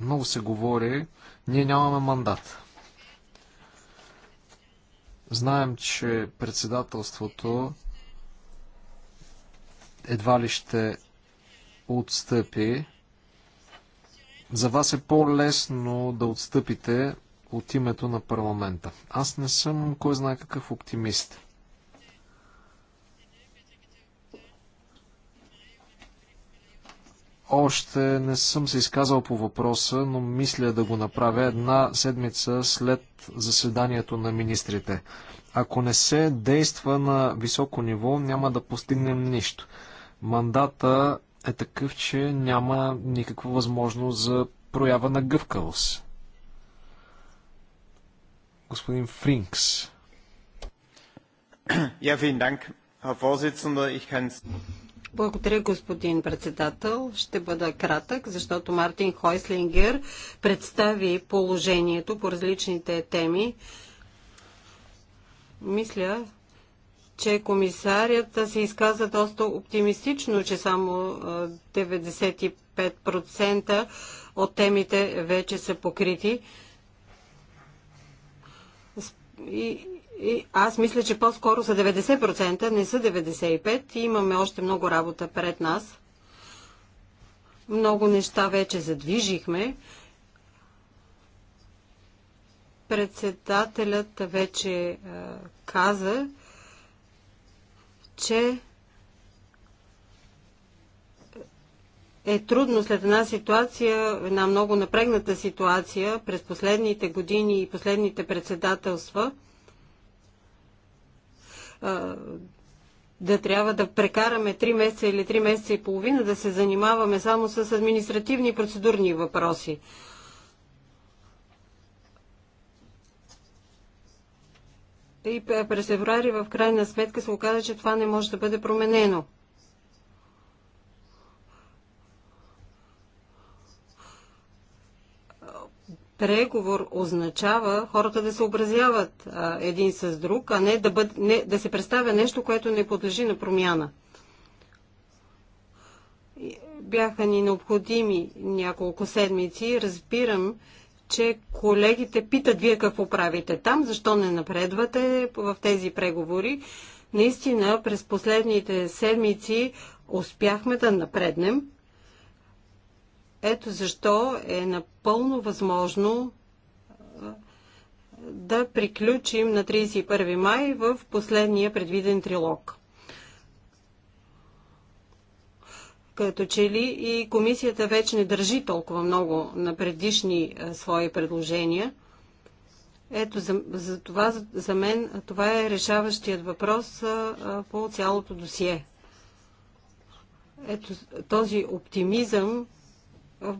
Много се говори. Ние нямаме мандат. Знаем, че председателството едва ли ще отстъпи. За вас е по-лесно да отстъпите от името на парламента. Аз не съм кой знае какъв оптимист. Още не съм се изказал по въпроса, но мисля да го направя една седмица след заседанието на министрите. Ако не се действа на високо ниво, няма да постигнем нищо. Мандата е такъв, че няма никаква възможност за проява на гъвкавост. Господин Фринкс. Благодаря, господин председател. Ще бъда кратък, защото Мартин Хойслингер представи положението по различните теми. Мисля, че комисарят се изказа доста оптимистично, че само 95% от темите вече са покрити и, и аз мисля, че по-скоро са 90%, не са 95% и имаме още много работа пред нас. Много неща вече задвижихме. Председателят вече каза, че е трудно след една ситуация, една много напрегната ситуация през последните години и последните председателства, да трябва да прекараме 3 месеца или 3 месеца и половина да се занимаваме само с административни и процедурни въпроси. И през феврари в крайна сметка се оказа, че това не може да бъде променено. преговор означава хората да се образяват а, един с друг, а не да, бъд, не да се представя нещо, което не подлежи на промяна. Бяха ни необходими няколко седмици. Разбирам, че колегите питат вие какво правите там, защо не напредвате в тези преговори. Наистина, през последните седмици успяхме да напреднем ето защо е напълно възможно да приключим на 31 май в последния предвиден трилог. Като че ли и комисията вече не държи толкова много на предишни свои предложения. Ето, за, за това, за мен, това е решаващият въпрос а, по цялото досие. Ето, този оптимизъм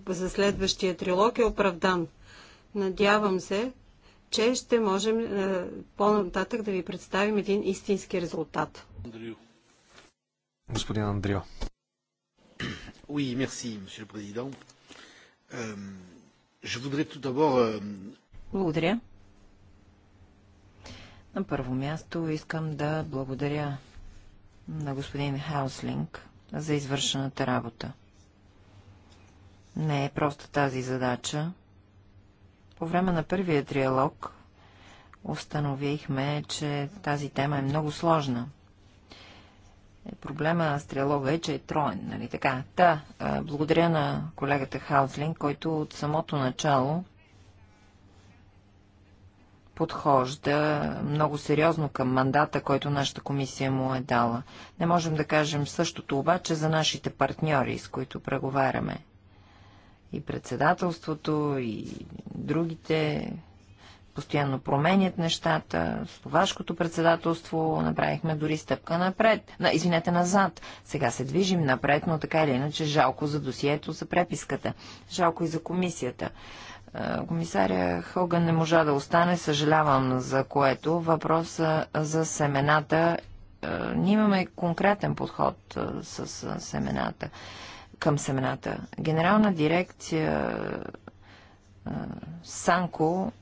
за следващия трилог е оправдан. Надявам се, че ще можем е, по-нататък да ви представим един истински резултат. Андрио. Господин Андрио. Oui, merci, monsieur le président. je voudrais tout d'abord... Благодаря. На първо място искам да благодаря на господин Хауслинг за извършената работа. Не е просто тази задача. По време на първия триалог установихме, че тази тема е много сложна. Е, проблема с триалога е, че е троен, нали така? Та, благодаря на колегата Хаузлин, който от самото начало подхожда много сериозно към мандата, който нашата комисия му е дала. Не можем да кажем същото обаче за нашите партньори, с които преговаряме и председателството, и другите постоянно променят нещата. Словашкото председателство направихме дори стъпка напред. На, извинете, назад. Сега се движим напред, но така или иначе жалко за досието, за преписката. Жалко и за комисията. Комисаря Хоган не можа да остане, съжалявам за което. Въпроса за семената. Ние имаме конкретен подход с семената към семената. Генерална дирекция Санко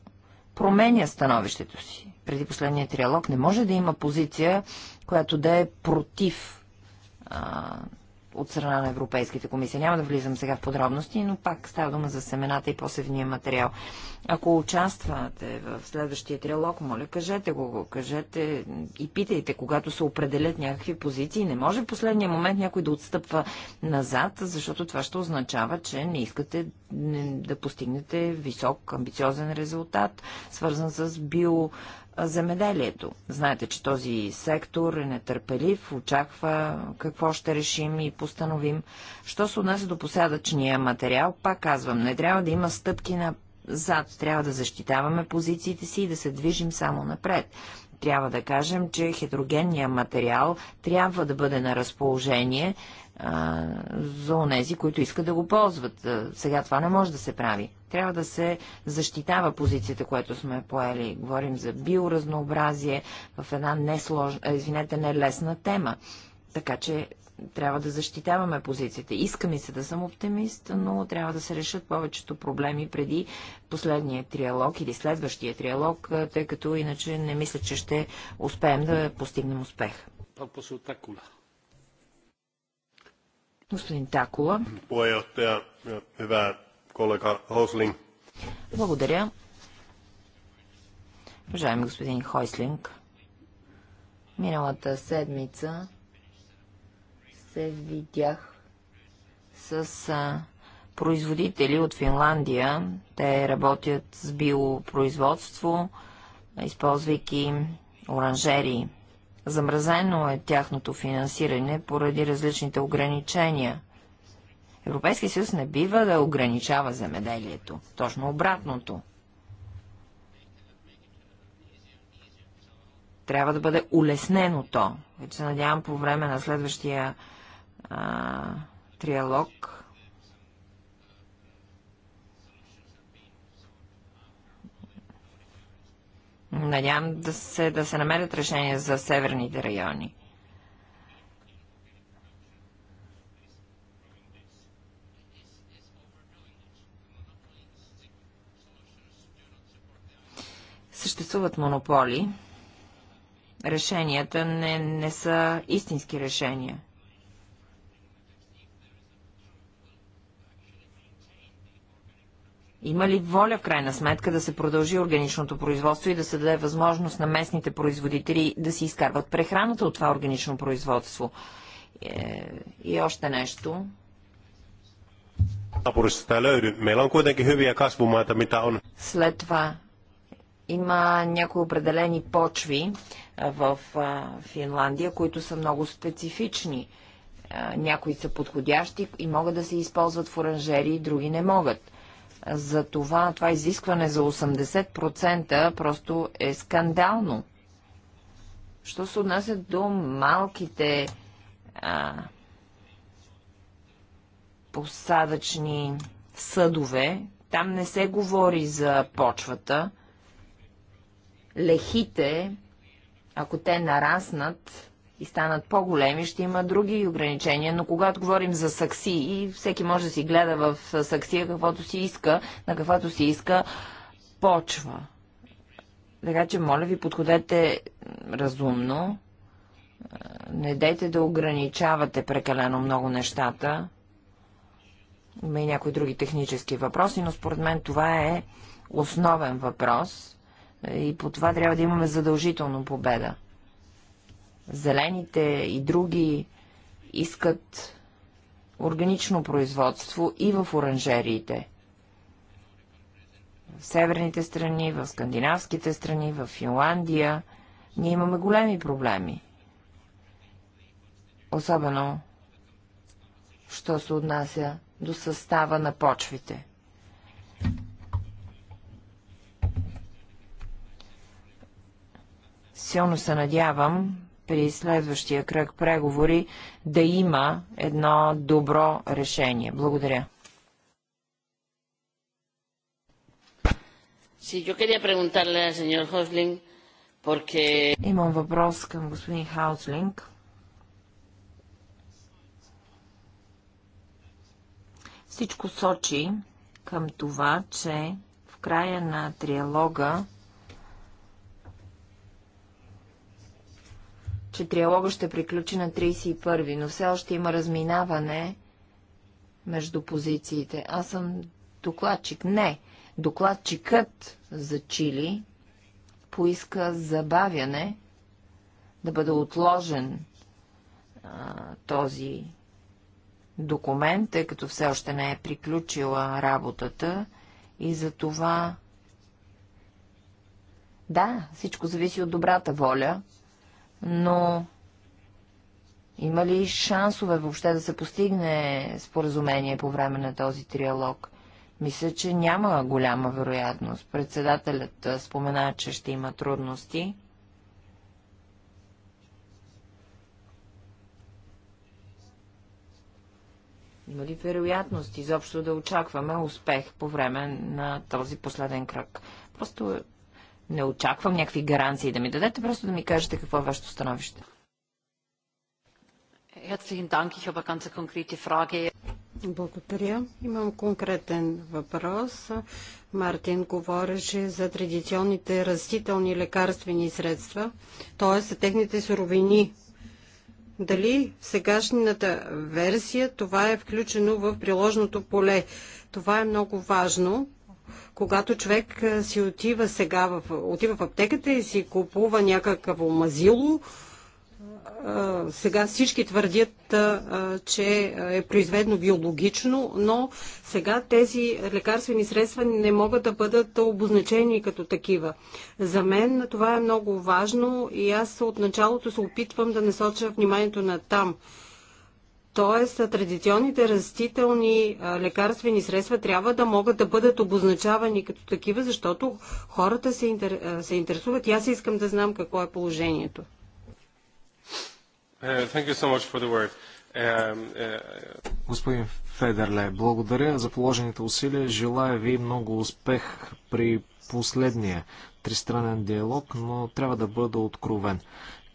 променя становището си. Преди последния триалог не може да има позиция, която да е против от страна на Европейските комисия. Няма да влизам сега в подробности, но пак става дума за семената и посевния материал. Ако участвате в следващия триалог, моля, кажете го, кажете и питайте, когато се определят някакви позиции. Не може в последния момент някой да отстъпва назад, защото това ще означава, че не искате да постигнете висок, амбициозен резултат, свързан с био земеделието. Знаете, че този сектор е нетърпелив, очаква какво ще решим и постановим. Що се отнася до посадъчния материал, пак казвам, не трябва да има стъпки назад, трябва да защитаваме позициите си и да се движим само напред. Трябва да кажем, че хидрогенният материал трябва да бъде на разположение а, за онези, които искат да го ползват. Сега това не може да се прави. Трябва да се защитава позицията, която сме поели. Говорим за биоразнообразие в една неслож... извинете, нелесна тема. Така че трябва да защитаваме позицията. Иска ми се да съм оптимист, но трябва да се решат повечето проблеми преди последния триалог или следващия триалог, тъй като иначе не мисля, че ще успеем да постигнем успех. Пан Господин Такола. Благодаря. Уважаеми господин Хойслинг, миналата седмица се видях с производители от Финландия. Те работят с биопроизводство, използвайки оранжерии. Замразено е тяхното финансиране поради различните ограничения. Европейския съюз не бива да ограничава земеделието. Точно обратното. Трябва да бъде улеснено то. Вече се надявам по време на следващия а, триалог Надявам да се, да се намерят решения за северните райони. Съществуват монополи. Решенията не, не са истински решения. Има ли воля в крайна сметка да се продължи органичното производство и да се даде възможност на местните производители да си изкарват прехраната от това органично производство? Е, и още нещо. След това има някои определени почви е, в е, Финландия, които са много специфични. Някои са подходящи и могат да се използват в оранжери, други не могат. За това, това изискване за 80% просто е скандално. Що се отнася до малките а, посадъчни съдове, там не се говори за почвата. Лехите, ако те нараснат, и станат по-големи, ще има други ограничения, но когато говорим за сакси и всеки може да си гледа в саксия каквото си иска, на каквото си иска почва. Така че, моля ви, подходете разумно. Не дейте да ограничавате прекалено много нещата. Има и някои други технически въпроси, но според мен това е основен въпрос и по това трябва да имаме задължително победа зелените и други искат органично производство и в оранжериите. В северните страни, в скандинавските страни, в Финландия ние имаме големи проблеми. Особено, що се отнася до състава на почвите. Силно се надявам при следващия кръг преговори да има едно добро решение. Благодаря. Имам въпрос към господин Хауслинг. Всичко сочи към това, че в края на триалога че триалога ще приключи на 31, но все още има разминаване между позициите. Аз съм докладчик. Не. Докладчикът за Чили поиска забавяне да бъде отложен а, този документ, тъй като все още не е приключила работата и за това... Да, всичко зависи от добрата воля но има ли шансове въобще да се постигне споразумение по време на този триалог? Мисля, че няма голяма вероятност. Председателят спомена, че ще има трудности. Има ли вероятност изобщо да очакваме успех по време на този последен кръг? Просто не очаквам някакви гаранции да ми дадете, просто да ми кажете какво е вашето становище. Благодаря. Имам конкретен въпрос. Мартин говореше за традиционните растителни лекарствени средства, т.е. за техните суровини. Дали в сегашната версия това е включено в приложното поле? Това е много важно, когато човек си отива сега в, отива в аптеката и си купува някакво мазило, сега всички твърдят, че е произведено биологично, но сега тези лекарствени средства не могат да бъдат обозначени като такива. За мен това е много важно и аз от началото се опитвам да насоча вниманието на там – Тоест, традиционните растителни лекарствени средства трябва да могат да бъдат обозначавани като такива, защото хората се, интер... се интересуват и аз искам да знам какво е положението. Е, е, е, Господин Федерле, благодаря за положените усилия. Желая ви много успех при последния тристранен диалог, но трябва да бъда откровен.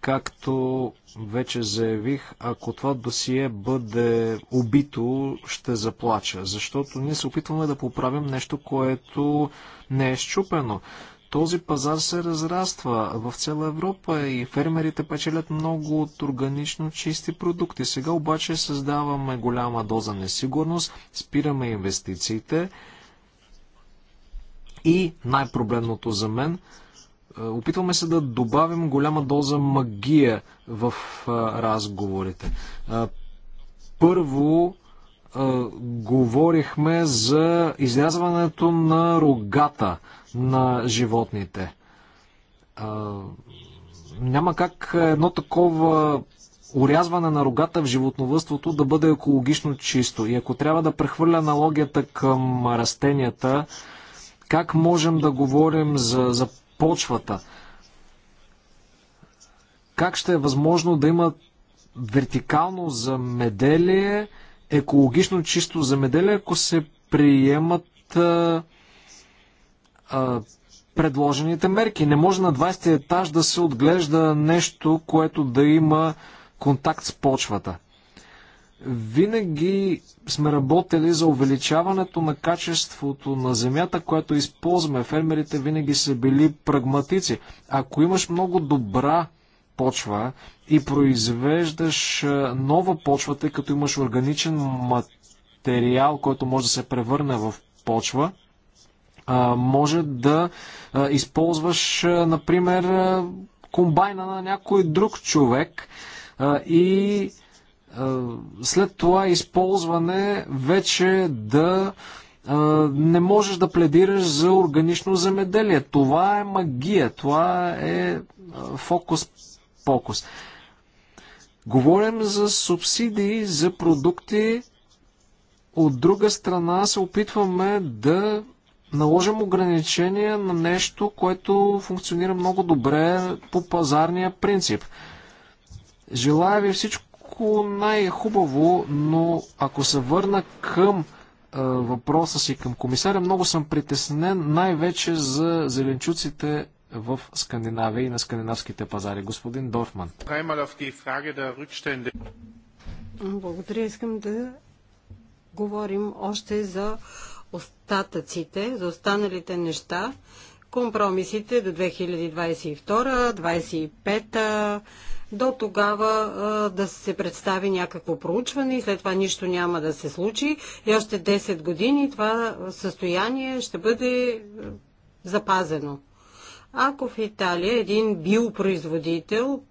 Както вече заявих, ако това досие бъде убито, ще заплача, защото ние се опитваме да поправим нещо, което не е щупено. Този пазар се разраства в цяла Европа и фермерите печелят много от органично чисти продукти. Сега обаче създаваме голяма доза несигурност, спираме инвестициите и най-проблемното за мен – е, опитваме се да добавим голяма доза магия в е, разговорите. Е, първо, говорихме за изрязването на рогата на животните. Няма как едно такова урязване на рогата в животновътството да бъде екологично чисто. И ако трябва да прехвърля аналогията към растенията, как можем да говорим за, за почвата. Как ще е възможно да има вертикално замеделие, екологично чисто замеделие, ако се приемат а, а, предложените мерки. Не може на 20 етаж да се отглежда нещо, което да има контакт с почвата. Винаги сме работили за увеличаването на качеството на земята, която използваме. Фермерите винаги са били прагматици. Ако имаш много добра почва и произвеждаш нова почва, тъй като имаш органичен материал, който може да се превърне в почва, може да използваш, например, комбайна на някой друг човек и е, след това използване вече да е, не можеш да пледираш за органично земеделие. Това е магия, това е, е фокус-покус. Говорим за субсидии, за продукти. От друга страна се опитваме да наложим ограничения на нещо, което функционира много добре по пазарния принцип. Желая ви всичко всичко най-хубаво, но ако се върна към е, въпроса си към комисаря, много съм притеснен най-вече за зеленчуците в Скандинавия и на скандинавските пазари. Господин Дорфман. Благодаря. Искам да говорим още за остатъците, за останалите неща, компромисите до 2022, 2025, до тогава а, да се представи някакво проучване и след това нищо няма да се случи и още 10 години това състояние ще бъде запазено. Ако в Италия един биопроизводител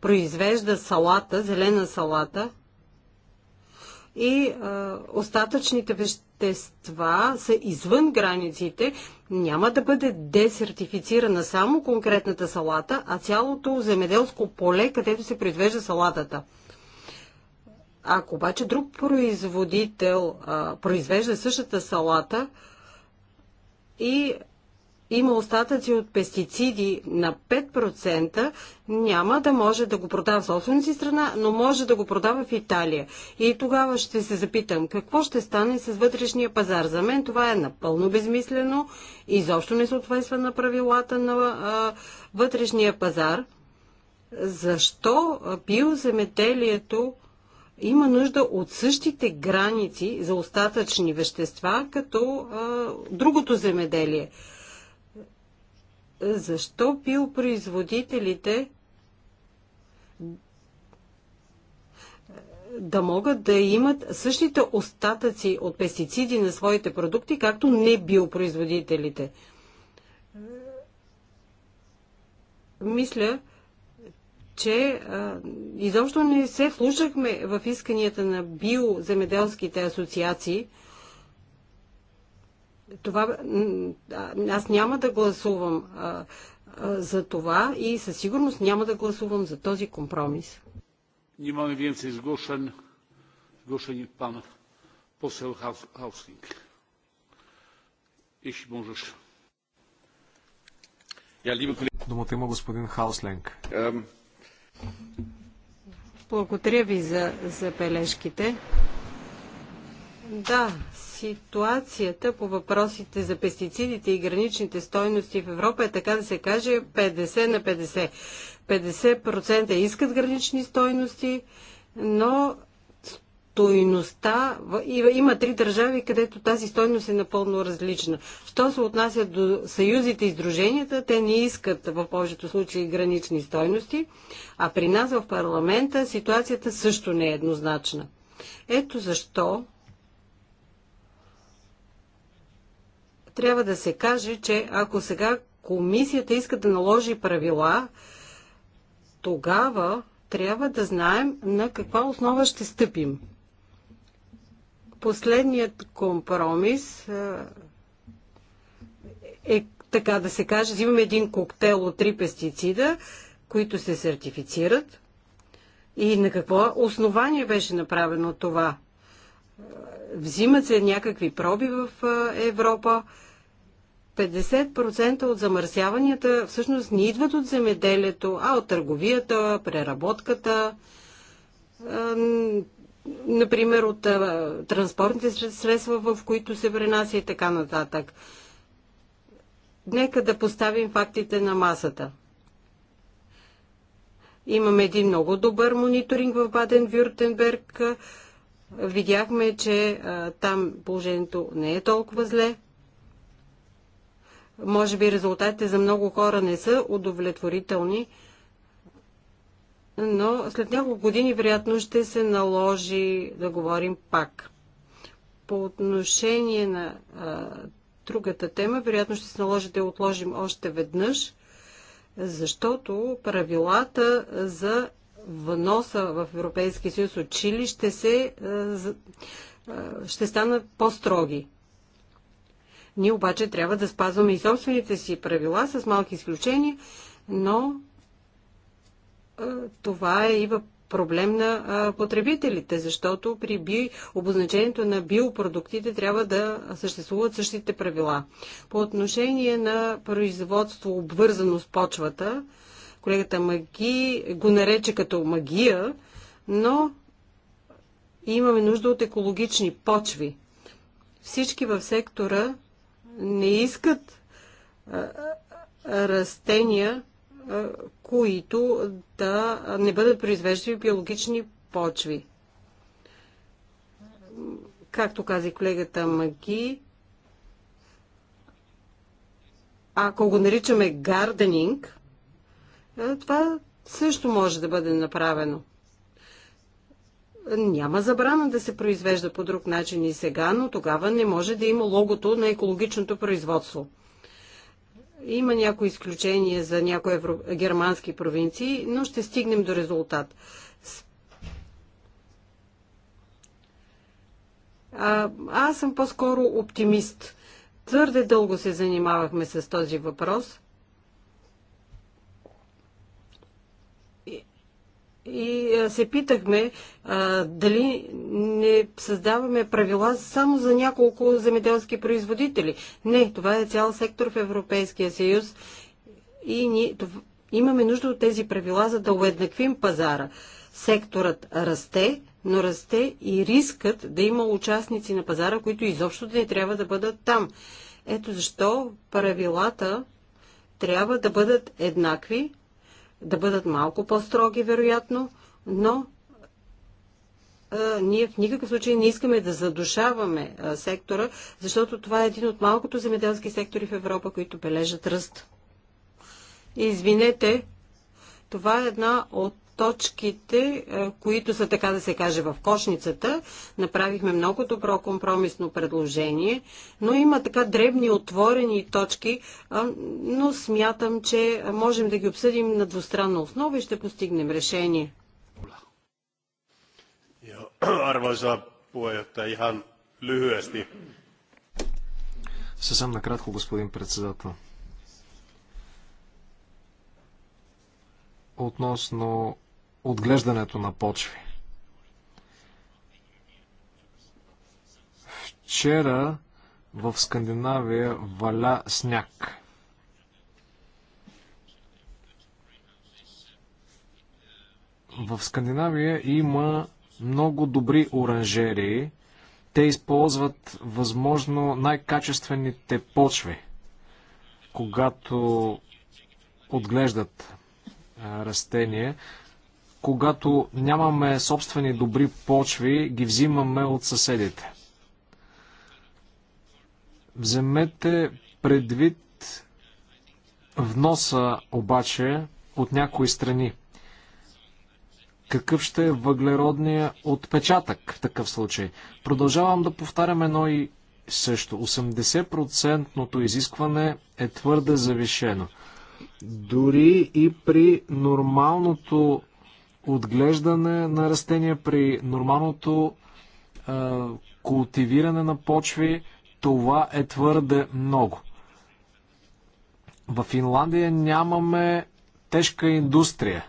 произвежда салата, зелена салата, и а, остатъчните вещества са извън границите, няма да бъде десертифицирана само конкретната салата, а цялото земеделско поле, където се произвежда салатата. Ако обаче друг производител а, произвежда същата салата и има остатъци от пестициди на 5%, няма да може да го продава в собствената си страна, но може да го продава в Италия. И тогава ще се запитам, какво ще стане с вътрешния пазар? За мен това е напълно безмислено, изобщо не съответства на правилата на а, вътрешния пазар. Защо биоземеделието има нужда от същите граници за остатъчни вещества, като а, другото земеделие защо производителите да могат да имат същите остатъци от пестициди на своите продукти, както не биопроизводителите. Мисля, че а, изобщо не се слушахме в исканията на биоземеделските асоциации – това, аз няма да гласувам а, а, за това и със сигурност няма да гласувам за този компромис. Нямаме изглушен, więcej zgłoszeń. Zgłoszeń pan poseł Hausling. Jeśli możesz. Думата има господин Хаусленг. Благодаря ви за, за бележките. Да, ситуацията по въпросите за пестицидите и граничните стойности в Европа е така да се каже 50 на 50. 50% искат гранични стойности, но стойността, има три държави, където тази стойност е напълно различна. Що се отнася до съюзите и сдруженията, те не искат в повечето случаи гранични стойности, а при нас в парламента ситуацията също не е еднозначна. Ето защо трябва да се каже, че ако сега комисията иска да наложи правила, тогава трябва да знаем на каква основа ще стъпим. Последният компромис е, е, така да се каже, взимаме един коктейл от три пестицида, които се сертифицират. И на какво основание беше направено това? Взимат се някакви проби в Европа, 50% от замърсяванията всъщност не идват от земеделието, а от търговията, преработката, например от транспортните средства, в които се пренася и така нататък. Нека да поставим фактите на масата. Имаме един много добър мониторинг в Баден-Вюртенберг. Видяхме, че а, там положението не е толкова зле. Може би резултатите за много хора не са удовлетворителни, но след няколко години вероятно ще се наложи да говорим пак. По отношение на а, другата тема, вероятно ще се наложи да я отложим още веднъж, защото правилата за вноса в Европейския съюз училище се, а, а, ще станат по-строги. Ние обаче трябва да спазваме и собствените си правила с малки изключения, но това е и проблем на потребителите, защото при би, обозначението на биопродуктите трябва да съществуват същите правила. По отношение на производство обвързано с почвата, колегата Маги го нарече като магия, но имаме нужда от екологични почви. Всички в сектора не искат растения, които да не бъдат произвеждани в биологични почви. Както каза колегата Маги, ако го наричаме гарденинг, това също може да бъде направено няма забрана да се произвежда по друг начин и сега, но тогава не може да има логото на екологичното производство. Има някои изключения за някои евро... германски провинции, но ще стигнем до резултат. А, аз съм по-скоро оптимист. Твърде дълго се занимавахме с този въпрос – и се питахме дали не създаваме правила само за няколко земеделски производители. Не, това е цял сектор в Европейския съюз и ние, имаме нужда от тези правила, за да уеднаквим пазара. Секторът расте, но расте и рискът да има участници на пазара, които изобщо не трябва да бъдат там. Ето защо правилата трябва да бъдат еднакви, да бъдат малко по-строги, вероятно, но ние в никакъв случай не искаме да задушаваме сектора, защото това е един от малкото земеделски сектори в Европа, които бележат ръст. Извинете, това е една от точките, е, които са така да се каже в кошницата. Направихме много добро компромисно предложение, но има така дребни отворени точки, е, но смятам, че можем да ги обсъдим на двустранна основа и ще постигнем решение. Arvoisa puheenjohtaja, ihan lyhyesti. Съвсем накратко, господин председател. Относно отглеждането на почви. Вчера в Скандинавия валя сняг. В Скандинавия има много добри оранжери. Те използват възможно най-качествените почви, когато отглеждат растения когато нямаме собствени добри почви, ги взимаме от съседите. Вземете предвид вноса обаче от някои страни. Какъв ще е въглеродния отпечатък в такъв случай? Продължавам да повтарям едно и също. 80 изискване е твърде завишено. Дори и при нормалното отглеждане на растения, при нормалното а, култивиране на почви, това е твърде много. В Финландия нямаме тежка индустрия.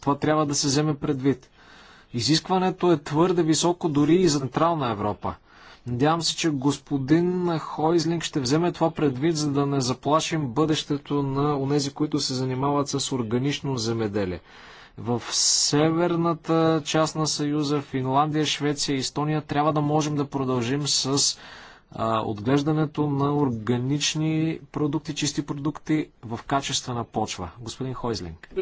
Това трябва да се вземе предвид. Изискването е твърде високо дори и за Централна Европа. Надявам се, че господин Хойзлинг ще вземе това предвид, за да не заплашим бъдещето на онези, които се занимават с органично земеделие. В северната част на Съюза, Финландия, Швеция и Естония трябва да можем да продължим с а, отглеждането на органични продукти, чисти продукти в на почва. Господин Хойзлинг.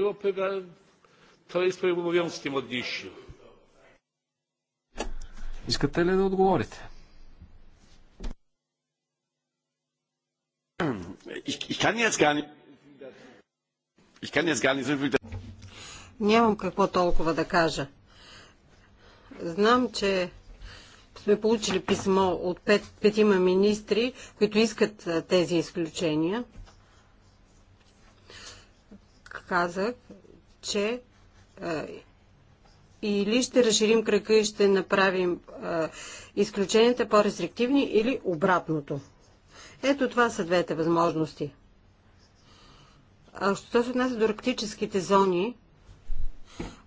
Искате ли да отговорите? Ich, ich kann jetzt gar nicht. Ich kann jetzt gar nicht so viel. Нямам какво толкова да кажа. Знам, че сме получили писмо от пет, петима министри, които искат тези изключения. Казах, че е, или ще разширим кръка и ще направим е, изключенията по-рестриктивни, или обратното. Ето това са двете възможности. А що се отнася до арктическите зони,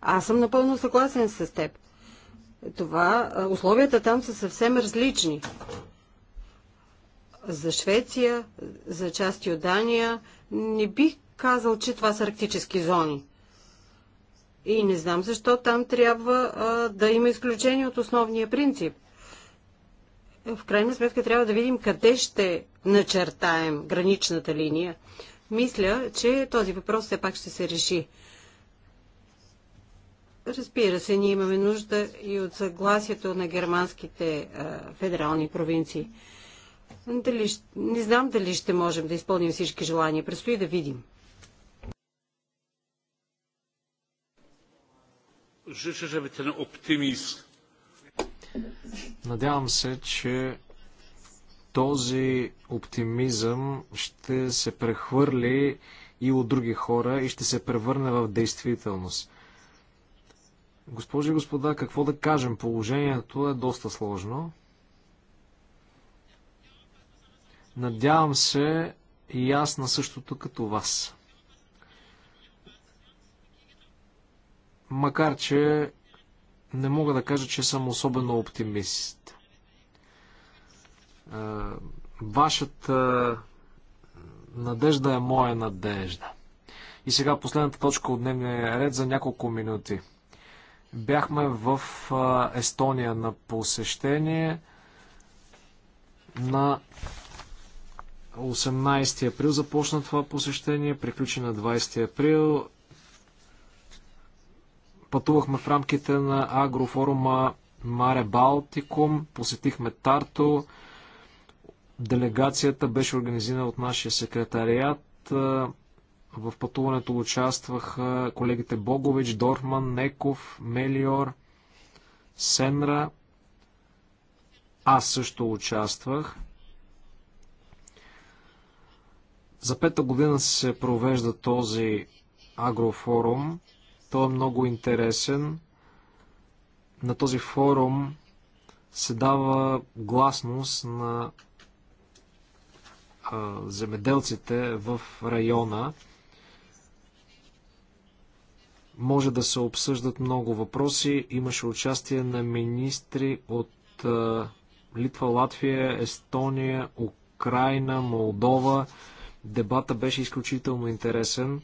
аз съм напълно съгласен с теб. Това, условията там са съвсем различни. За Швеция, за части от Дания, не бих казал, че това са арктически зони. И не знам защо там трябва а, да има изключение от основния принцип. В крайна сметка трябва да видим къде ще начертаем граничната линия. Мисля, че този въпрос все пак ще се реши. Разбира се, ние имаме нужда и от съгласието на германските а, федерални провинции. Дали, не знам дали ще можем да изпълним всички желания. Предстои да видим. Надявам се, че този оптимизъм ще се прехвърли и от други хора и ще се превърне в действителност. Госпожи и господа, какво да кажем? Положението е доста сложно. Надявам се и аз на същото като вас. Макар, че не мога да кажа, че съм особено оптимист. Е, вашата надежда е моя надежда. И сега последната точка от дневния ред за няколко минути. Бяхме в Естония на посещение на 18 април започна това посещение, приключи на 20 април. Пътувахме в рамките на агрофорума Маре Балтикум, посетихме Тарто. Делегацията беше организирана от нашия секретариат. В пътуването участваха колегите Богович, Дорфман, Неков, Мелиор, Сенра. Аз също участвах. За пета година се провежда този агрофорум. Той е много интересен. На този форум се дава гласност на земеделците в района. Може да се обсъждат много въпроси. Имаше участие на министри от Литва, Латвия, Естония, Украина, Молдова. Дебата беше изключително интересен.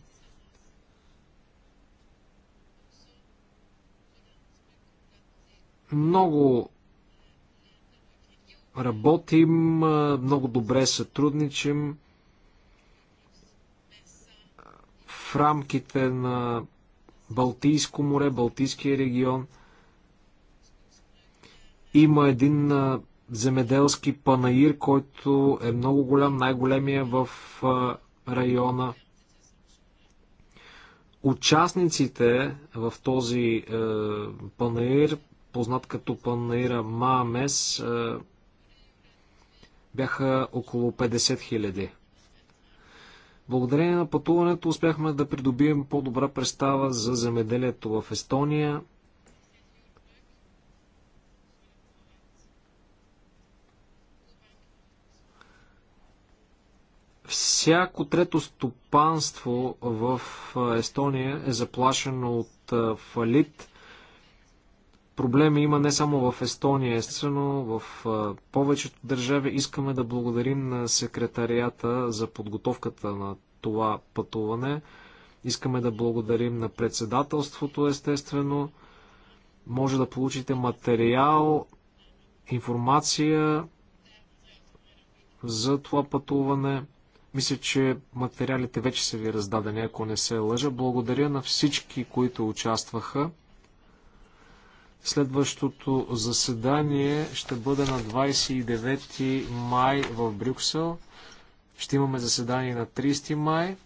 Много работим, много добре сътрудничим в рамките на Балтийско море, Балтийския регион. Има един земеделски панаир, който е много голям, най-големия в района. Участниците в този панаир, познат като панаира Маамес, бяха около 50 000. Благодарение на пътуването успяхме да придобием по-добра представа за земеделието в Естония. Всяко трето стопанство в Естония е заплашено от фалит проблеми има не само в Естония, естествено в повечето държави. Искаме да благодарим на секретарията за подготовката на това пътуване. Искаме да благодарим на председателството, естествено. Може да получите материал, информация за това пътуване. Мисля, че материалите вече са ви раздадени, ако не се лъжа. Благодаря на всички, които участваха. Следващото заседание ще бъде на 29 май в Брюксел. Ще имаме заседание на 30 май.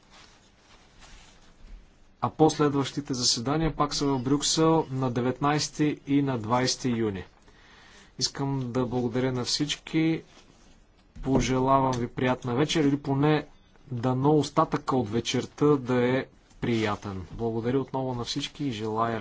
А последващите заседания пак са в Брюксел на 19 и на 20 юни. Искам да благодаря на всички. Пожелавам ви приятна вечер или поне дано остатъка от вечерта да е приятен. Благодаря отново на всички и желая